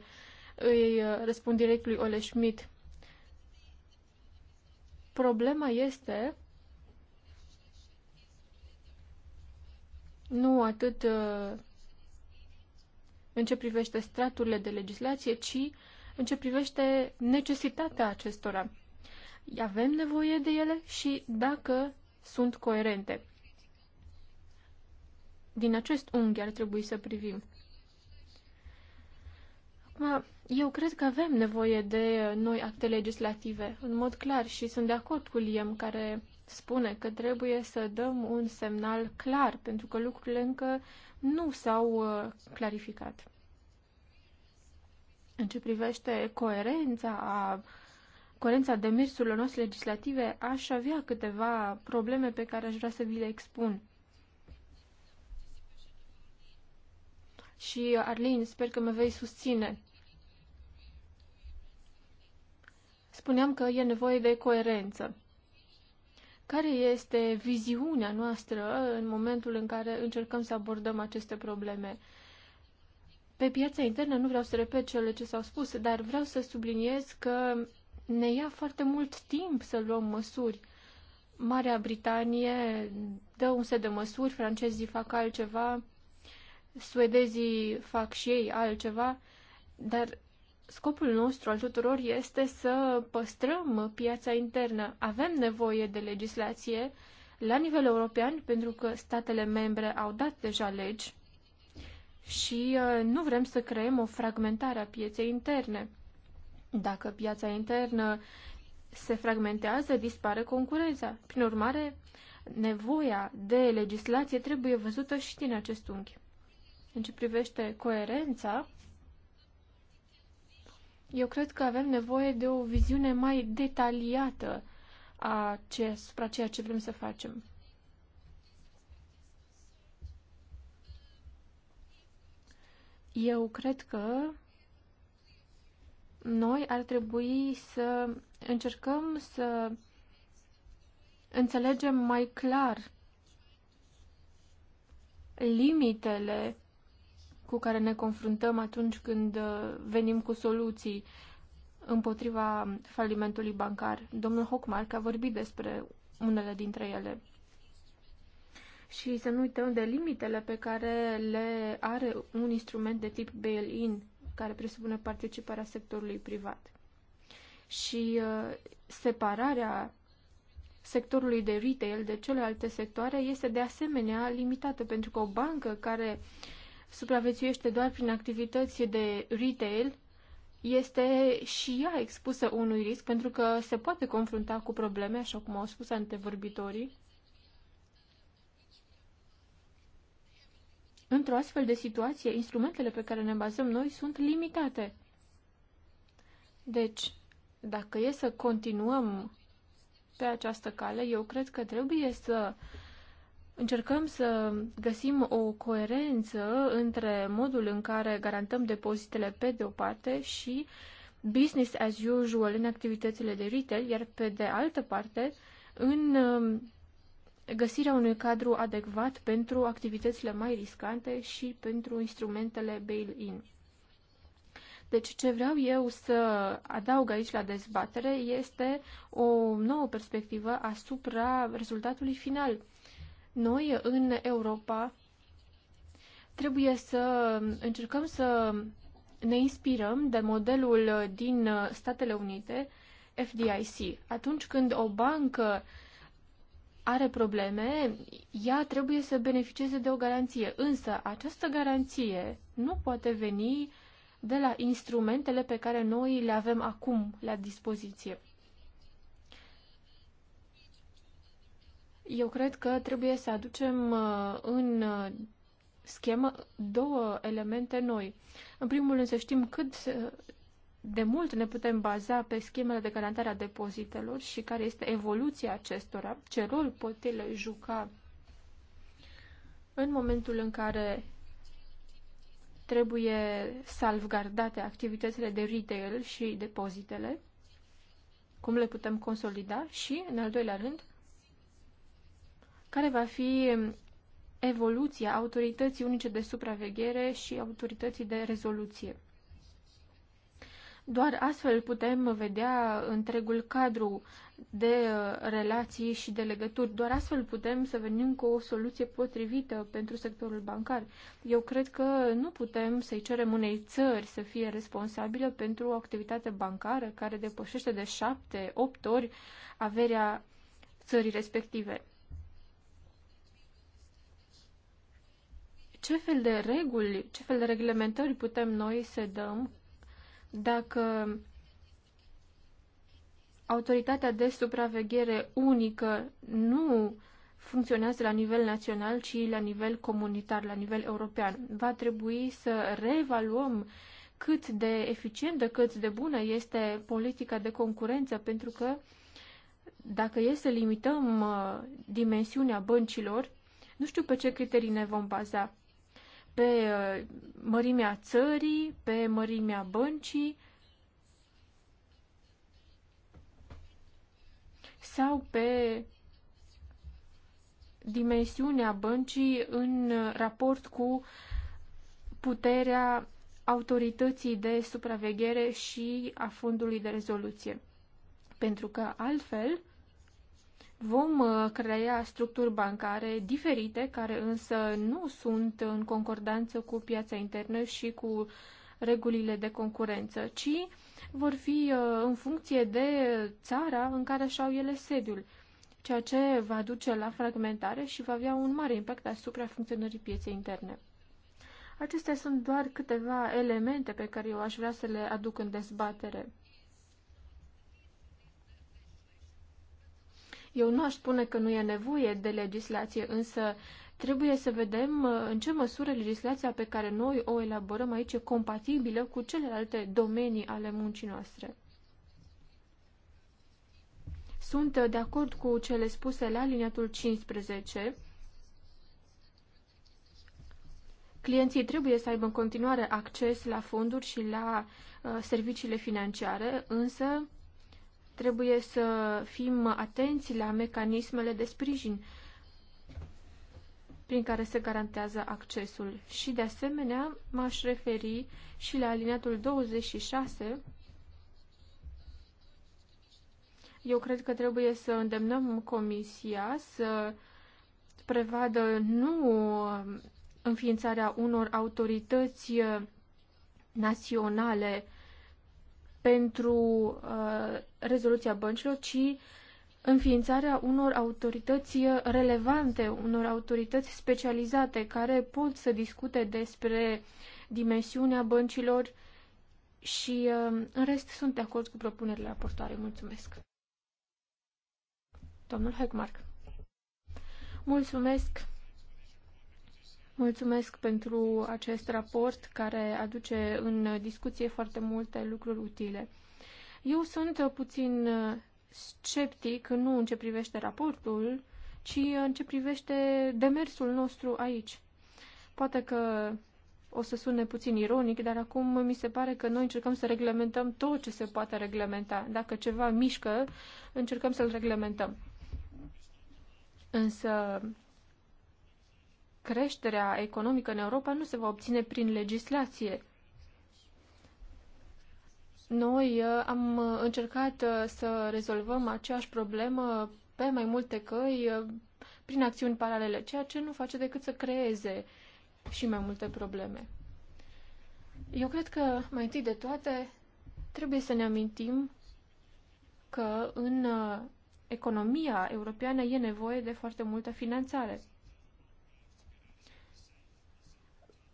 îi uh, răspund direct lui Ole Schmidt. Problema este nu atât uh, în ce privește straturile de legislație, ci în ce privește necesitatea acestora. Avem nevoie de ele și dacă sunt coerente. Din acest unghi ar trebui să privim. Acum, eu cred că avem nevoie de uh, noi acte legislative, în mod clar, și sunt de acord cu Liam, care spune că trebuie să dăm un semnal clar, pentru că lucrurile încă nu s-au uh, clarificat. În ce privește coerența a coerența demersurilor noastre legislative, aș avea câteva probleme pe care aș vrea să vi le expun. Și, Arlin, sper că mă vei susține. Spuneam că e nevoie de coerență. Care este viziunea noastră în momentul în care încercăm să abordăm aceste probleme? Pe piața internă nu vreau să repet cele ce s-au spus, dar vreau să subliniez că ne ia foarte mult timp să luăm măsuri. Marea Britanie dă un set de măsuri, francezii fac altceva, suedezii fac și ei altceva, dar scopul nostru al tuturor este să păstrăm piața internă. Avem nevoie de legislație la nivel european pentru că statele membre au dat deja legi și uh, nu vrem să creăm o fragmentare a pieței interne. Dacă piața internă se fragmentează, dispare concurența. Prin urmare, nevoia de legislație trebuie văzută și din acest unghi. În ce privește coerența, eu cred că avem nevoie de o viziune mai detaliată a ce, supra ceea ce vrem să facem. Eu cred că noi ar trebui să încercăm să înțelegem mai clar limitele cu care ne confruntăm atunci când uh, venim cu soluții împotriva falimentului bancar. Domnul Hochmark a vorbit despre unele dintre ele. Și să nu uităm de limitele pe care le are un instrument de tip bail-in care presupune participarea sectorului privat. Și uh, separarea sectorului de retail de celelalte sectoare este de asemenea limitată, pentru că o bancă care supraviețuiește doar prin activități de retail este și ea expusă unui risc, pentru că se poate confrunta cu probleme, așa cum au spus antevorbitorii, Într-o astfel de situație, instrumentele pe care ne bazăm noi sunt limitate. Deci, dacă e să continuăm pe această cale, eu cred că trebuie să încercăm să găsim o coerență între modul în care garantăm depozitele pe de o parte și business as usual în activitățile de retail, iar pe de altă parte în găsirea unui cadru adecvat pentru activitățile mai riscante și pentru instrumentele bail-in. Deci ce vreau eu să adaug aici la dezbatere este o nouă perspectivă asupra rezultatului final. Noi în Europa trebuie să încercăm să ne inspirăm de modelul din Statele Unite, FDIC. Atunci când o bancă uh, are probleme, ea trebuie să beneficieze de o garanție. Însă, această garanție nu poate veni de la instrumentele pe care noi le avem acum la dispoziție. Eu cred că trebuie să aducem uh, în uh, schemă două elemente noi. În primul rând să știm cât de mult ne putem baza pe schemele de garantare a depozitelor și care este evoluția acestora, ce rol pot ele juca în momentul în care trebuie salvgardate activitățile de retail și depozitele, cum le putem consolida și, în al doilea rând, care va fi evoluția autorității unice de supraveghere și autorității de rezoluție. Doar astfel putem vedea întregul cadru de uh, relații și de legături. Doar astfel putem să venim cu o soluție potrivită pentru sectorul bancar. Eu cred că nu putem să-i cerem unei țări să fie responsabilă pentru o activitate bancară care depășește de șapte, opt ori averea țării respective. ce fel de reguli, ce fel de reglementări putem noi să dăm dacă autoritatea de supraveghere unică nu funcționează la nivel național, ci la nivel comunitar, la nivel european. Va trebui să reevaluăm cât de eficientă, cât de bună este politica de concurență, pentru că dacă e să limităm uh, dimensiunea băncilor, nu știu pe ce criterii ne vom baza pe uh, mărimea țării, pe mărimea băncii sau pe dimensiunea băncii în raport cu puterea autorității de supraveghere și a fondului de rezoluție. Pentru că altfel, Vom uh, crea structuri bancare diferite, care însă nu sunt în concordanță cu piața internă și cu regulile de concurență, ci vor fi uh, în funcție de țara în care și-au ele sediul, ceea ce va duce la fragmentare și va avea un mare impact asupra funcționării pieței interne. Acestea sunt doar câteva elemente pe care eu aș vrea să le aduc în dezbatere. Eu nu aș spune că nu e nevoie de legislație, însă trebuie să vedem uh, în ce măsură legislația pe care noi o elaborăm aici e compatibilă cu celelalte domenii ale muncii noastre. Sunt uh, de acord cu cele spuse la liniatul 15. Clienții trebuie să aibă în continuare acces la fonduri și la uh, serviciile financiare, însă Trebuie să fim atenți la mecanismele de sprijin prin care se garantează accesul. Și de asemenea m-aș referi și la alineatul 26. Eu cred că trebuie să îndemnăm Comisia să prevadă nu înființarea unor autorități naționale pentru uh, rezoluția băncilor, ci înființarea unor autorități relevante, unor autorități specializate care pot să discute despre dimensiunea băncilor și uh, în rest sunt de acord cu propunerile raportoare. Mulțumesc. Domnul Hegmark. Mulțumesc. Mulțumesc pentru acest raport care aduce în discuție foarte multe lucruri utile. Eu sunt puțin sceptic, nu în ce privește raportul, ci în ce privește demersul nostru aici. Poate că o să sune puțin ironic, dar acum mi se pare că noi încercăm să reglementăm tot ce se poate reglementa. Dacă ceva mișcă, încercăm să-l reglementăm. Însă creșterea economică în Europa nu se va obține prin legislație. Noi uh, am încercat uh, să rezolvăm aceeași problemă pe mai multe căi uh, prin acțiuni paralele, ceea ce nu face decât să creeze și mai multe probleme. Eu cred că, mai întâi de toate, trebuie să ne amintim că în economia europeană e nevoie de foarte multă finanțare.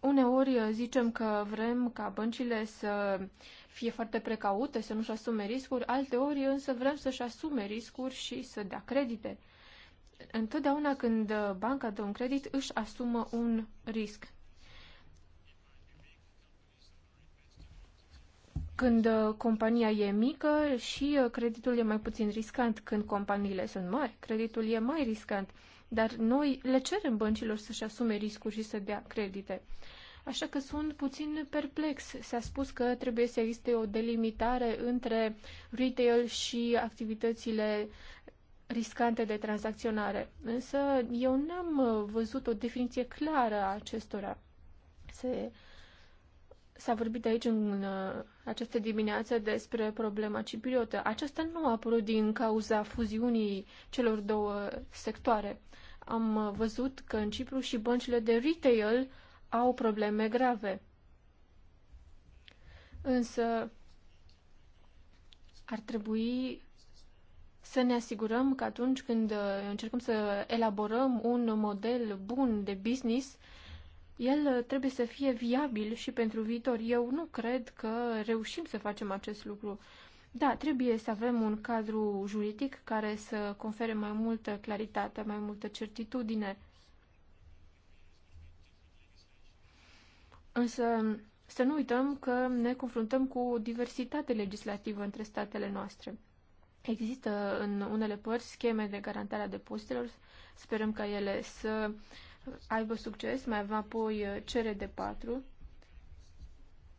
Uneori uh, zicem că vrem ca băncile să fie foarte precaute, să nu-și asume riscuri, alteori însă vrem să-și asume riscuri și să dea credite. Întotdeauna când uh, banca dă un credit, își asumă un risc. Când uh, compania e mică și creditul e mai puțin riscant, când companiile sunt mari, creditul e mai riscant. Dar noi le cerem băncilor să-și asume riscuri și să dea credite. Așa că sunt puțin perplex. S-a spus că trebuie să existe o delimitare între retail și activitățile riscante de tranzacționare. Însă eu n-am uh, văzut o definiție clară a acestora. Se, s-a vorbit aici în, în uh, această dimineață despre problema cipriotă. Aceasta nu a apărut din cauza fuziunii celor două sectoare. Am uh, văzut că în Cipru și băncile de retail au probleme grave. Însă ar trebui să ne asigurăm că atunci când uh, încercăm să elaborăm un model bun de business, el uh, trebuie să fie viabil și pentru viitor. Eu nu cred că reușim să facem acest lucru. Da, trebuie să avem un cadru juridic care să confere mai multă claritate, mai multă certitudine. Însă să nu uităm că ne confruntăm cu o diversitate legislativă între statele noastre. Există în unele părți scheme de garantare a depozitelor, sperăm ca ele să aibă succes, mai avem apoi uh, cere de patru,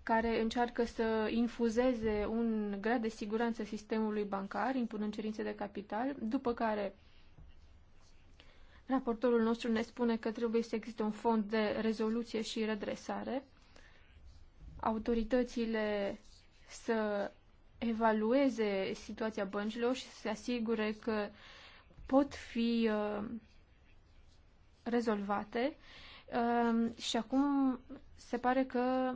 care încearcă să infuzeze un grad de siguranță sistemului bancar, impunând cerințe de capital, după care Raportorul nostru ne spune că trebuie să existe un fond de rezoluție și redresare. Autoritățile să evalueze situația băncilor și să se asigure că pot fi uh, rezolvate. Uh, și acum se pare că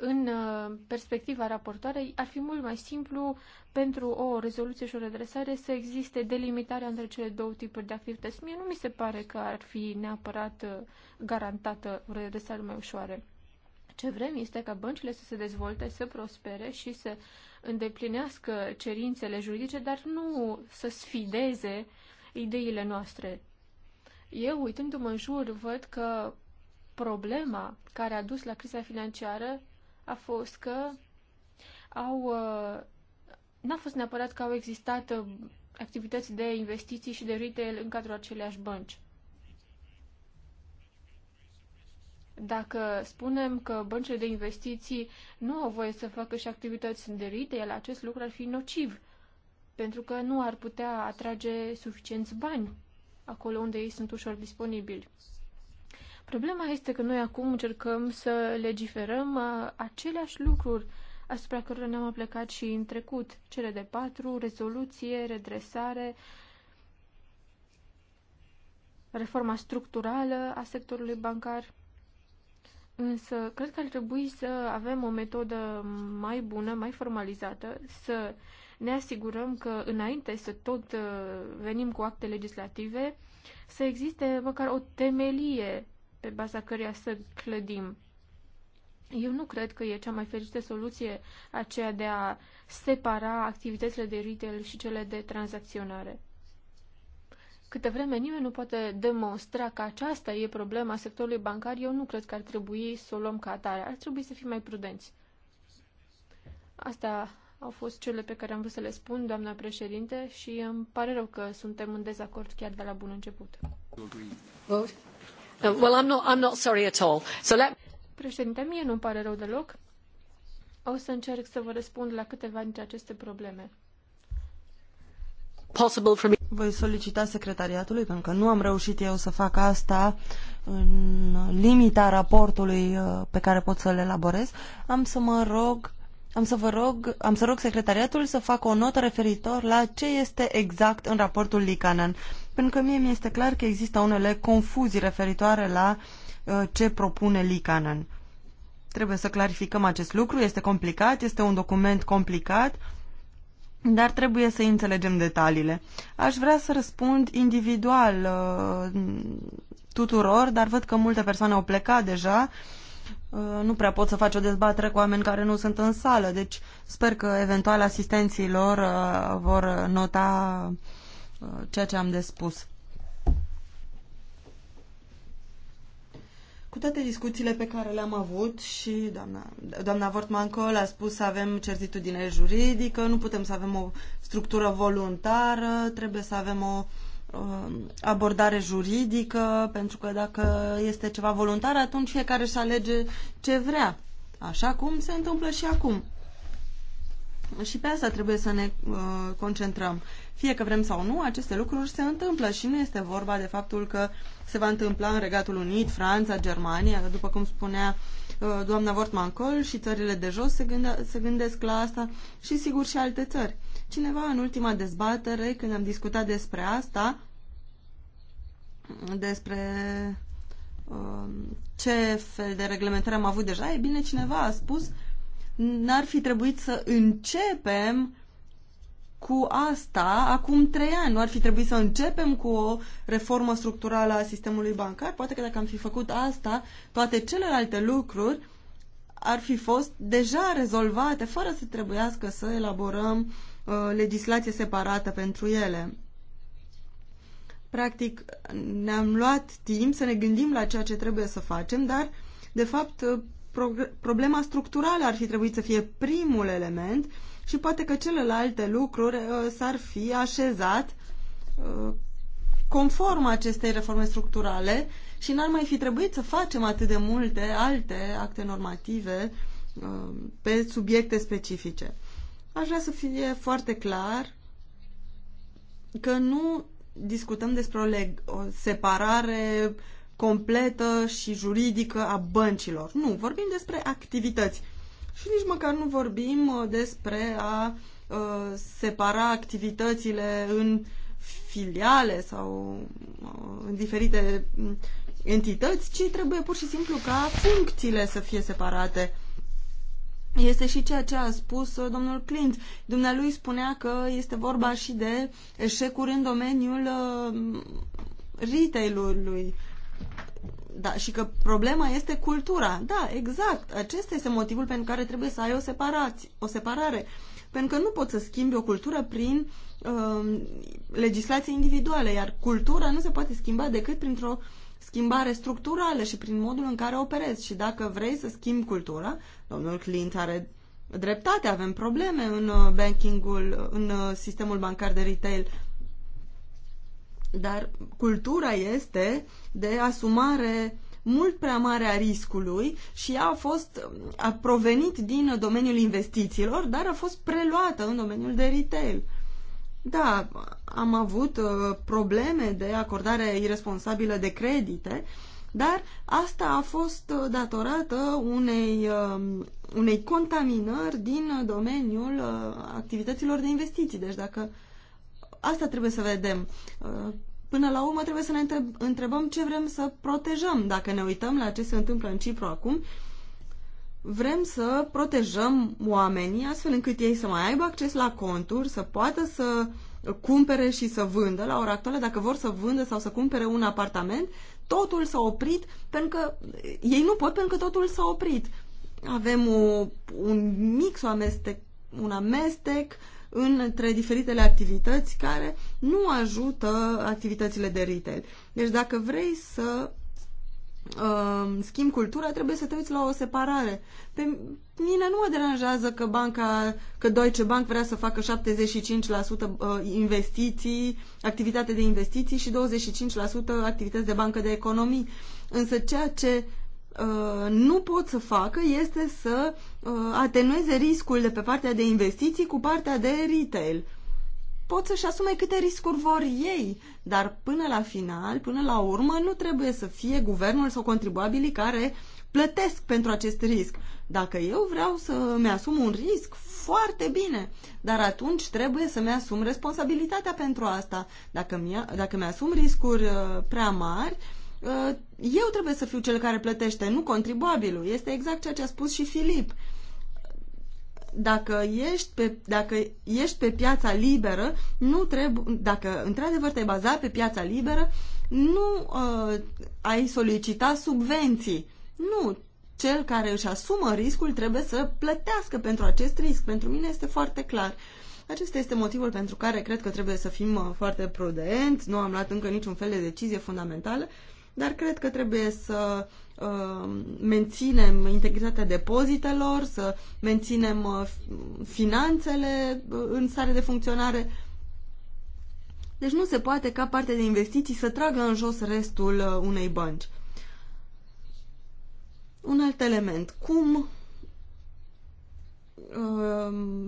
în uh, perspectiva raportoarei, ar fi mult mai simplu pentru o rezoluție și o redresare să existe delimitarea între cele două tipuri de activități. Mie nu mi se pare că ar fi neapărat uh, garantată o redresare mai ușoară. Ce vrem este ca băncile să se dezvolte, să prospere și să îndeplinească cerințele juridice, dar nu să sfideze ideile noastre. Eu, uitându-mă în jur, văd că problema care a dus la criza financiară a fost că au, uh, n-a fost neapărat că au existat uh, activități de investiții și de retail în cadrul aceleași bănci. Dacă spunem că băncile de investiții nu au voie să facă și activități de retail, acest lucru ar fi nociv, pentru că nu ar putea atrage suficienți bani acolo unde ei sunt ușor disponibili. Problema este că noi acum încercăm să legiferăm uh, aceleași lucruri asupra cărora ne-am aplicat și în trecut. Cele de patru, rezoluție, redresare, reforma structurală a sectorului bancar. Însă, cred că ar trebui să avem o metodă mai bună, mai formalizată, să ne asigurăm că înainte să tot uh, venim cu acte legislative, să existe măcar o temelie pe baza căreia să clădim. Eu nu cred că e cea mai fericită soluție aceea de a separa activitățile de retail și cele de tranzacționare. Câte vreme nimeni nu poate demonstra că aceasta e problema sectorului bancar, eu nu cred că ar trebui să o luăm ca atare. Ar trebui să fim mai prudenți. Asta au fost cele pe care am vrut să le spun, doamna președinte, și îmi pare rău că suntem în dezacord chiar de la bun început. Vote. Well, I'm not, I'm not sorry at all. So let... Președinte, mie nu-mi pare rău deloc. O să încerc să vă răspund la câteva dintre aceste probleme. Possible for me. Voi solicita secretariatului, pentru că nu am reușit eu să fac asta în limita raportului uh, pe care pot să-l elaborez. Am să mă rog am să vă rog, am să rog secretariatul să facă o notă referitor la ce este exact în raportul Licanen, pentru că mie mi este clar că există unele confuzii referitoare la uh, ce propune Licanen. Trebuie să clarificăm acest lucru, este complicat, este un document complicat, dar trebuie să înțelegem detaliile. Aș vrea să răspund individual uh, tuturor, dar văd că multe persoane au plecat deja. Uh, Uh, nu prea pot să faci o dezbatere cu oameni care nu sunt în sală, deci sper că eventual asistenții lor uh, vor nota uh, ceea ce am de spus. Cu toate discuțiile pe care le-am avut și doamna, doamna Vortmancol a spus să avem certitudine juridică, nu putem să avem o structură voluntară, trebuie să avem o uh, Um, abordare juridică, pentru că dacă este ceva voluntar, atunci fiecare își alege ce vrea, așa cum se întâmplă și acum. Și pe asta trebuie să ne uh, concentrăm. Fie că vrem sau nu, aceste lucruri se întâmplă și nu este vorba de faptul că se va întâmpla în Regatul Unit, Franța, Germania, după cum spunea uh, doamna Wortmann-Kohl și țările de jos se, se gândesc la asta și sigur și alte țări. Cineva în ultima dezbatere, când am discutat despre asta, despre um, ce fel de reglementare am avut deja, e bine, cineva a spus n-ar fi trebuit să începem cu asta acum trei ani. Nu ar fi trebuit să începem cu o reformă structurală a sistemului bancar? Poate că dacă am fi făcut asta, toate celelalte lucruri ar fi fost deja rezolvate fără să trebuiască să elaborăm Uh, legislație separată pentru ele. Practic, ne-am luat timp să ne gândim la ceea ce trebuie să facem, dar, de fapt, uh, problema structurală ar fi trebuit să fie primul element și poate că celelalte lucruri uh, s-ar fi așezat conform acestei reforme structurale și n-ar mai fi trebuit să facem atât de multe alte acte normative pe subiecte specifice. Aș vrea să fie foarte clar că nu discutăm despre o, leg- o separare completă și juridică a băncilor. Nu, vorbim despre activități. Și nici măcar nu vorbim uh, despre a uh, separa activitățile în filiale sau uh, în diferite mm, entități, ci trebuie pur și simplu ca funcțiile să fie separate. Uh, este și ceea ce a spus uh, domnul Clint. Dumnealui spunea că este vorba și de eșecuri în domeniul uh, retail-ului. Da, și că problema este cultura. Da, exact. Acesta este motivul pentru care trebuie să ai o, separați, o separare. Pentru că nu poți să schimbi o cultură prin uh, legislație individuală, iar cultura nu se poate schimba decât printr-o uh, schimbare structurală și prin modul în care operezi. Și dacă vrei să schimbi cultura, domnul Clint are dreptate, avem probleme în uh, bankingul, uh, în uh, sistemul bancar de retail. Dar cultura este de asumare mult prea mare a riscului și ea a fost a provenit din domeniul investițiilor, dar a fost preluată în domeniul de retail. Da, am avut uh, probleme de acordare irresponsabilă de credite, dar asta a fost uh, datorată unei, uh, unei contaminări din domeniul uh, activităților de investiții. Deci dacă asta trebuie să vedem. Uh, până la urmă trebuie să ne întreb, întrebăm ce vrem să protejăm. Dacă ne uităm la ce se întâmplă în Cipru acum, uh, vrem să protejăm oamenii astfel încât ei să mai aibă acces la conturi, să poată să cumpere și să vândă. La ora actuală, dacă vor să vândă sau să cumpere un apartament, totul s-a oprit pentru că ei nu pot pentru că totul s-a oprit. Avem o, un mix, o amestec, un amestec între diferitele activități care nu ajută activitățile de retail. Deci dacă vrei să uh, schimb cultura, trebuie să te uiți la o separare. Pe mine nu mă deranjează că banca, că Deutsche Bank vrea să facă 75% uh, investiții, activitate de investiții și 25% activități de bancă de economii. Însă ceea ce uh, nu pot să facă este să uh, atenueze riscul de pe partea de investiții cu partea de retail pot să-și asume câte riscuri vor ei, dar până la final, până la urmă, nu trebuie să fie guvernul sau contribuabilii care plătesc pentru acest risc. Dacă eu vreau să-mi asum un risc, foarte bine, dar atunci trebuie să-mi asum responsabilitatea pentru asta. Dacă, mi dacă mi-asum riscuri uh, prea mari, uh, eu trebuie să fiu cel care plătește, nu contribuabilul. Este exact ceea ce a spus și Filip. Uh, dacă ești pe, dacă ești pe piața liberă, nu trebuie, dacă într-adevăr te baza pe piața liberă, nu uh, ai solicita subvenții. Nu, cel care își asumă riscul trebuie să plătească pentru acest risc. Pentru mine este foarte clar. Acesta este motivul pentru care cred că trebuie să fim uh, foarte prudenți, nu am luat încă niciun fel de decizie fundamentală, uh, dar cred că trebuie să uh, menținem integritatea depozitelor, să menținem uh, finanțele uh, în stare de funcționare. Deci nu se poate ca parte de investiții să tragă în jos restul unei bănci. Un alt element. Cum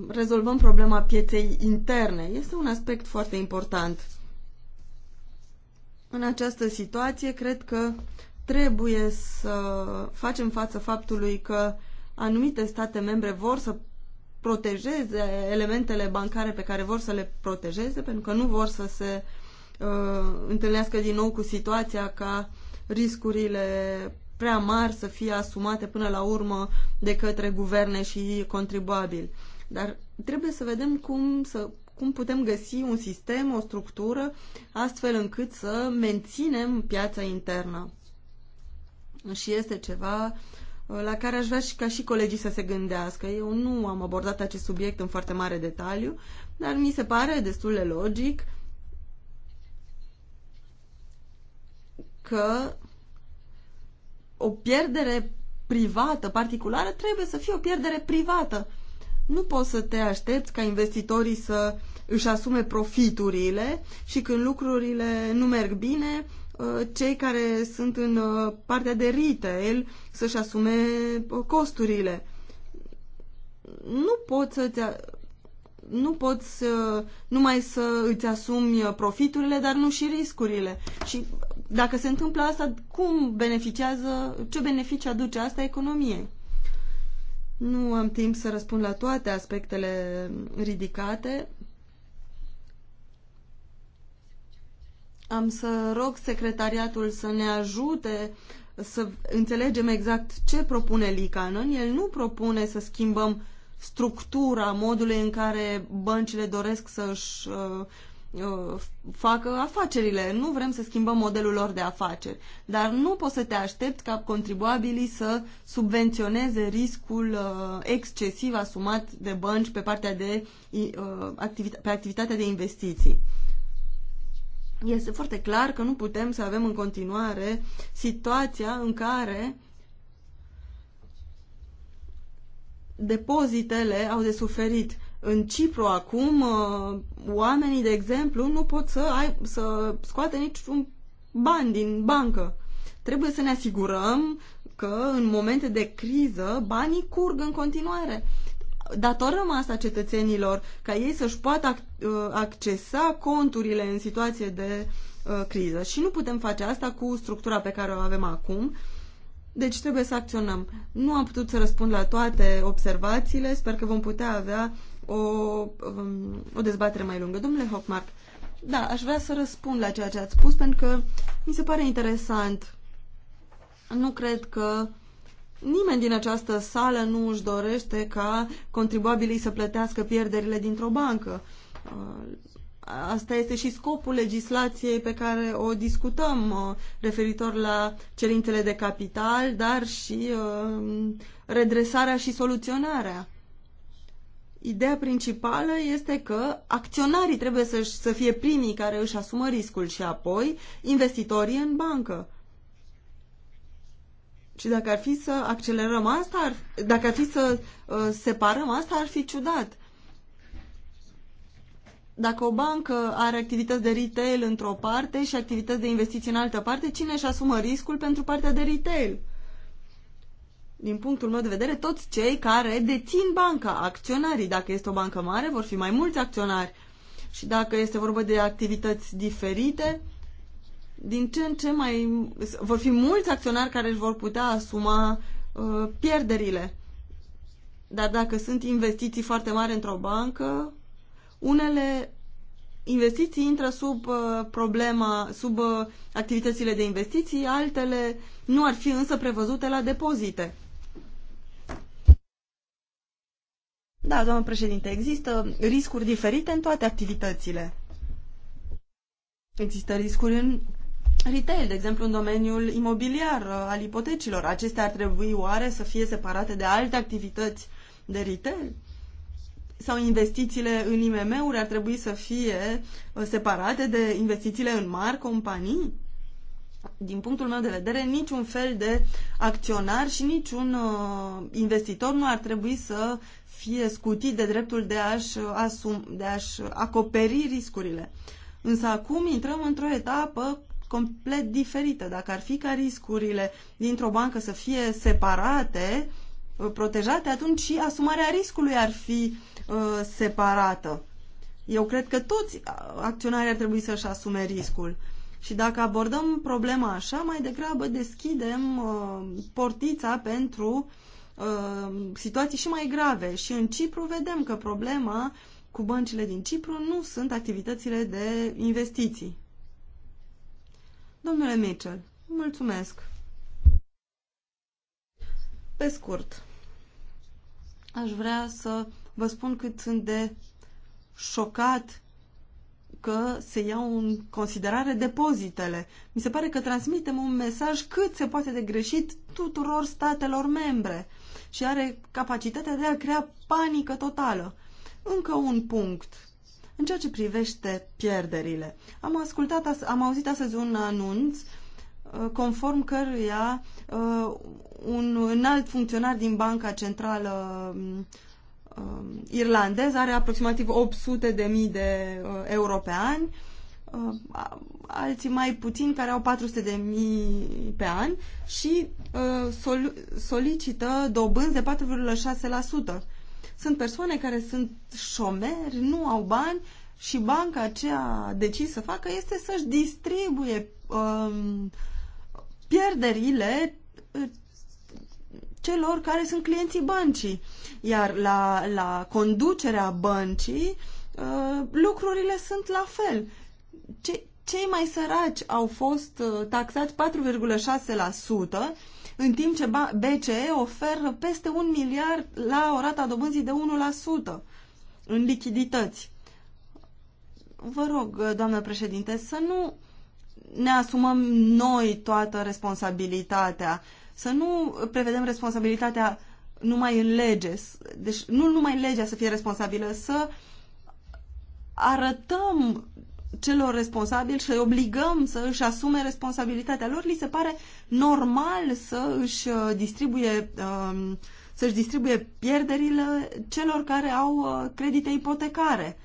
rezolvăm problema pieței interne? Este un aspect foarte important în această situație, cred că trebuie să facem față faptului că anumite state membre vor să protejeze elementele bancare pe care vor să le protejeze, pentru că nu vor să se uh, întâlnească din nou cu situația ca riscurile prea mari să fie asumate până la urmă de către guverne și contribuabili. Dar trebuie să vedem cum să cum putem găsi un sistem, o structură, astfel încât să menținem piața internă. Și este ceva uh, la care aș vrea și ca și colegii să se gândească. Eu nu am abordat acest subiect în foarte mare detaliu, dar mi se pare destul de logic că o pierdere privată, particulară, trebuie să fie o pierdere privată nu poți să te aștepți ca investitorii să își asume profiturile și când lucrurile nu merg bine, ă, cei care sunt în ă, partea de retail să-și asume ă, costurile. Nu poți să nu poți numai să îți asumi profiturile, dar nu și riscurile. Și dacă se întâmplă asta, cum beneficiază, ce beneficii aduce asta economiei? Nu am timp să răspund la toate aspectele ridicate. Am să rog secretariatul să ne ajute să înțelegem exact ce propune Licanon. El nu propune să schimbăm structura modului în care băncile doresc să își uh, Uh, facă afacerile. Nu vrem să schimbăm modelul lor de afaceri, dar nu poți să te aștepți ca contribuabilii să subvenționeze riscul uh, excesiv asumat de bănci pe partea de uh, activita- pe activitatea de investiții. Este foarte clar că nu putem să avem în continuare situația în care depozitele au de suferit în Cipru acum, uh, oamenii, de exemplu, nu pot să, ai, să scoate niciun bani din bancă. Trebuie să ne asigurăm că în momente de criză banii curg în continuare. Datorăm asta cetățenilor, ca ei să-și poată uh, accesa conturile în situație de uh, criză. Și nu putem face asta cu structura pe care o avem acum. Deci trebuie să acționăm. Nu am putut să răspund la toate observațiile. Sper că vom putea avea o, um, o dezbatere mai lungă. Domnule Hockmark, da, aș vrea să răspund la ceea ce ați spus, pentru că mi se pare interesant. Nu cred că nimeni din această sală nu își dorește ca contribuabilii să plătească pierderile dintr-o bancă. Uh, asta este și scopul legislației pe care o discutăm uh, referitor la cerințele de capital, dar și uh, redresarea și soluționarea. Ideea principală este că acționarii trebuie să, să fie primii care își asumă riscul și apoi investitorii în bancă. Și dacă ar fi să accelerăm asta, ar, dacă ar fi să uh, separăm asta, ar fi ciudat. Dacă o bancă are activități de retail într-o parte și activități de investiții în altă parte, cine își asumă riscul pentru partea de retail? Uh, din punctul meu de vedere, toți cei care dețin banca, acționarii. Dacă este o bancă mare, vor fi mai mulți acționari. Și dacă este vorba de activități diferite, din ce în ce mai vor fi mulți acționari care își vor putea asuma uh, pierderile. Dar dacă sunt investiții foarte mari într-o bancă, unele investiții intră sub uh, problema, sub uh, activitățile de investiții, altele nu ar fi însă prevăzute la depozite. Da, doamnă președinte, există riscuri diferite în toate activitățile. Există riscuri în retail, de exemplu în domeniul imobiliar, uh, al ipotecilor. Acestea ar trebui oare să fie separate de alte activități de retail? Sau investițiile în IMM-uri ar trebui să fie uh, separate de investițiile în mari companii? din punctul meu de vedere, niciun fel de acționar și niciun uh, investitor nu ar trebui să fie scutit de dreptul de a-și, uh, asum, de a-și acoperi riscurile. Însă acum intrăm într-o etapă complet diferită. Dacă ar fi ca riscurile dintr-o bancă să fie separate, uh, protejate, atunci și asumarea riscului ar fi uh, separată. Eu cred că toți uh, acționarii ar trebui să-și asume riscul. Și dacă abordăm problema așa, mai degrabă deschidem uh, portița pentru uh, situații și mai grave. Și în Cipru vedem că problema cu băncile din Cipru nu sunt activitățile de investiții. Domnule Mitchell, mulțumesc. Pe scurt, aș vrea să vă spun cât sunt de șocat că se iau în considerare depozitele. Mi se pare că transmitem un mesaj cât se poate de greșit tuturor statelor membre și are capacitatea de a crea panică totală. Încă un punct. În ceea ce privește pierderile, am, ascultat, am auzit astăzi un anunț uh, conform căruia uh, un înalt funcționar din Banca Centrală mm, uh, irlandez are aproximativ 800 de mii de uh, euro pe an, uh, alții mai puțin care au 400 de mii pe an și uh, sol solicită dobânzi de 4,6%. Sunt persoane care sunt șomeri, nu au bani și banca ce a decis să facă este să-și distribuie um, uh, pierderile celor care sunt clienții băncii. Iar la, la conducerea băncii uh, lucrurile sunt la fel. Ce, cei mai săraci au fost uh, taxați 4,6%, în timp ce BCE oferă peste un miliard la o rata dobânzii de 1% în lichidități. Vă rog, uh, doamnă președinte, să nu ne asumăm noi toată responsabilitatea. Să nu prevedem responsabilitatea numai în lege, deci nu numai legea să fie responsabilă, să arătăm celor responsabili și obligăm să își asume responsabilitatea lor, li se pare normal să își uh, distribuie, um, să-și distribuie pierderile celor care au uh, credite ipotecare.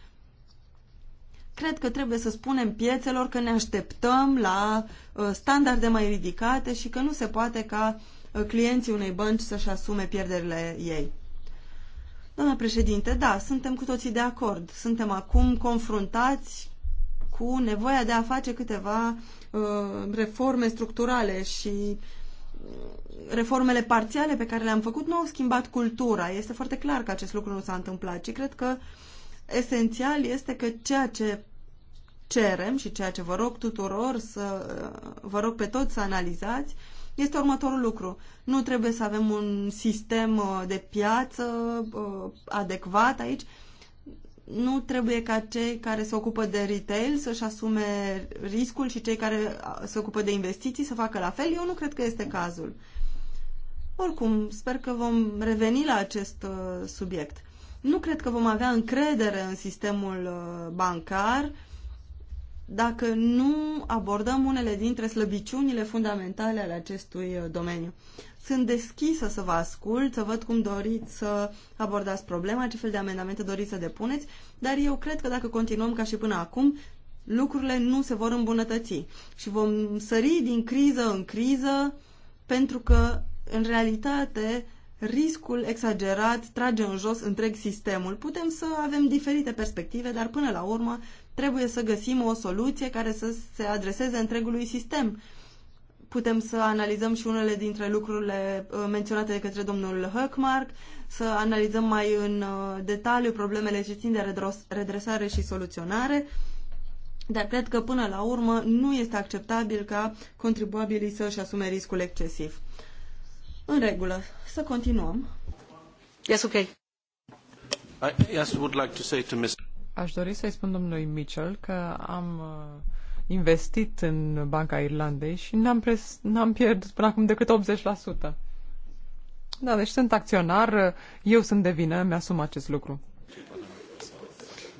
Cred că trebuie să spunem piețelor că ne așteptăm la uh, standarde mai ridicate și că nu se poate ca uh, clienții unei bănci să-și asume pierderile ei. Doamna președinte, da, suntem cu toții de acord. Suntem acum confruntați cu nevoia de a face câteva uh, reforme structurale și reformele parțiale pe care le-am făcut nu au schimbat cultura. Este foarte clar că acest lucru nu s-a întâmplat și cred că uh, Esențial este că ceea ce cerem și ceea ce vă rog tuturor să vă rog pe toți să analizați este următorul lucru. Nu trebuie să avem un sistem uh, de piață uh, adecvat aici. Nu trebuie ca cei care se ocupă de retail să-și asume riscul și cei care uh, se ocupă de investiții să facă la fel. Eu nu cred că este cazul. Oricum, sper că vom reveni la acest subiect. Nu cred că vom avea încredere în sistemul uh, bancar dacă nu abordăm unele dintre slăbiciunile fundamentale ale acestui uh, domeniu. Sunt deschisă să vă ascult, să văd cum doriți să abordați problema, ce fel de amendamente doriți să depuneți, dar eu cred că dacă continuăm ca și până acum, lucrurile nu se vor îmbunătăți și vom sări din criză în criză pentru că, în realitate, riscul exagerat trage în jos întreg sistemul. Putem să avem diferite perspective, dar până la urmă trebuie să găsim o soluție care să se adreseze întregului sistem. Putem să analizăm și unele dintre lucrurile uh, menționate de către domnul Höckmark, să analizăm mai în uh, detaliu problemele ce țin de redresare și soluționare, dar cred că până la urmă nu este acceptabil ca contribuabilii să-și asume riscul excesiv. În regulă, să continuăm. Yes, okay. I, yes, would like to say to Ms. Aș dori să-i spun domnului Mitchell că am uh, investit în Banca Irlandei și n-am, pres, n-am pierdut până acum decât 80%. Da, deci sunt acționar, uh, eu sunt de vină, mi-asum acest lucru.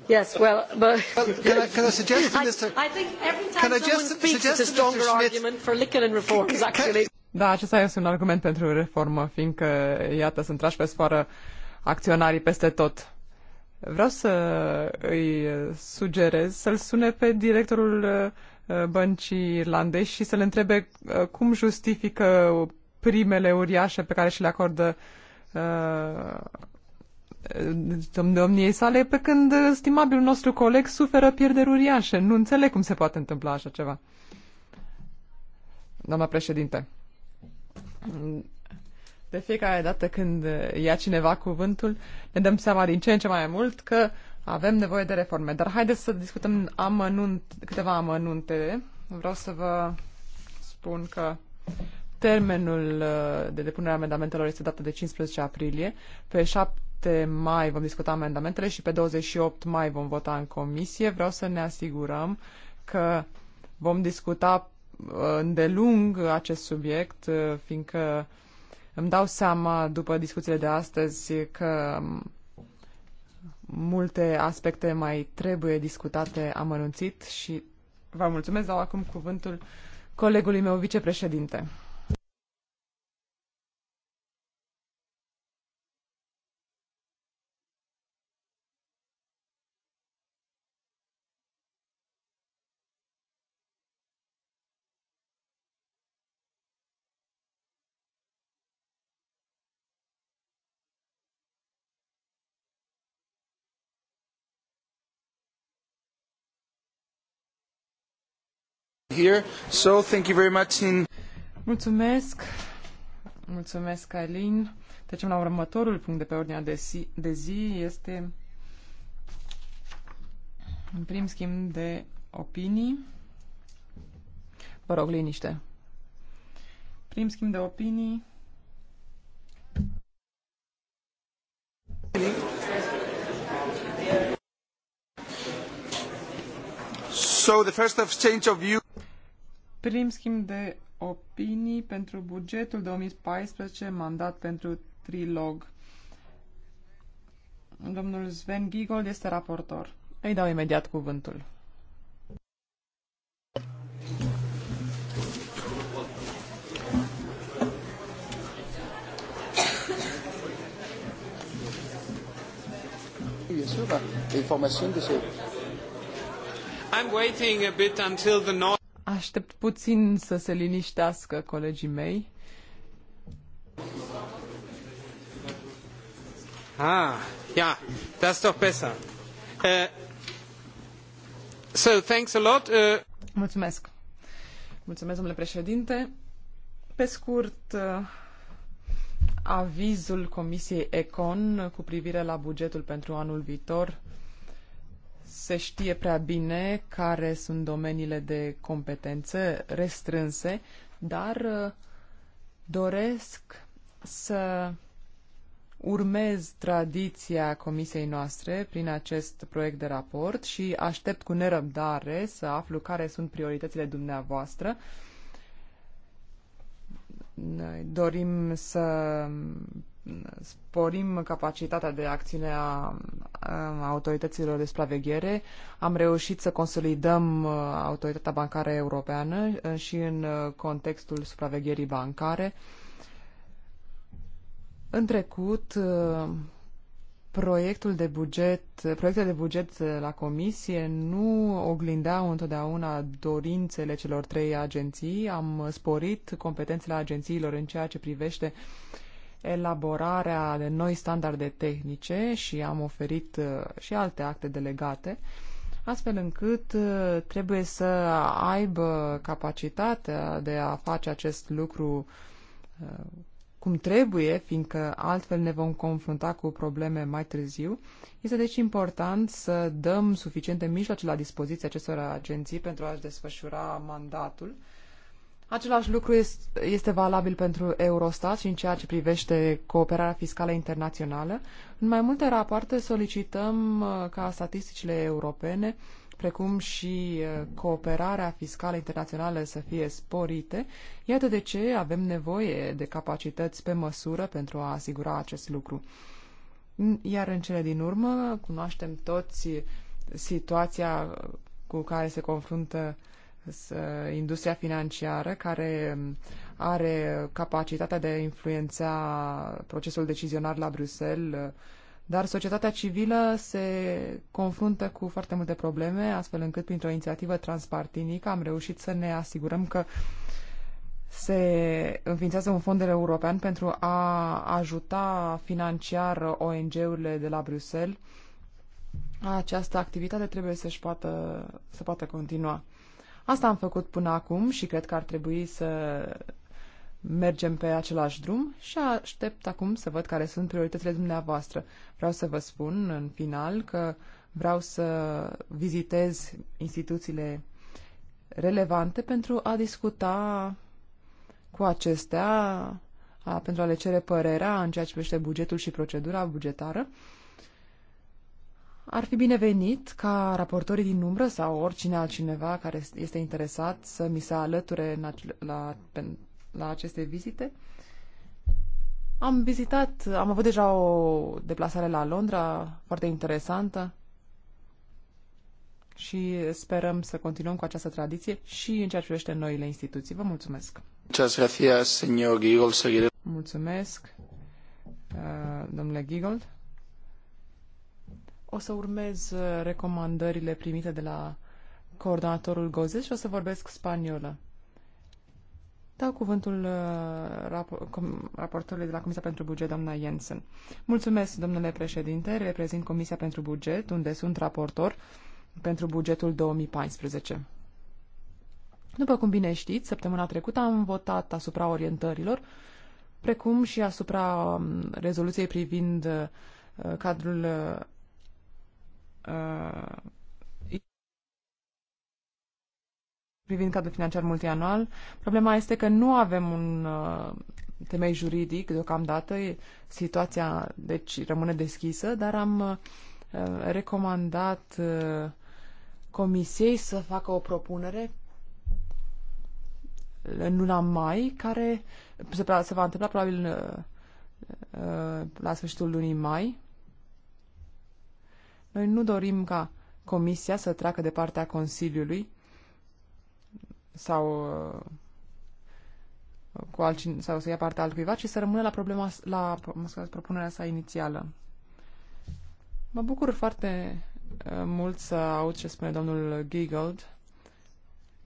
Yes, well, but can I, can I suggest, Mr. I, I think every time can someone I just, speaks, it's a stronger argument for Lincoln reforms, actually. Can, da, acesta este un argument pentru reformă, fiindcă, iată, sunt trași pe sfoară acționarii peste tot. Vreau să îi sugerez să-l sune pe directorul uh, băncii irlandești și să-l întrebe uh, cum justifică primele uriașe pe care și le acordă uh, domniei sale, pe când stimabilul nostru coleg suferă pierderi uriașe. Nu înțeleg cum se poate întâmpla așa ceva. Doamna președinte, de fiecare dată când ia cineva cuvântul, ne dăm seama din ce în ce mai mult că avem nevoie de reforme. Dar haideți să discutăm amănunt, câteva amănunte. Vreau să vă spun că termenul uh, de depunere a amendamentelor este dată de 15 aprilie. Pe 7 mai vom discuta amendamentele și pe 28 mai vom vota în comisie. Vreau să ne asigurăm că vom discuta îndelung acest subiect, uh, fiindcă îmi dau seama după discuțiile de astăzi că multe aspecte mai trebuie discutate amănunțit și vă mulțumesc, dau acum cuvântul colegului meu vicepreședinte. Here. So, thank you very much in... Mulțumesc. Mulțumesc, Alin. Trecem la următorul punct de pe ordinea de, zi, de zi. Este în prim schimb de opinii. Vă rog, liniște. Prim schimb de opinii. So the first exchange of view Prim schimb de opinii pentru bugetul 2014, mandat pentru trilog. Domnul Sven Giegold este raportor. Îi dau imediat cuvântul. I'm waiting a bit until the Aștept puțin să se liniștească colegii mei. Ah, ja, das ist doch besser. Uh, so, thanks a lot. Uh... Mulțumesc. Mulțumesc, domnule președinte. Pe scurt, uh, avizul Comisiei Econ cu privire la bugetul pentru anul viitor se știe prea bine care sunt domeniile de competență restrânse, dar uh, doresc să urmez tradiția comisiei noastre prin acest proiect de raport și aștept cu nerăbdare să aflu care sunt prioritățile dumneavoastră. Noi dorim să sporim capacitatea de acțiune a, a autorităților de supraveghere. Am reușit să consolidăm uh, autoritatea bancară europeană uh, și în uh, contextul supravegherii bancare. În trecut, proiectul de buget, proiectele de buget la comisie nu oglindeau întotdeauna dorințele celor trei agenții. Am sporit competențele agențiilor în ceea ce privește uh, elaborarea de noi standarde tehnice și am oferit uh, și alte acte delegate, astfel încât uh, trebuie să aibă capacitatea de a face acest lucru uh, cum trebuie, fiindcă altfel ne vom confrunta cu probleme mai târziu. Este deci important să dăm suficiente mijloace la dispoziție acestor agenții pentru a-și desfășura mandatul Același lucru este valabil pentru Eurostat și în ceea ce privește cooperarea fiscală internațională. În mai multe rapoarte solicităm uh, ca statisticile europene, precum și uh, cooperarea fiscală internațională să fie sporite. Iată de ce avem nevoie de capacități pe măsură pentru a asigura acest lucru. Iar în cele din urmă, cunoaștem toți situația cu care se confruntă industria financiară care um, are capacitatea de a influența procesul decizionar la Bruxelles, uh, dar societatea civilă se confruntă cu foarte multe probleme, astfel încât printr-o inițiativă transpartinică am reușit să ne asigurăm că se înființează un fond european pentru a ajuta financiar ONG-urile de la Bruxelles. Această activitate trebuie să-și poată, să poată continua. Asta am făcut până acum și cred că ar trebui să mergem pe același drum și aștept acum să văd care sunt prioritățile dumneavoastră. Vreau să vă spun în final că vreau să vizitez instituțiile relevante pentru a discuta cu acestea, a, pentru a le cere părerea în ceea ce privește bugetul și procedura bugetară ar fi binevenit ca raportorii din umbră sau oricine altcineva care este interesat să mi se alăture în la, la aceste vizite. Am vizitat, am avut deja o deplasare la Londra foarte interesantă și sperăm să continuăm cu această tradiție și în ceea ce privește noile instituții. Vă mulțumesc! Mulțumesc, uh, domnule Giggold. O să urmez uh, recomandările primite de la coordonatorul Gozes și o să vorbesc spaniolă. Dau cuvântul uh, raportorului de la Comisia pentru Buget, doamna Jensen. Mulțumesc, domnule președinte. Reprezint Comisia pentru Buget, unde sunt raportor pentru bugetul 2014. După cum bine știți, săptămâna trecută am votat asupra orientărilor, precum și asupra um, rezoluției privind uh, cadrul Uh, privind cadrul financiar multianual. Problema este că nu avem un uh, temei juridic deocamdată, situația deci rămâne deschisă, dar am uh, recomandat uh, comisiei să facă o propunere în luna mai, care se, se va întâmpla probabil uh, uh, la sfârșitul lunii mai, noi nu dorim ca Comisia să treacă de partea Consiliului sau uh, cu altcine, sau să ia partea altcuiva, ci să rămână la problema, la scuze, propunerea sa inițială. Mă bucur foarte uh, mult să aud ce spune domnul Giggold,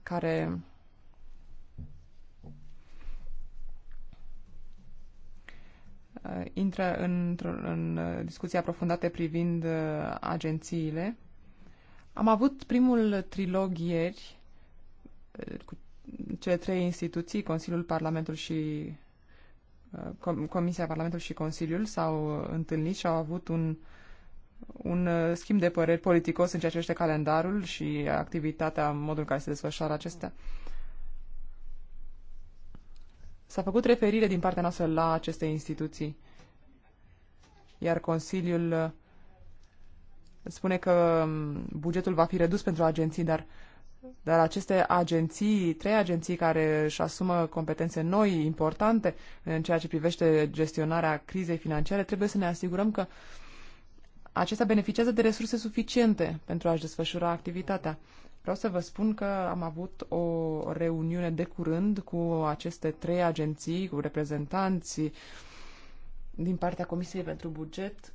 care Uh, intră în, în uh, discuții aprofundate privind uh, agențiile. Am avut primul trilog ieri cu cele trei instituții, Consiliul, Parlamentul și Comisia, Parlamentul și Consiliul s-au întâlnit și au avut un, un schimb de păreri politicos în ceea ce privește calendarul și activitatea, modul în care se desfășoară acestea. S-a făcut referire din partea noastră la aceste instituții, iar Consiliul uh, spune că um, bugetul va fi redus pentru agenții, dar, dar aceste agenții, trei agenții care își asumă competențe noi, importante în ceea ce privește gestionarea crizei financiare, trebuie să ne asigurăm că acestea beneficiază de resurse suficiente pentru a-și desfășura activitatea. Vreau să vă spun că am avut o reuniune de curând cu aceste trei agenții, cu reprezentanți din partea Comisiei pentru Buget,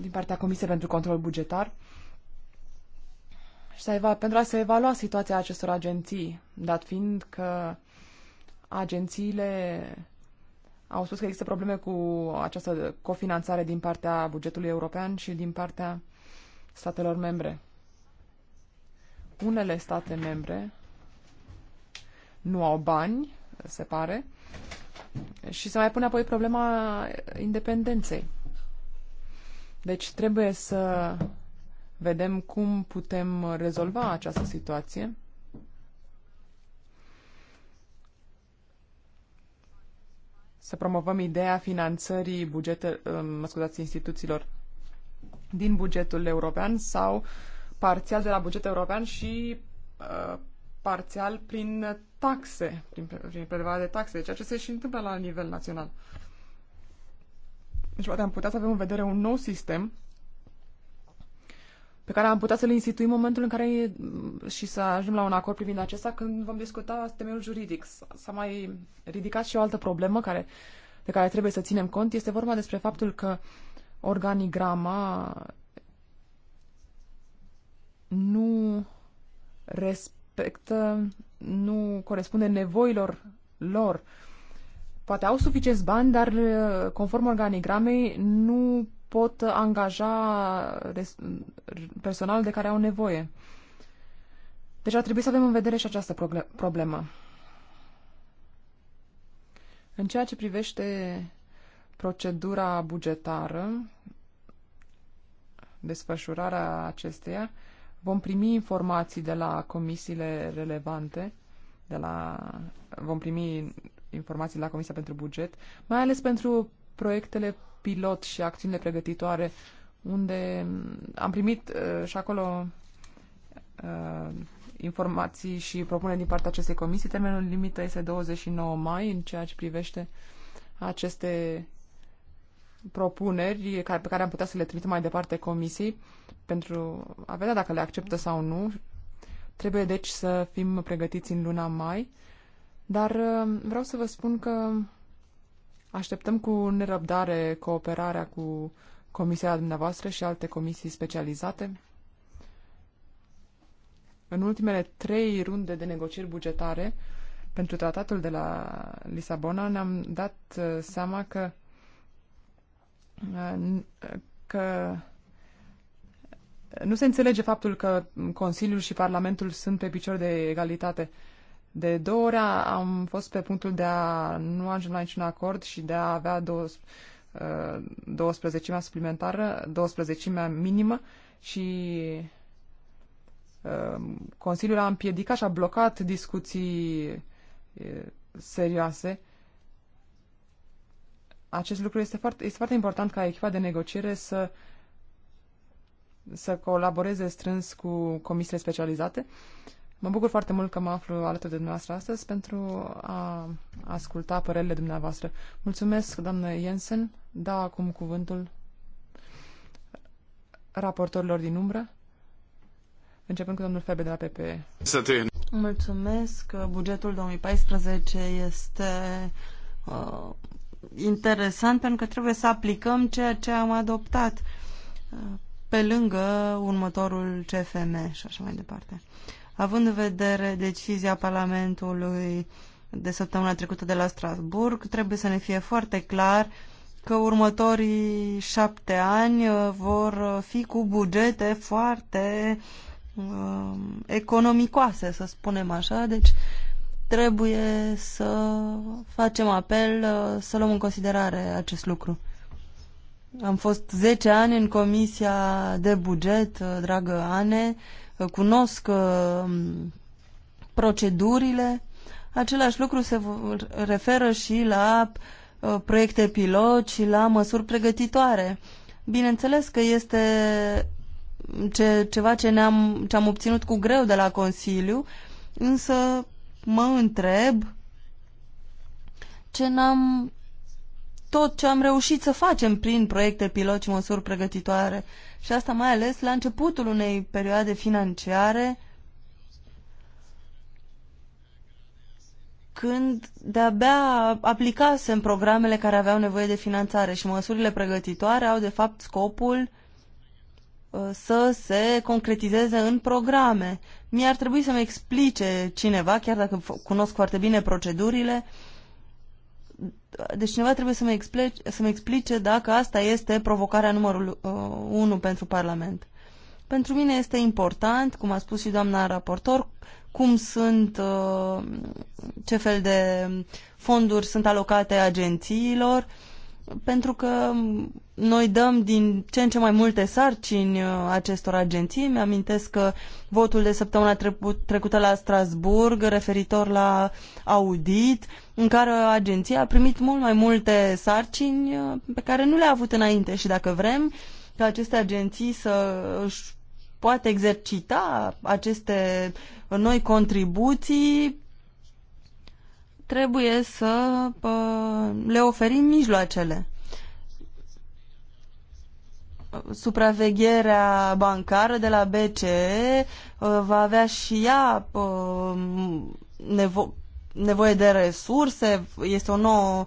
din partea Comisiei pentru Control Bugetar, și eva, pentru a se evalua situația acestor agenții, dat fiind că agențiile au spus că există probleme cu această cofinanțare din partea bugetului european și din partea statelor membre. Unele state membre nu au bani, se pare, și se mai pune apoi problema independenței. Deci trebuie să vedem cum putem rezolva această situație. Să promovăm ideea finanțării bugete, mă scuzați, instituțiilor din bugetul european sau parțial de la bugetul european și uh, parțial prin taxe, prin, prin prelevarea de taxe, ceea ce se și întâmplă la nivel național. Deci poate am putea să avem în vedere un nou sistem pe care am putea să-l instituim în momentul în care și să ajungem la un acord privind acesta când vom discuta temeiul juridic. S-a mai ridicat și o altă problemă care, de care trebuie să ținem cont. Este vorba despre faptul că uh, organigrama nu respectă, nu corespunde nevoilor lor. Poate au suficienți bani, dar uh, conform organigramei nu pot angaja personal de care au nevoie. Deci ar trebui să avem în vedere și această problemă. În ceea ce privește procedura bugetară, desfășurarea acesteia, vom primi informații de la comisiile relevante, de la, vom primi informații de la Comisia pentru Buget, mai ales pentru proiectele pilot și acțiunile pregătitoare, unde am primit uh, și acolo uh, informații și propuneri din partea acestei comisii. Termenul limită este 29 mai în ceea ce privește aceste propuneri pe care am putea să le trimitem mai departe comisiei pentru a vedea dacă le acceptă sau nu. Trebuie deci să fim pregătiți în luna mai, dar uh, vreau să vă spun că așteptăm cu nerăbdare cooperarea cu comisia dumneavoastră și alte comisii specializate. În ultimele trei runde de negocieri bugetare pentru tratatul de la Lisabona ne-am dat uh, seama că că nu se înțelege faptul că Consiliul și Parlamentul sunt pe picior de egalitate. De două ori am fost pe punctul de a nu ajunge la niciun acord și de a avea 12 uh, suplimentară, 12 minimă și uh, Consiliul a împiedicat și a blocat discuții uh, serioase acest lucru este foarte, este foarte important ca echipa de negociere să să colaboreze strâns cu comisiile specializate. Mă bucur foarte mult că mă aflu alături de dumneavoastră astăzi pentru a asculta părerile dumneavoastră. Mulțumesc, doamnă Jensen. Dau acum cuvântul raportorilor din umbră, începând cu domnul Febe de la PPE. Mulțumesc. Bugetul 2014 este uh, interesant pentru că trebuie să aplicăm ceea ce am adoptat uh, pe lângă următorul CFM și așa mai departe. Având în vedere decizia Parlamentului de săptămâna trecută de la Strasburg, trebuie să ne fie foarte clar că următorii șapte ani uh, vor fi cu bugete foarte uh, economicoase, să spunem așa, deci trebuie să facem apel, uh, să luăm în considerare acest lucru. Am fost 10 ani în Comisia de Buget, uh, dragă Ane, uh, cunosc procedurile. Același lucru se referă și la proiecte pilot și la măsuri pregătitoare. Bineînțeles că este ce, ceva ce, ne-am, ce am obținut cu greu de la Consiliu, însă mă întreb ce n-am tot ce am reușit să facem prin proiecte pilot și măsuri pregătitoare. Și asta mai ales la începutul unei perioade financiare când de-abia aplicasem programele care aveau nevoie de finanțare și măsurile pregătitoare au de fapt scopul uh, să se concretizeze în programe. Mi-ar trebui să-mi explice cineva, chiar dacă cunosc foarte bine procedurile, deci cineva trebuie să-mi explice, să explice dacă asta este provocarea numărul uh, 1 pentru Parlament. Pentru mine este important, cum a spus și doamna raportor, cum sunt, uh, ce fel de fonduri sunt alocate agențiilor, uh, pentru că noi dăm din ce în ce mai multe sarcini uh, acestor agenții. Mi-amintesc că votul de săptămâna trecută la Strasburg referitor la audit, în care agenția a primit mult mai multe sarcini uh, pe care nu le-a avut înainte și dacă vrem ca aceste agenții să își poată exercita aceste noi contribuții, trebuie să le oferim mijloacele. Supravegherea bancară de la BCE va avea și ea nevo- nevoie de resurse, este o nouă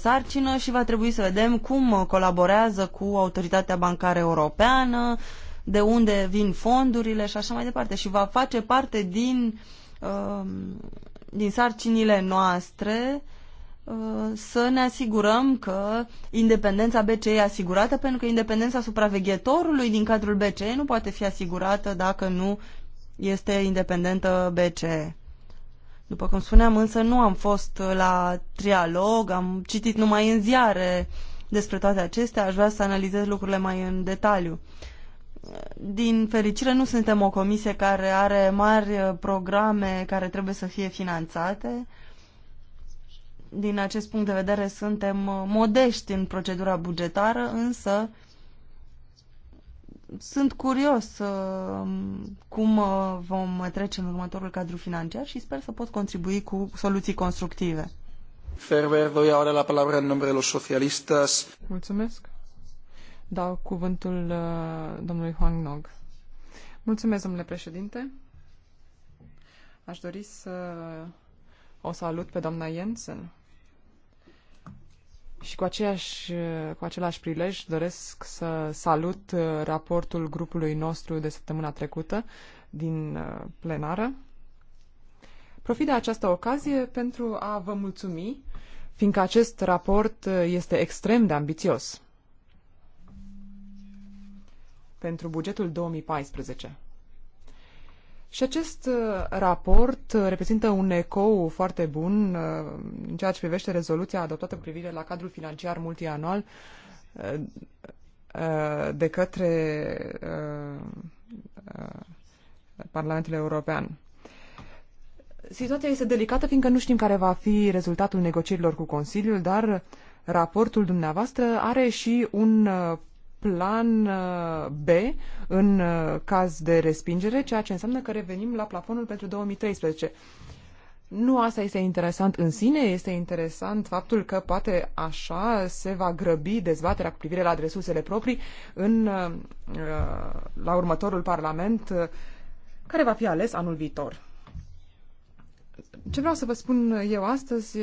sarcină și va trebui să vedem cum colaborează cu autoritatea bancară europeană, de unde vin fondurile și așa mai departe. Și va face parte din din sarcinile noastre uh, să ne asigurăm că independența BCE e asigurată, pentru că independența supraveghetorului din cadrul BCE nu poate fi asigurată dacă nu este independentă BCE. După cum spuneam, însă nu am fost la trialog, am citit numai în ziare despre toate acestea, aș vrea să analizez lucrurile mai în detaliu din fericire nu suntem o comisie care are mari uh, programe care trebuie să fie finanțate. Din acest punct de vedere suntem uh, modești în procedura bugetară, însă sunt curios uh, cum vom trece în următorul cadru financiar și sper să pot contribui cu soluții constructive. Ferber, doi ore la palabra în numele socialistas. Mulțumesc. Dau cuvântul uh, domnului Huang Nog. Mulțumesc, domnule președinte. Aș dori să o salut pe doamna Jensen. Și cu, aceeași, cu același prilej doresc să salut uh, raportul grupului nostru de săptămâna trecută din uh, plenară. Profit de această ocazie pentru a vă mulțumi, fiindcă acest raport este extrem de ambițios pentru bugetul 2014. Și acest uh, raport uh, reprezintă un ecou foarte bun uh, în ceea ce privește rezoluția adoptată cu privire la cadrul financiar multianual de către Parlamentul European. Situația este delicată fiindcă nu știm care va fi rezultatul negocierilor cu Consiliul, dar raportul dumneavoastră are și un plan uh, B în uh, caz de respingere, ceea ce înseamnă că revenim la plafonul pentru 2013. Nu asta este interesant în sine, este interesant faptul că poate așa se va grăbi dezbaterea cu privire la resursele proprii în, uh, la următorul Parlament care va fi ales anul viitor. Ce vreau să vă spun eu astăzi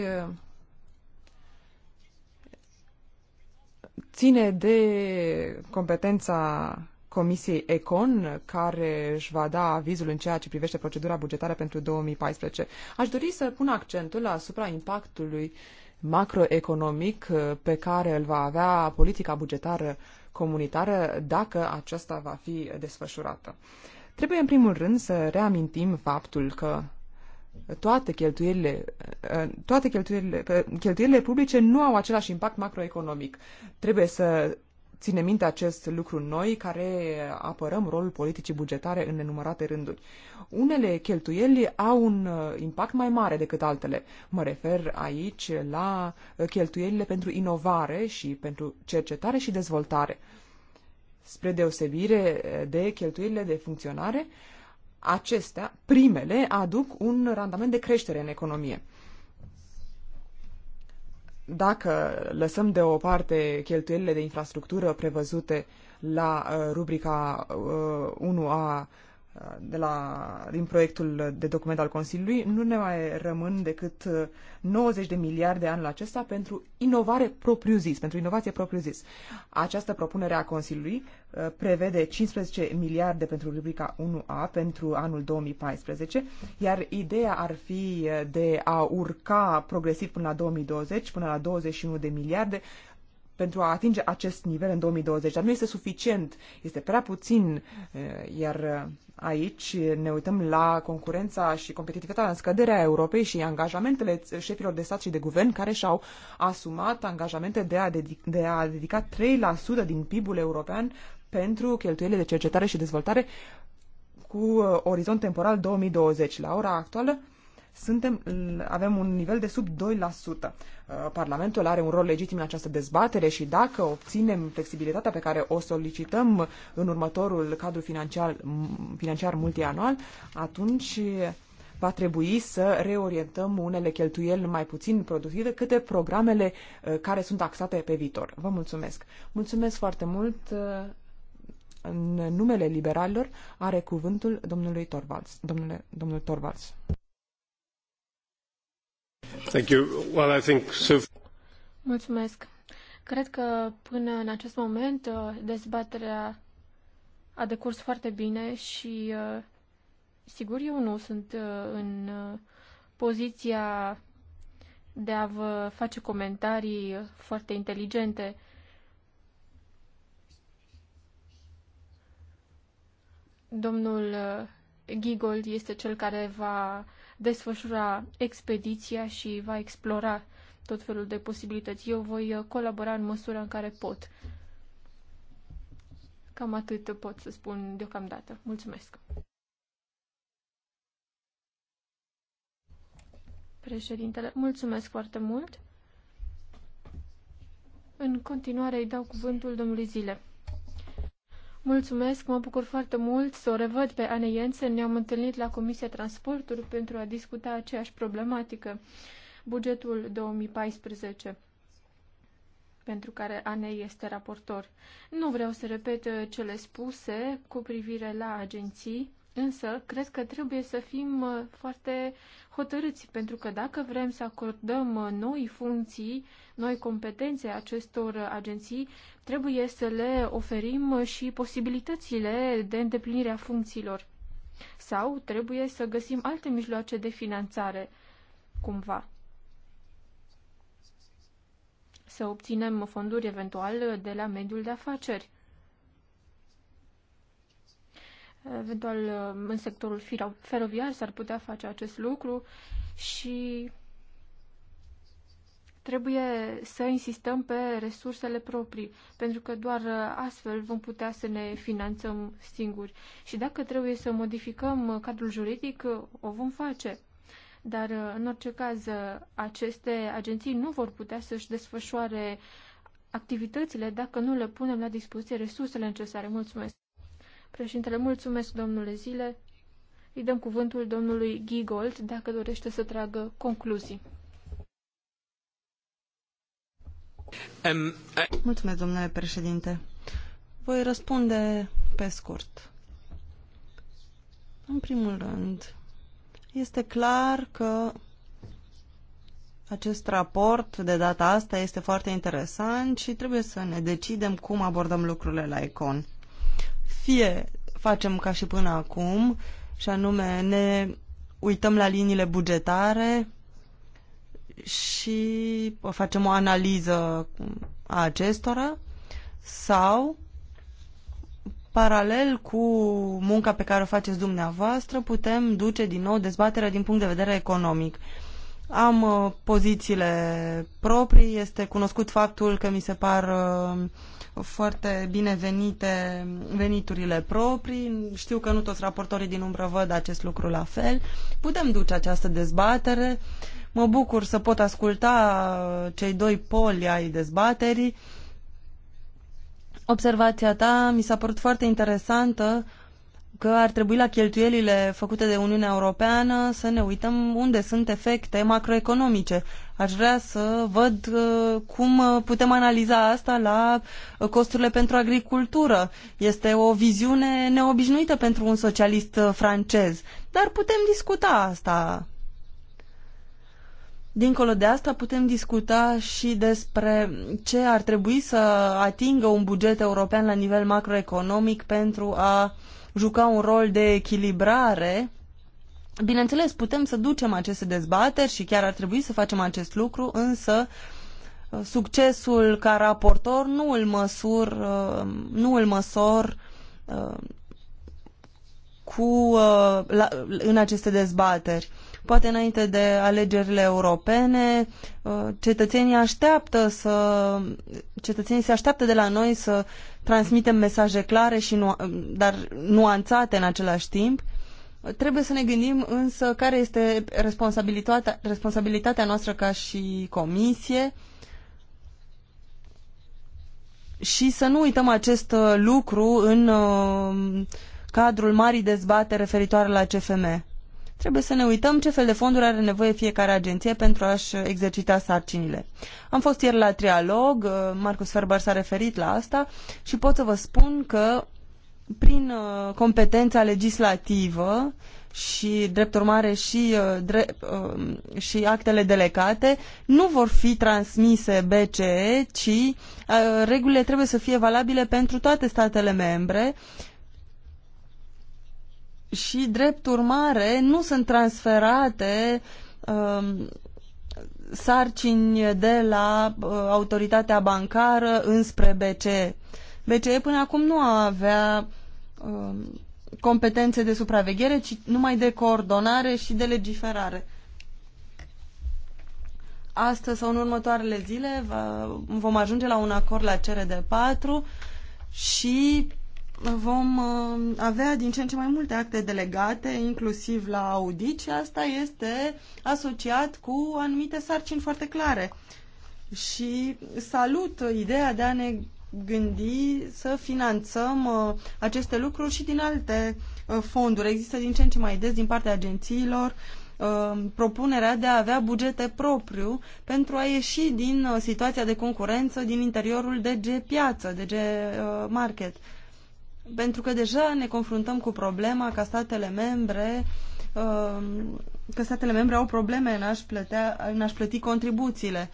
ține de competența Comisiei Econ, care își va da avizul în ceea ce privește procedura bugetară pentru 2014. Aș dori să pun accentul asupra impactului macroeconomic uh, pe care îl va avea politica bugetară comunitară dacă aceasta va fi desfășurată. Trebuie în primul rând să reamintim faptul că toate cheltuielile, uh, uh, toate cheltuielile, uh, cheltuielile publice nu au același impact macroeconomic. Trebuie să ține minte acest lucru noi care apărăm rolul politicii bugetare în nenumărate rânduri. Unele cheltuieli au un impact mai mare decât altele. Mă refer aici la cheltuielile pentru inovare și pentru cercetare și dezvoltare. Spre deosebire de cheltuielile de funcționare, acestea, primele, aduc un randament de creștere în economie. Dacă lăsăm de o parte cheltuielile de infrastructură prevăzute la uh, rubrica uh, 1A Uh, de la, din proiectul de document al Consiliului, nu ne mai rămân decât 90 uh, de miliarde anul acesta pentru inovare propriu-zis, pentru inovație propriu-zis. Această propunere a Consiliului uh, prevede 15 miliarde pentru rubrica 1A pentru anul 2014, iar ideea ar fi de a urca progresiv până la 2020, până la 21 de miliarde pentru a atinge acest nivel în 2020, dar nu este suficient, este prea puțin, eh, iar eh, aici ne uităm la concurența și competitivitatea în scăderea Europei și angajamentele șefilor de stat și de guvern care și-au asumat angajamente de a, dedica, de a dedica 3% din PIB-ul european pentru cheltuielile de cercetare și dezvoltare cu eh, orizont temporal 2020. La ora actuală, suntem, avem un nivel de sub 2%. Uh, Parlamentul are un rol legitim în această dezbatere și dacă obținem flexibilitatea pe care o solicităm în următorul cadru financiar, financiar multianual, atunci va trebui să reorientăm unele cheltuieli mai puțin productive câte programele uh, care sunt axate pe viitor. Vă mulțumesc! Mulțumesc foarte mult! Uh, în numele liberalilor are cuvântul domnului Torvalds. Domnule, domnul Torvalds. Mulțumesc. Cred că până în acest moment uh, dezbaterea a decurs foarte bine și uh, sigur eu nu sunt uh, în poziția de a vă face comentarii foarte inteligente. Domnul Gigol este cel care va desfășura expediția și va explora tot felul de posibilități. Eu voi uh, colabora în măsura în care pot. Cam atât pot să spun deocamdată. Mulțumesc! Președintele, mulțumesc foarte mult! În continuare îi dau cuvântul domnului Zile. Mulțumesc, mă bucur foarte mult să o revăd pe Anne Jensen. Ne-am întâlnit la Comisia Transporturi pentru a discuta aceeași problematică, bugetul 2014 pentru care Anne este raportor. Nu vreau să repet uh, cele spuse cu privire la agenții, însă cred că trebuie să fim uh, foarte hotărâți, pentru că dacă vrem să acordăm uh, noi funcții, noi competențe acestor uh, agenții, trebuie să le oferim uh, și posibilitățile de îndeplinire a funcțiilor. Sau trebuie să găsim alte mijloace de finanțare, cumva. Să obținem fonduri eventual de la mediul de afaceri Eventual, uh, în sectorul feroviar s-ar putea face acest lucru și trebuie să insistăm pe resursele proprii, pentru că doar uh, astfel vom putea să ne finanțăm singuri. Și dacă trebuie să modificăm uh, cadrul juridic, o vom face. Dar, în orice caz, aceste agenții nu vor putea să-și desfășoare activitățile dacă nu le punem la dispoziție resursele necesare. Mulțumesc! Președintele, mulțumesc, domnule Zile. Îi dăm cuvântul domnului Gigold dacă dorește să tragă concluzii. Mulțumesc, domnule președinte. Voi răspunde pe scurt. În primul rând, este clar că acest raport de data asta este foarte interesant și trebuie să ne decidem cum abordăm lucrurile la ICON. Fie facem ca și până acum, și anume ne uităm la liniile bugetare și facem o analiză a acestora sau paralel cu munca pe care o faceți dumneavoastră, putem duce din nou dezbaterea din punct de vedere economic. Am uh, pozițiile proprii, este cunoscut faptul că mi se par uh, foarte binevenite veniturile proprii. Știu că nu toți raportorii din umbră văd acest lucru la fel. Putem duce această dezbatere. Mă bucur să pot asculta cei doi poli ai dezbaterii. Observația ta mi s-a părut foarte interesantă că ar trebui la cheltuielile făcute de Uniunea Europeană să ne uităm unde sunt efecte macroeconomice. Aș vrea să văd uh, cum uh, putem analiza asta la uh, costurile pentru agricultură. Este o viziune neobișnuită pentru un socialist francez, dar putem discuta asta. Dincolo de asta, putem discuta și despre ce ar trebui să atingă un buget european la nivel macroeconomic pentru a juca un rol de echilibrare Bineînțeles, putem să ducem aceste dezbateri și chiar ar trebui să facem acest lucru, însă uh, succesul ca raportor nu îl măsur, uh, nu îl măsor uh, cu, la, în aceste dezbateri. Poate înainte de alegerile europene, cetățenii așteaptă să cetățenii se așteaptă de la noi să transmitem mesaje clare și nu, dar nuanțate în același timp Trebuie să ne gândim însă care este responsabilitatea, responsabilitatea noastră ca și comisie și să nu uităm acest uh, lucru în uh, cadrul marii dezbate referitoare la CFM. Trebuie să ne uităm ce fel de fonduri are nevoie fiecare agenție pentru a-și exercita sarcinile. Am fost ieri la trialog, uh, Marcus Ferber s-a referit la asta și pot să vă spun că prin uh, competența legislativă și, drept urmare, și, uh, drept, uh, și actele delegate nu vor fi transmise BCE, ci regulile trebuie să fie valabile pentru toate statele membre și, drept urmare, nu sunt transferate um, sarcini de la autoritatea bancară înspre BCE. BCE până acum nu avea um, competențe de supraveghere, ci numai de coordonare și de legiferare. Astăzi sau în următoarele zile va, vom ajunge la un acord la cere de patru și vom uh, avea din ce în ce mai multe acte delegate, inclusiv la audit și asta este asociat cu anumite sarcini foarte clare. Și salut ideea de a ne gândi să finanțăm uh, aceste lucruri și din alte uh, fonduri. Există din ce în ce mai des din partea agențiilor uh, propunerea de a avea bugete propriu pentru a ieși din situația de concurență din interiorul DG Piață, DG Market. Pentru că deja ne confruntăm cu problema ca statele membre că statele membre au probleme în a-și, plătea, în a-și plăti contribuțiile.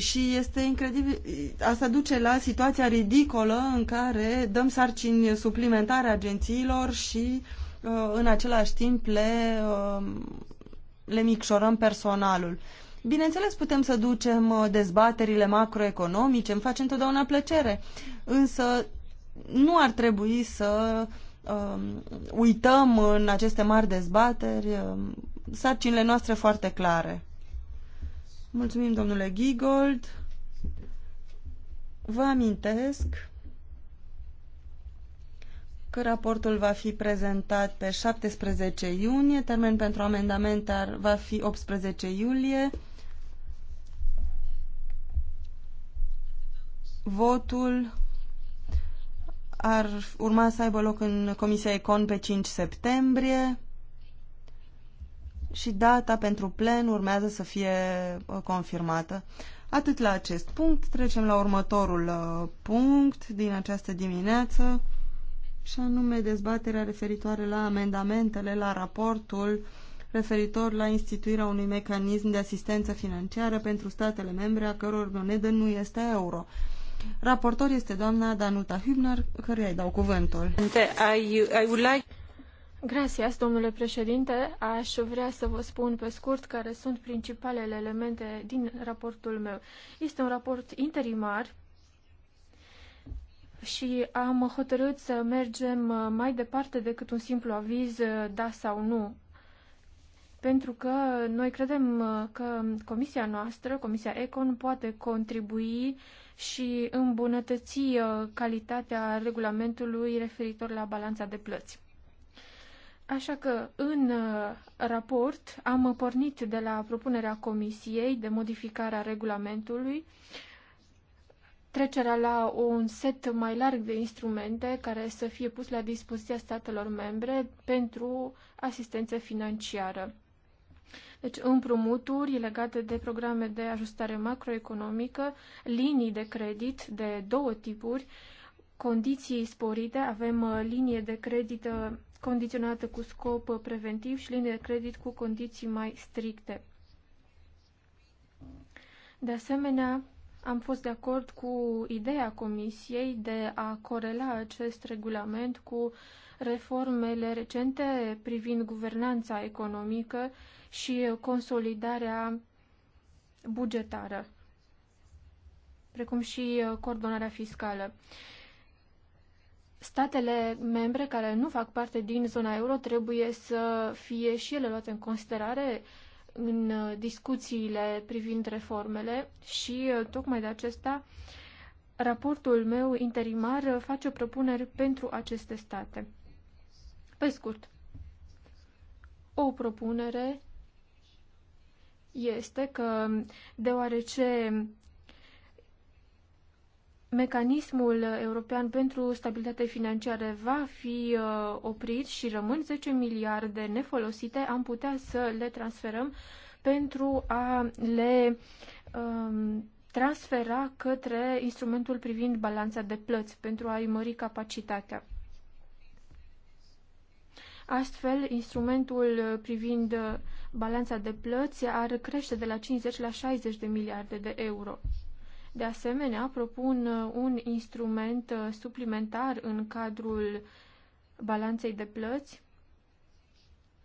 Și este incredibil, asta duce la situația ridicolă în care dăm sarcini suplimentare agențiilor și uh, în același timp le, um, le micșorăm personalul. Bineînțeles, putem să ducem uh, dezbaterile macroeconomice, îmi face întotdeauna plăcere, însă nu ar trebui să um, uităm în aceste mari dezbateri um, sarcinile noastre foarte clare. Mulțumim, domnule Gigold. Vă amintesc că raportul va fi prezentat pe 17 iunie, termen pentru amendament va fi 18 iulie. Votul ar urma să aibă loc în Comisia Econ pe 5 septembrie și data pentru plen urmează să fie uh, confirmată. Atât la acest punct, trecem la următorul uh, punct din această dimineață și anume dezbaterea referitoare la amendamentele la raportul referitor la instituirea unui mecanism de asistență financiară pentru statele membre a căror monedă nu este euro. Raportor este doamna Danuta Hübner, căreia îi dau cuvântul. I, I would like... Gracias, domnule președinte. Aș vrea să vă spun pe scurt care sunt principalele elemente din raportul meu. Este un raport interimar și am hotărât să mergem uh, mai departe decât un simplu aviz uh, da sau nu. Pentru că noi credem uh, că comisia noastră, comisia Econ, poate contribui și îmbunătăți calitatea regulamentului referitor la balanța de plăți. Așa că în uh, raport am pornit de la propunerea Comisiei de modificare a regulamentului, trecerea la un set mai larg de instrumente care să fie pus la dispoziția statelor membre pentru asistență financiară. Deci împrumuturi legate de programe de ajustare macroeconomică, linii de credit de două tipuri, condiții sporite, avem uh, linie de credit condiționată cu scop preventiv și linii de credit cu condiții mai stricte. De asemenea, am fost de acord cu ideea Comisiei de a corela acest regulament cu reformele recente privind guvernanța economică și consolidarea bugetară, precum și coordonarea fiscală statele membre care nu fac parte din zona euro trebuie să fie și ele luate în considerare în uh, discuțiile privind reformele și uh, tocmai de acesta raportul meu interimar uh, face propunere pentru aceste state. Pe scurt, o propunere este că deoarece mecanismul european pentru stabilitate financiară va fi uh, oprit și rămân 10 miliarde nefolosite, am putea să le transferăm pentru a le um, transfera către instrumentul privind balanța de plăți, pentru a-i mări capacitatea. Astfel, instrumentul privind balanța de plăți ar crește de la 50 la 60 de miliarde de euro. De asemenea, propun uh, un instrument uh, suplimentar în cadrul balanței de plăți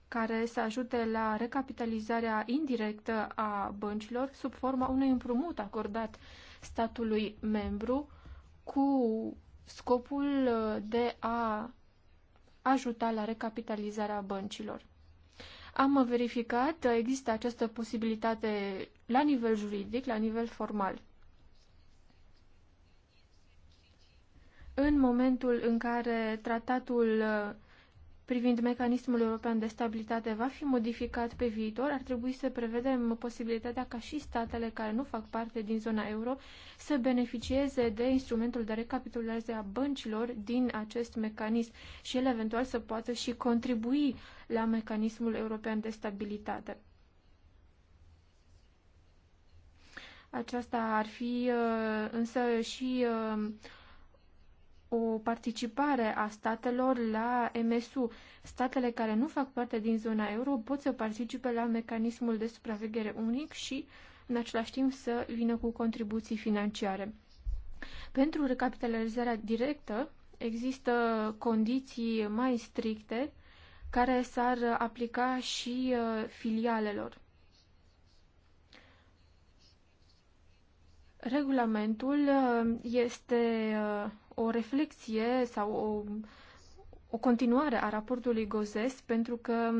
care să ajute la recapitalizarea indirectă a băncilor sub forma unui împrumut acordat statului membru cu scopul uh, de a ajuta la recapitalizarea băncilor. Am verificat, există această posibilitate la nivel juridic, la nivel formal. În momentul în care tratatul uh, privind mecanismul european de stabilitate va fi modificat pe viitor, ar trebui să prevedem posibilitatea ca și statele care nu fac parte din zona euro să beneficieze de instrumentul de recapitulare a băncilor din acest mecanism și ele eventual să poată și contribui la mecanismul european de stabilitate. Aceasta ar fi uh, însă și uh, o participare a statelor la MSU. Statele care nu fac parte din zona euro pot să participe la mecanismul de supraveghere unic și, în același timp, să vină cu contribuții financiare. Pentru recapitalizarea directă există condiții mai stricte care s-ar aplica și uh, filialelor. Regulamentul uh, este uh, o reflexie sau o, o continuare a raportului Gozes, pentru că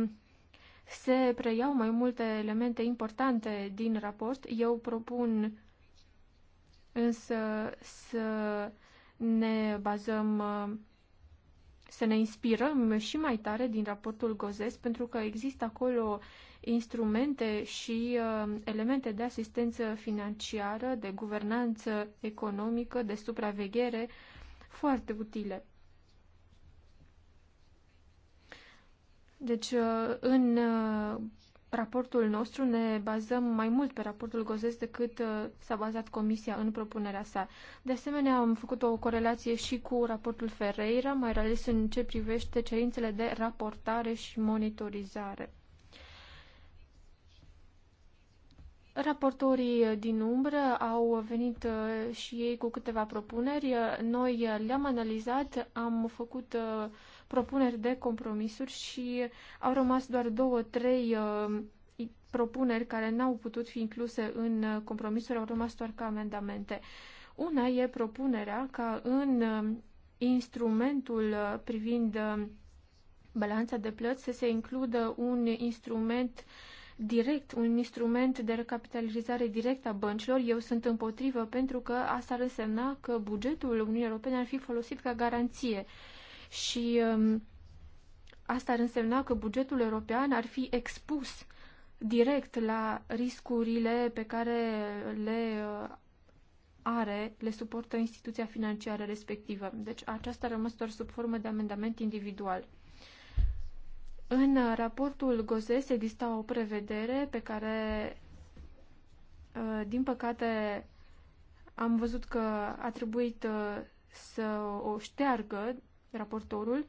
se preiau mai multe elemente importante din raport. Eu propun însă să ne bazăm, să ne inspirăm și mai tare din raportul Gozes, pentru că există acolo instrumente și uh, elemente de asistență financiară, de guvernanță economică, de supraveghere, uh, foarte utile. Deci, uh, în uh, raportul nostru ne bazăm mai mult pe raportul Gozes decât uh, s-a bazat comisia în propunerea sa. De asemenea, am făcut o corelație și cu raportul Ferreira, mai ales în ce privește cerințele de raportare și monitorizare. Raportorii eh, din umbră au venit eh, și ei cu câteva propuneri. Eh, noi le-am analizat, am făcut propuneri de compromisuri și au rămas doar două, trei propuneri care n-au putut fi incluse în compromisuri, au rămas doar ca amendamente. Una e propunerea ca în instrumentul privind balanța de plăți să se includă un instrument uh, direct, un instrument de recapitalizare directă a băncilor, eu sunt împotrivă pentru că asta ar însemna că bugetul Uniunii Europene ar fi folosit ca garanție și um, asta ar însemna că bugetul european ar fi expus direct la riscurile pe care le uh, are, le suportă instituția financiară respectivă. Deci aceasta a rămas doar sub formă de amendament individual. În raportul Gozes exista o prevedere pe care, ă, din păcate, am văzut că a trebuit ă, să o șteargă raportorul,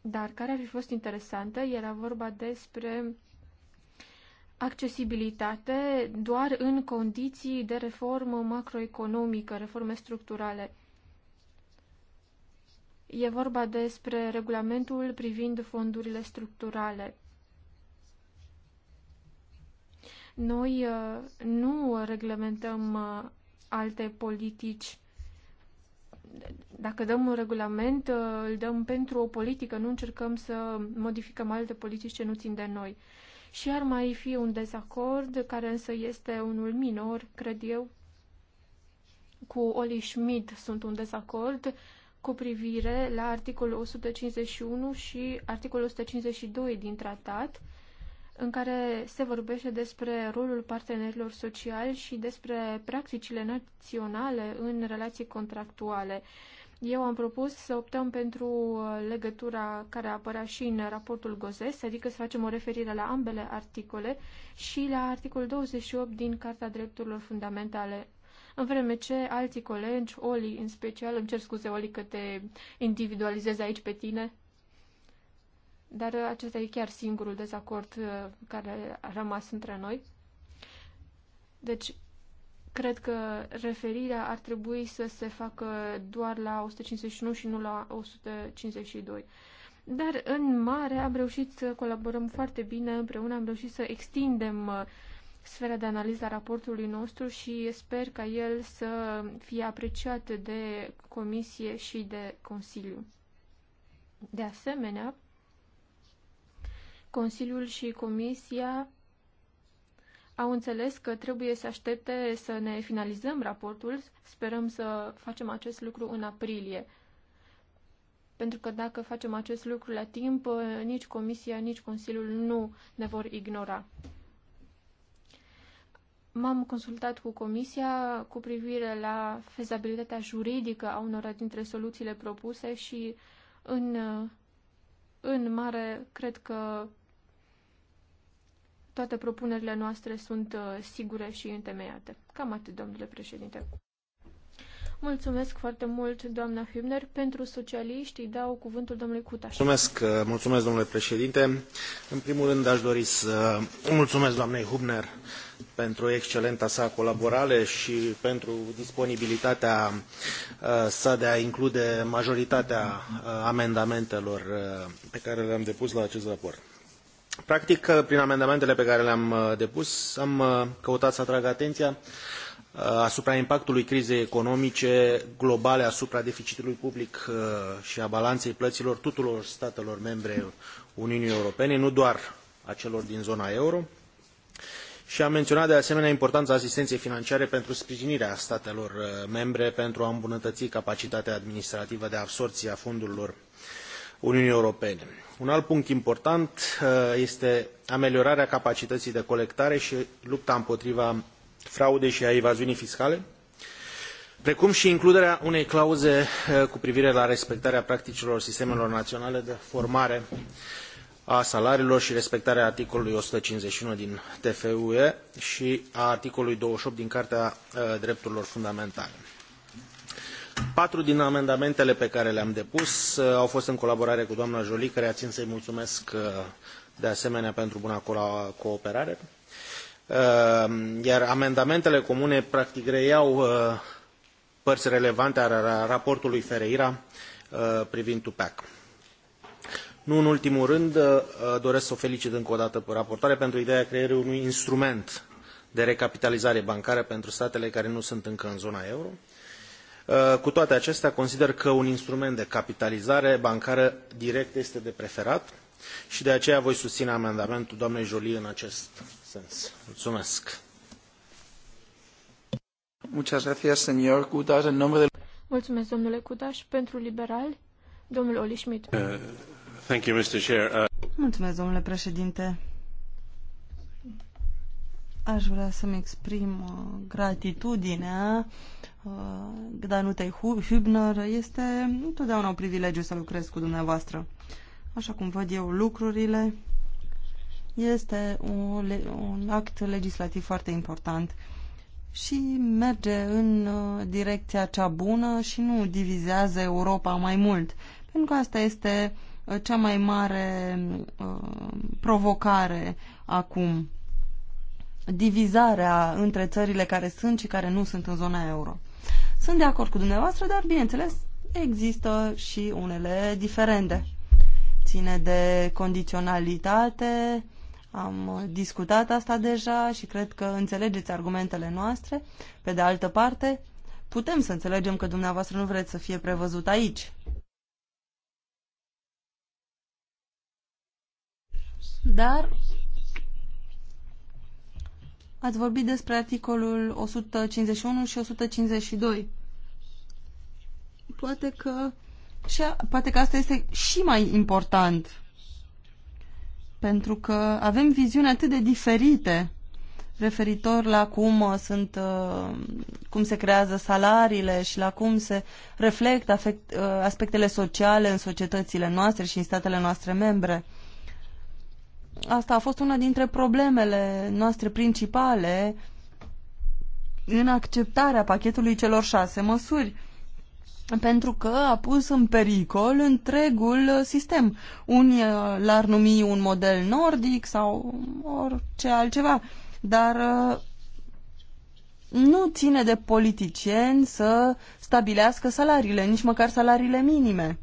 dar care ar fi fost interesantă era vorba despre accesibilitate doar în condiții de reformă macroeconomică, reforme structurale. E vorba despre regulamentul privind fondurile structurale. Noi uh, nu reglementăm uh, alte politici. Dacă dăm un regulament, uh, îl dăm pentru o politică, nu încercăm să modificăm alte politici ce nu țin de noi. Și ar mai fi un dezacord, care însă este unul minor, cred eu. Cu Oli Schmidt sunt un dezacord cu privire la articolul 151 și articolul 152 din tratat, în care se vorbește despre rolul partenerilor sociali și despre practicile naționale în relații contractuale. Eu am propus să optăm pentru uh, legătura care apărea și în raportul GOZES, adică să facem o referire la ambele articole și la articolul 28 din Carta Drepturilor Fundamentale în vreme ce alții colegi, Oli în special, îmi cer scuze, Oli, că te individualizez aici pe tine, dar acesta e chiar singurul dezacord uh, care a rămas între noi. Deci, cred că referirea ar trebui să se facă doar la 151 și nu la 152. Dar, în mare, am reușit să colaborăm foarte bine împreună, am reușit să extindem uh, sfera de analiză a raportului nostru și sper ca el să fie apreciat de Comisie și de Consiliu. De asemenea, Consiliul și Comisia au înțeles că trebuie să aștepte să ne finalizăm raportul. Sperăm să facem acest lucru în aprilie. Pentru că dacă facem acest lucru la timp, nici Comisia, nici Consiliul nu ne vor ignora. M-am consultat cu Comisia cu privire la fezabilitatea juridică a unora dintre soluțiile propuse și în, în mare cred că toate propunerile noastre sunt uh, sigure și întemeiate. Cam atât, domnule președinte. Mulțumesc foarte mult, doamna Hübner. Pentru socialiști îi dau cuvântul domnului Cutaș. Mulțumesc, uh, mulțumesc, domnule președinte. În primul rând aș dori să mulțumesc doamnei Hübner pentru excelenta sa colaborare și pentru disponibilitatea uh, sa de a include majoritatea uh, amendamentelor pe care le-am depus la acest raport. Practic, prin amendamentele pe care le-am depus, am căutat să atrag atenția Uh, asupra impactului crizei economice globale asupra deficitului public uh, și a balanței plăților tuturor statelor membre Uniunii Europene, nu doar a celor din zona euro, și a menționat de asemenea importanța asistenței financiare pentru sprijinirea statelor uh, membre pentru a îmbunătăți capacitatea administrativă de absorție a fondurilor Uniunii Europene. Un alt punct important este ameliorarea capacității de colectare și lupta împotriva fraudei și a evaziunii fiscale, precum și includerea unei clauze eh, cu privire la respectarea practicilor sistemelor naționale de formare a salariilor și respectarea articolului 151 din TFUE și a articolului 28 din Cartea eh, Drepturilor Fundamentale. Patru din amendamentele pe care le-am depus eh, au fost în colaborare cu doamna Jolie, care țin să-i mulțumesc de asemenea pentru buna cooperare. Ehm, iar amendamentele comune practic reiau uh, părți relevante ale raportului Ferreira uh, privind TUPAC. Nu în ultimul rând, uh, doresc să o felicit încă o dată pe raportoare pentru ideea creării unui instrument de recapitalizare bancară pentru statele care nu sunt încă în zona euro. Cu toate acestea, consider că un instrument de capitalizare bancară direct este de preferat și de aceea voi susține amendamentul doamnei Jolie în acest sens. Mulțumesc. Muchas gracias, señor Cutaș. În numele Mulțumesc, domnule Cutaș, pentru liberali. Domnul Oli Schmidt. Uh, thank you, Mr. Chair. Uh... Mulțumesc, domnule președinte. Aș vrea să-mi exprim uh, gratitudinea. Uh, Gdanutei Hübner este întotdeauna un privilegiu să lucrez cu dumneavoastră. Așa cum văd eu lucrurile, este un, un act legislativ foarte important și merge în uh, direcția cea bună și nu divizează Europa mai mult. Pentru că asta este uh, cea mai mare uh, provocare acum. Divizarea între țările care sunt și care nu sunt în zona euro. Sunt de acord cu dumneavoastră, dar bineînțeles există și unele diferende. Ține de condiționalitate, am uh, discutat asta deja și cred că înțelegeți argumentele noastre. Pe de altă parte, putem să înțelegem că dumneavoastră nu vreți să fie prevăzut aici. Dar ați vorbit despre articolul 151 și 152. Poate că, și a, poate că asta este și mai important pentru că avem viziuni atât de diferite referitor la cum uh, sunt uh, cum se creează salariile și la cum se reflectă uh, aspectele sociale în societățile noastre și în statele noastre membre. Asta a fost una dintre problemele noastre principale în acceptarea pachetului celor șase măsuri pentru că a pus în pericol întregul uh, sistem. Unii uh, l-ar numi un model nordic sau orice altceva, dar uh, nu ține de politicieni să stabilească salariile, nici măcar salariile minime.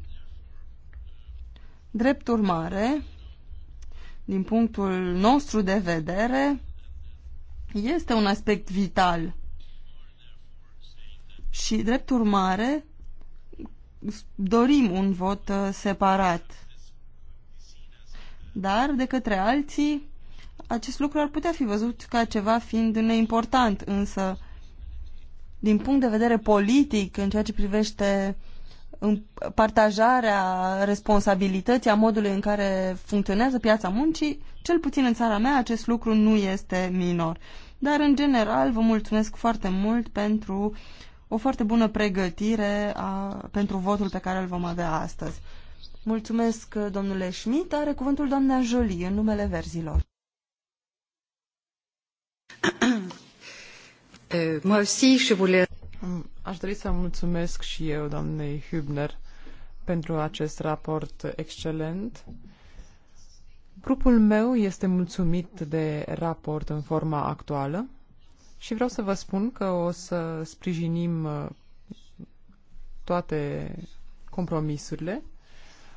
Drept urmare, din punctul nostru de vedere, este un aspect vital. Și, drept urmare, dorim un vot uh, separat. Dar, de către alții, acest lucru ar putea fi văzut ca ceva fiind neimportant, însă, din punct de vedere politic, în ceea ce privește partajarea responsabilității, a modului în care funcționează piața muncii, cel puțin în țara mea acest lucru nu este minor. Dar, în general, vă mulțumesc foarte mult pentru o foarte bună pregătire a, pentru votul pe care îl vom avea astăzi. Mulțumesc, domnule Schmidt. Are cuvântul doamna Jolie, în numele verzilor. Eh, moi je voulais... Mm, aș dori să mulțumesc și eu, doamnei Hübner, pentru acest raport excelent. Grupul meu este mulțumit de raport în forma actuală. Și vreau să vă spun că o să sprijinim uh, toate compromisurile.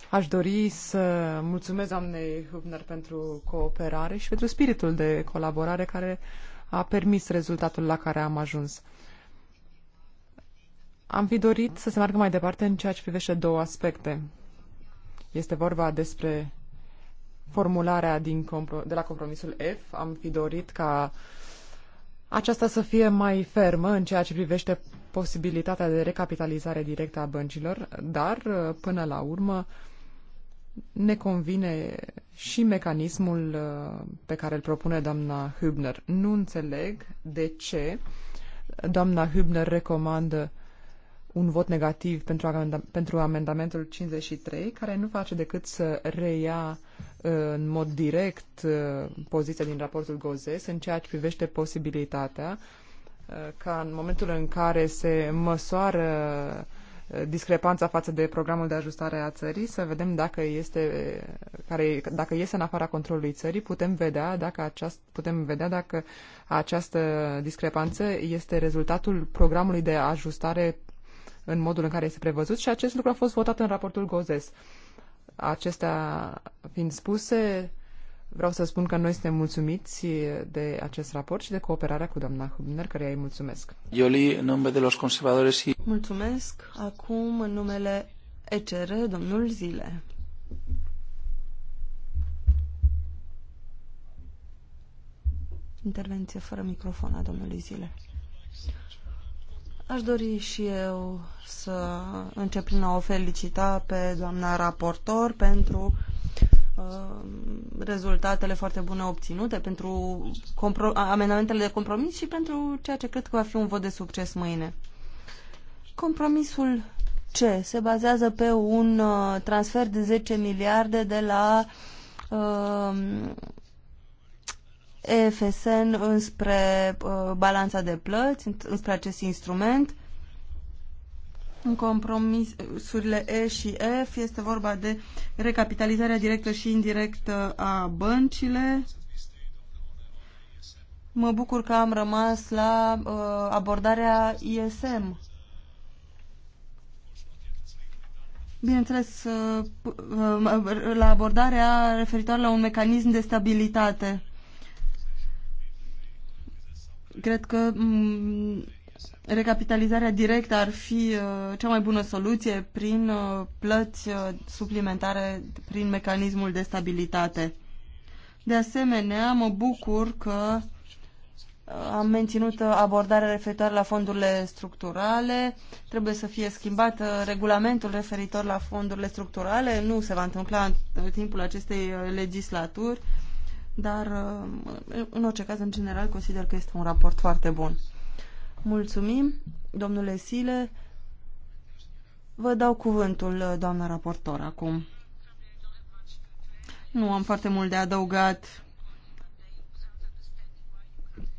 Aș dori să mulțumesc doamnei Hubner pentru cooperare și pentru spiritul de colaborare care a permis rezultatul la care am ajuns. Am fi dorit să se meargă mai departe în ceea ce privește două aspecte. Este vorba despre formularea din de la compromisul F. Am fi dorit ca uh, aceasta să fie mai fermă în ceea ce privește posibilitatea de recapitalizare directă a băncilor, dar până la urmă ne convine și mecanismul uh, pe care îl propune doamna Hübner. Nu înțeleg de ce doamna Hübner recomandă un vot negativ pentru, amenda, pentru amendamentul 53, care nu face decât să reia uh, în mod direct uh, poziția din raportul Gozes în ceea ce privește posibilitatea uh, ca în momentul în care se măsoară discrepanța față de programul de ajustare a țării, să vedem dacă este, care, dacă iese în afara controlului țării, putem vedea dacă, aceast, putem vedea dacă această discrepanță este rezultatul programului de ajustare în modul în care este prevăzut și acest lucru a fost votat în raportul Gozes. Acestea fiind spuse, vreau să spun că noi suntem mulțumiți de acest raport și de cooperarea cu doamna Hübner, care îi mulțumesc. Ioli, în nume de los conservadores și... Mulțumesc. Acum, în numele ECR, domnul Zile. Intervenție fără microfon a domnului Zile. Aș dori și eu să încep prin a o felicita pe doamna raportor pentru uh, rezultatele foarte bune obținute, pentru amendamentele de compromis și pentru ceea ce cred că va fi un vot de succes mâine. Compromisul C se bazează pe un uh, transfer de 10 miliarde de la uh, EFSN înspre uh, balanța de plăți, înspre acest instrument. În compromisurile E și F este vorba de recapitalizarea directă și indirectă a băncile. Mă bucur că am rămas la uh, abordarea ISM. Bineînțeles, uh, uh, la abordarea referitoare la un mecanism de stabilitate Cred că mm, recapitalizarea directă ar fi uh, cea mai bună soluție prin uh, plăți uh, suplimentare prin mecanismul de stabilitate. De asemenea, mă bucur că am menținut abordarea referitoare la fondurile structurale. Trebuie să fie schimbat regulamentul referitor la fondurile structurale. Nu se va întâmpla în timpul acestei legislaturi dar uh, în orice caz, în general, consider că este un raport foarte bun. Mulțumim, domnule Sile. Vă dau cuvântul, uh, doamna raportor, acum. Nu am foarte mult de adăugat.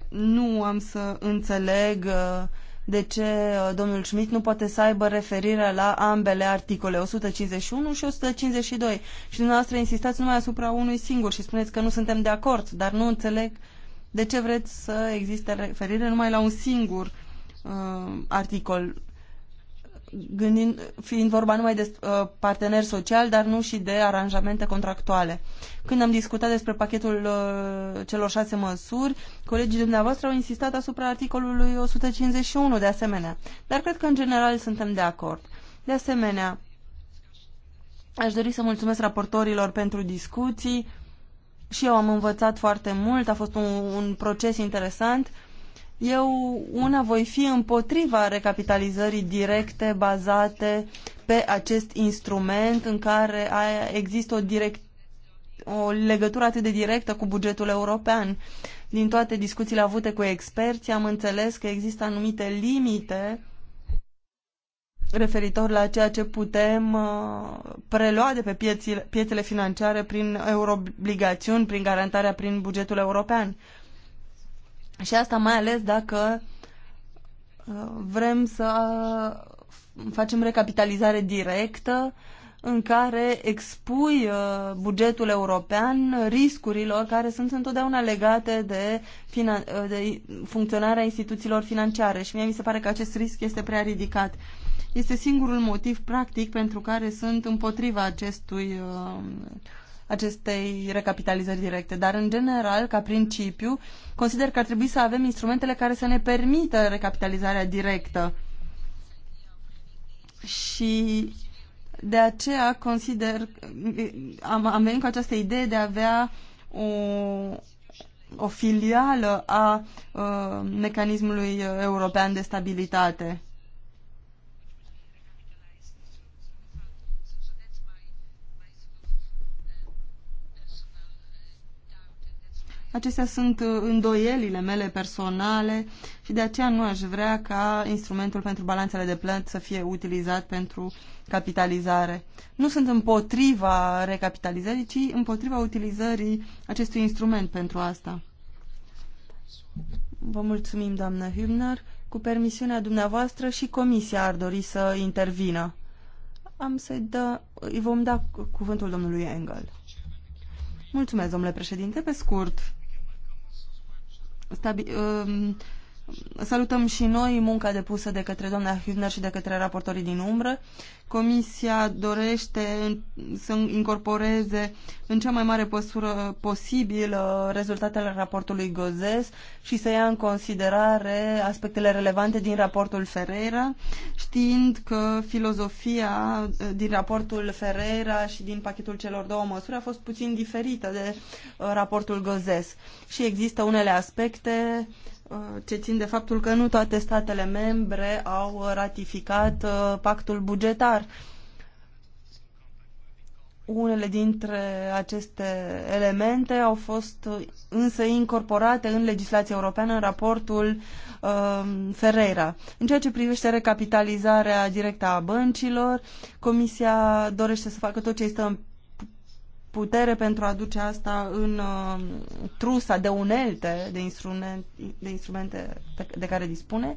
Nu am să înțeleg uh, de ce uh, domnul Schmidt nu poate să aibă referire la ambele articole, 151 și 152. Și dumneavoastră insistați numai asupra unui singur și spuneți că nu suntem de acord, dar nu înțeleg de ce vreți să existe referire numai la un singur uh, articol gândind, fiind vorba numai de uh, parteneri sociali, dar nu și de aranjamente contractuale. Când am discutat despre pachetul uh, celor șase măsuri, colegii dumneavoastră au insistat asupra articolului 151 de asemenea, dar cred că în general suntem de acord. De asemenea, aș dori să mulțumesc raportorilor pentru discuții și eu am învățat foarte mult, a fost un, un proces interesant eu una voi fi împotriva recapitalizării directe bazate pe acest instrument în care există o, direct, o legătură atât de directă cu bugetul european. Din toate discuțiile avute cu experți am înțeles că există anumite limite referitor la ceea ce putem uh, prelua de pe piețile, piețele financiare prin euroobligațiuni, prin garantarea prin bugetul european. Și asta mai ales dacă uh, vrem să facem recapitalizare directă în care expui uh, bugetul european riscurilor care sunt întotdeauna legate de, uh, de funcționarea instituțiilor financiare și mie mi se pare că acest risc este prea ridicat. Este singurul motiv practic pentru care sunt împotriva acestui uh, acestei recapitalizări directe, dar în general, ca principiu, consider că ar trebui să avem instrumentele care să ne permită recapitalizarea directă. Și de aceea consider, am, am venit cu această idee de a avea o, o filială a uh, mecanismului european de stabilitate. Acestea sunt uh, îndoielile mele personale și de aceea nu aș vrea ca instrumentul pentru balanțele de plăți să fie utilizat pentru capitalizare. Nu sunt împotriva recapitalizării, ci împotriva utilizării acestui instrument pentru asta. Vă mulțumim, doamnă Hübner. Cu permisiunea dumneavoastră și comisia ar dori să intervină. Am să-i dă, îi vom da cuvântul domnului Engel. Mulțumesc, domnule președinte, pe scurt stabi- um, Salutăm și noi munca depusă de către doamna Hübner și de către raportorii din umbră. Comisia dorește să incorporeze în cea mai mare măsură posibil uh, rezultatele raportului Gozes și să ia în considerare aspectele relevante din raportul Ferreira, știind că filozofia uh, din raportul Ferreira și din pachetul celor două măsuri a fost puțin diferită de uh, raportul Gozes. Și există unele aspecte Uh, ce țin de faptul că nu toate statele membre au ratificat uh, pactul bugetar. Unele dintre aceste elemente au fost uh, însă incorporate în legislația europeană în raportul uh, Ferreira. În ceea ce privește recapitalizarea directă a băncilor, Comisia dorește să facă tot ce este în putere pentru a duce asta în uh, trusa de unelte, de, instrument, de instrumente pe, de care dispune,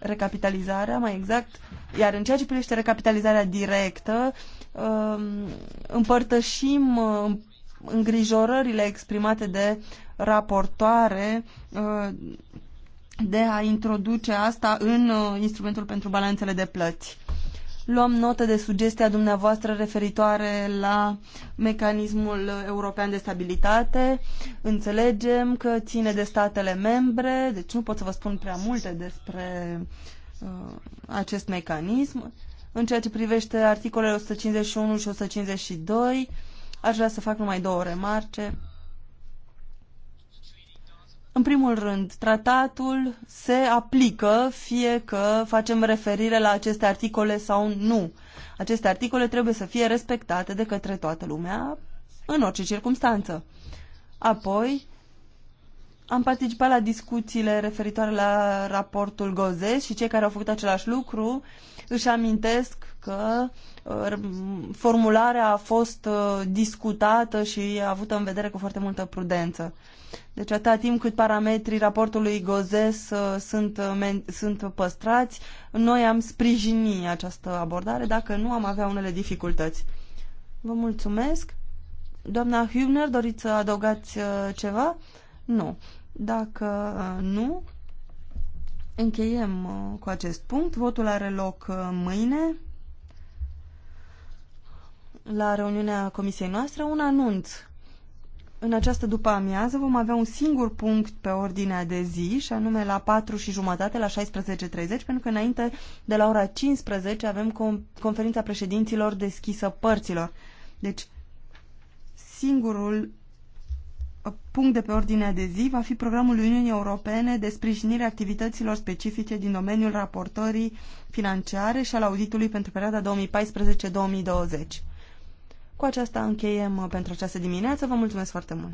recapitalizarea, mai exact, iar în ceea ce privește recapitalizarea directă, uh, împărtășim uh, îngrijorările exprimate de raportoare uh, de a introduce asta în uh, instrumentul pentru balanțele de plăți. Luăm notă de sugestia dumneavoastră referitoare la mecanismul european de stabilitate. Înțelegem că ține de statele membre, deci nu pot să vă spun prea multe despre uh, acest mecanism. În ceea ce privește articolele 151 și 152, aș vrea să fac numai două remarce în primul rând, tratatul se aplică fie că facem referire la aceste articole sau nu. Aceste articole trebuie să fie respectate de către toată lumea în orice circunstanță. Apoi, am participat la discuțiile referitoare la raportul Gozes și cei care au făcut același lucru își amintesc că Ă, formularea a fost ă, discutată și avută în vedere cu foarte multă prudență. Deci atâta timp cât parametrii raportului Gozes ă, sunt, sunt păstrați, noi am sprijini această abordare, dacă nu am avea unele dificultăți. Vă mulțumesc. Doamna Hübner, doriți să adăugați ceva? Nu. Dacă nu, încheiem cu acest punct. Votul are loc mâine la reuniunea comisiei noastre un anunț. În această după amiază vom avea un singur punct pe ordinea de zi și anume la 4 și jumătate, la 16.30, pentru că înainte de la ora 15 avem conferința președinților deschisă părților. Deci singurul uh, punct de pe ordinea de zi va fi programul Uniunii Europene de sprijinire activităților specifice din domeniul raportării financiare și al auditului pentru perioada 2014-2020. Cu aceasta încheiem uh, pentru această dimineață. Vă mulțumesc foarte mult!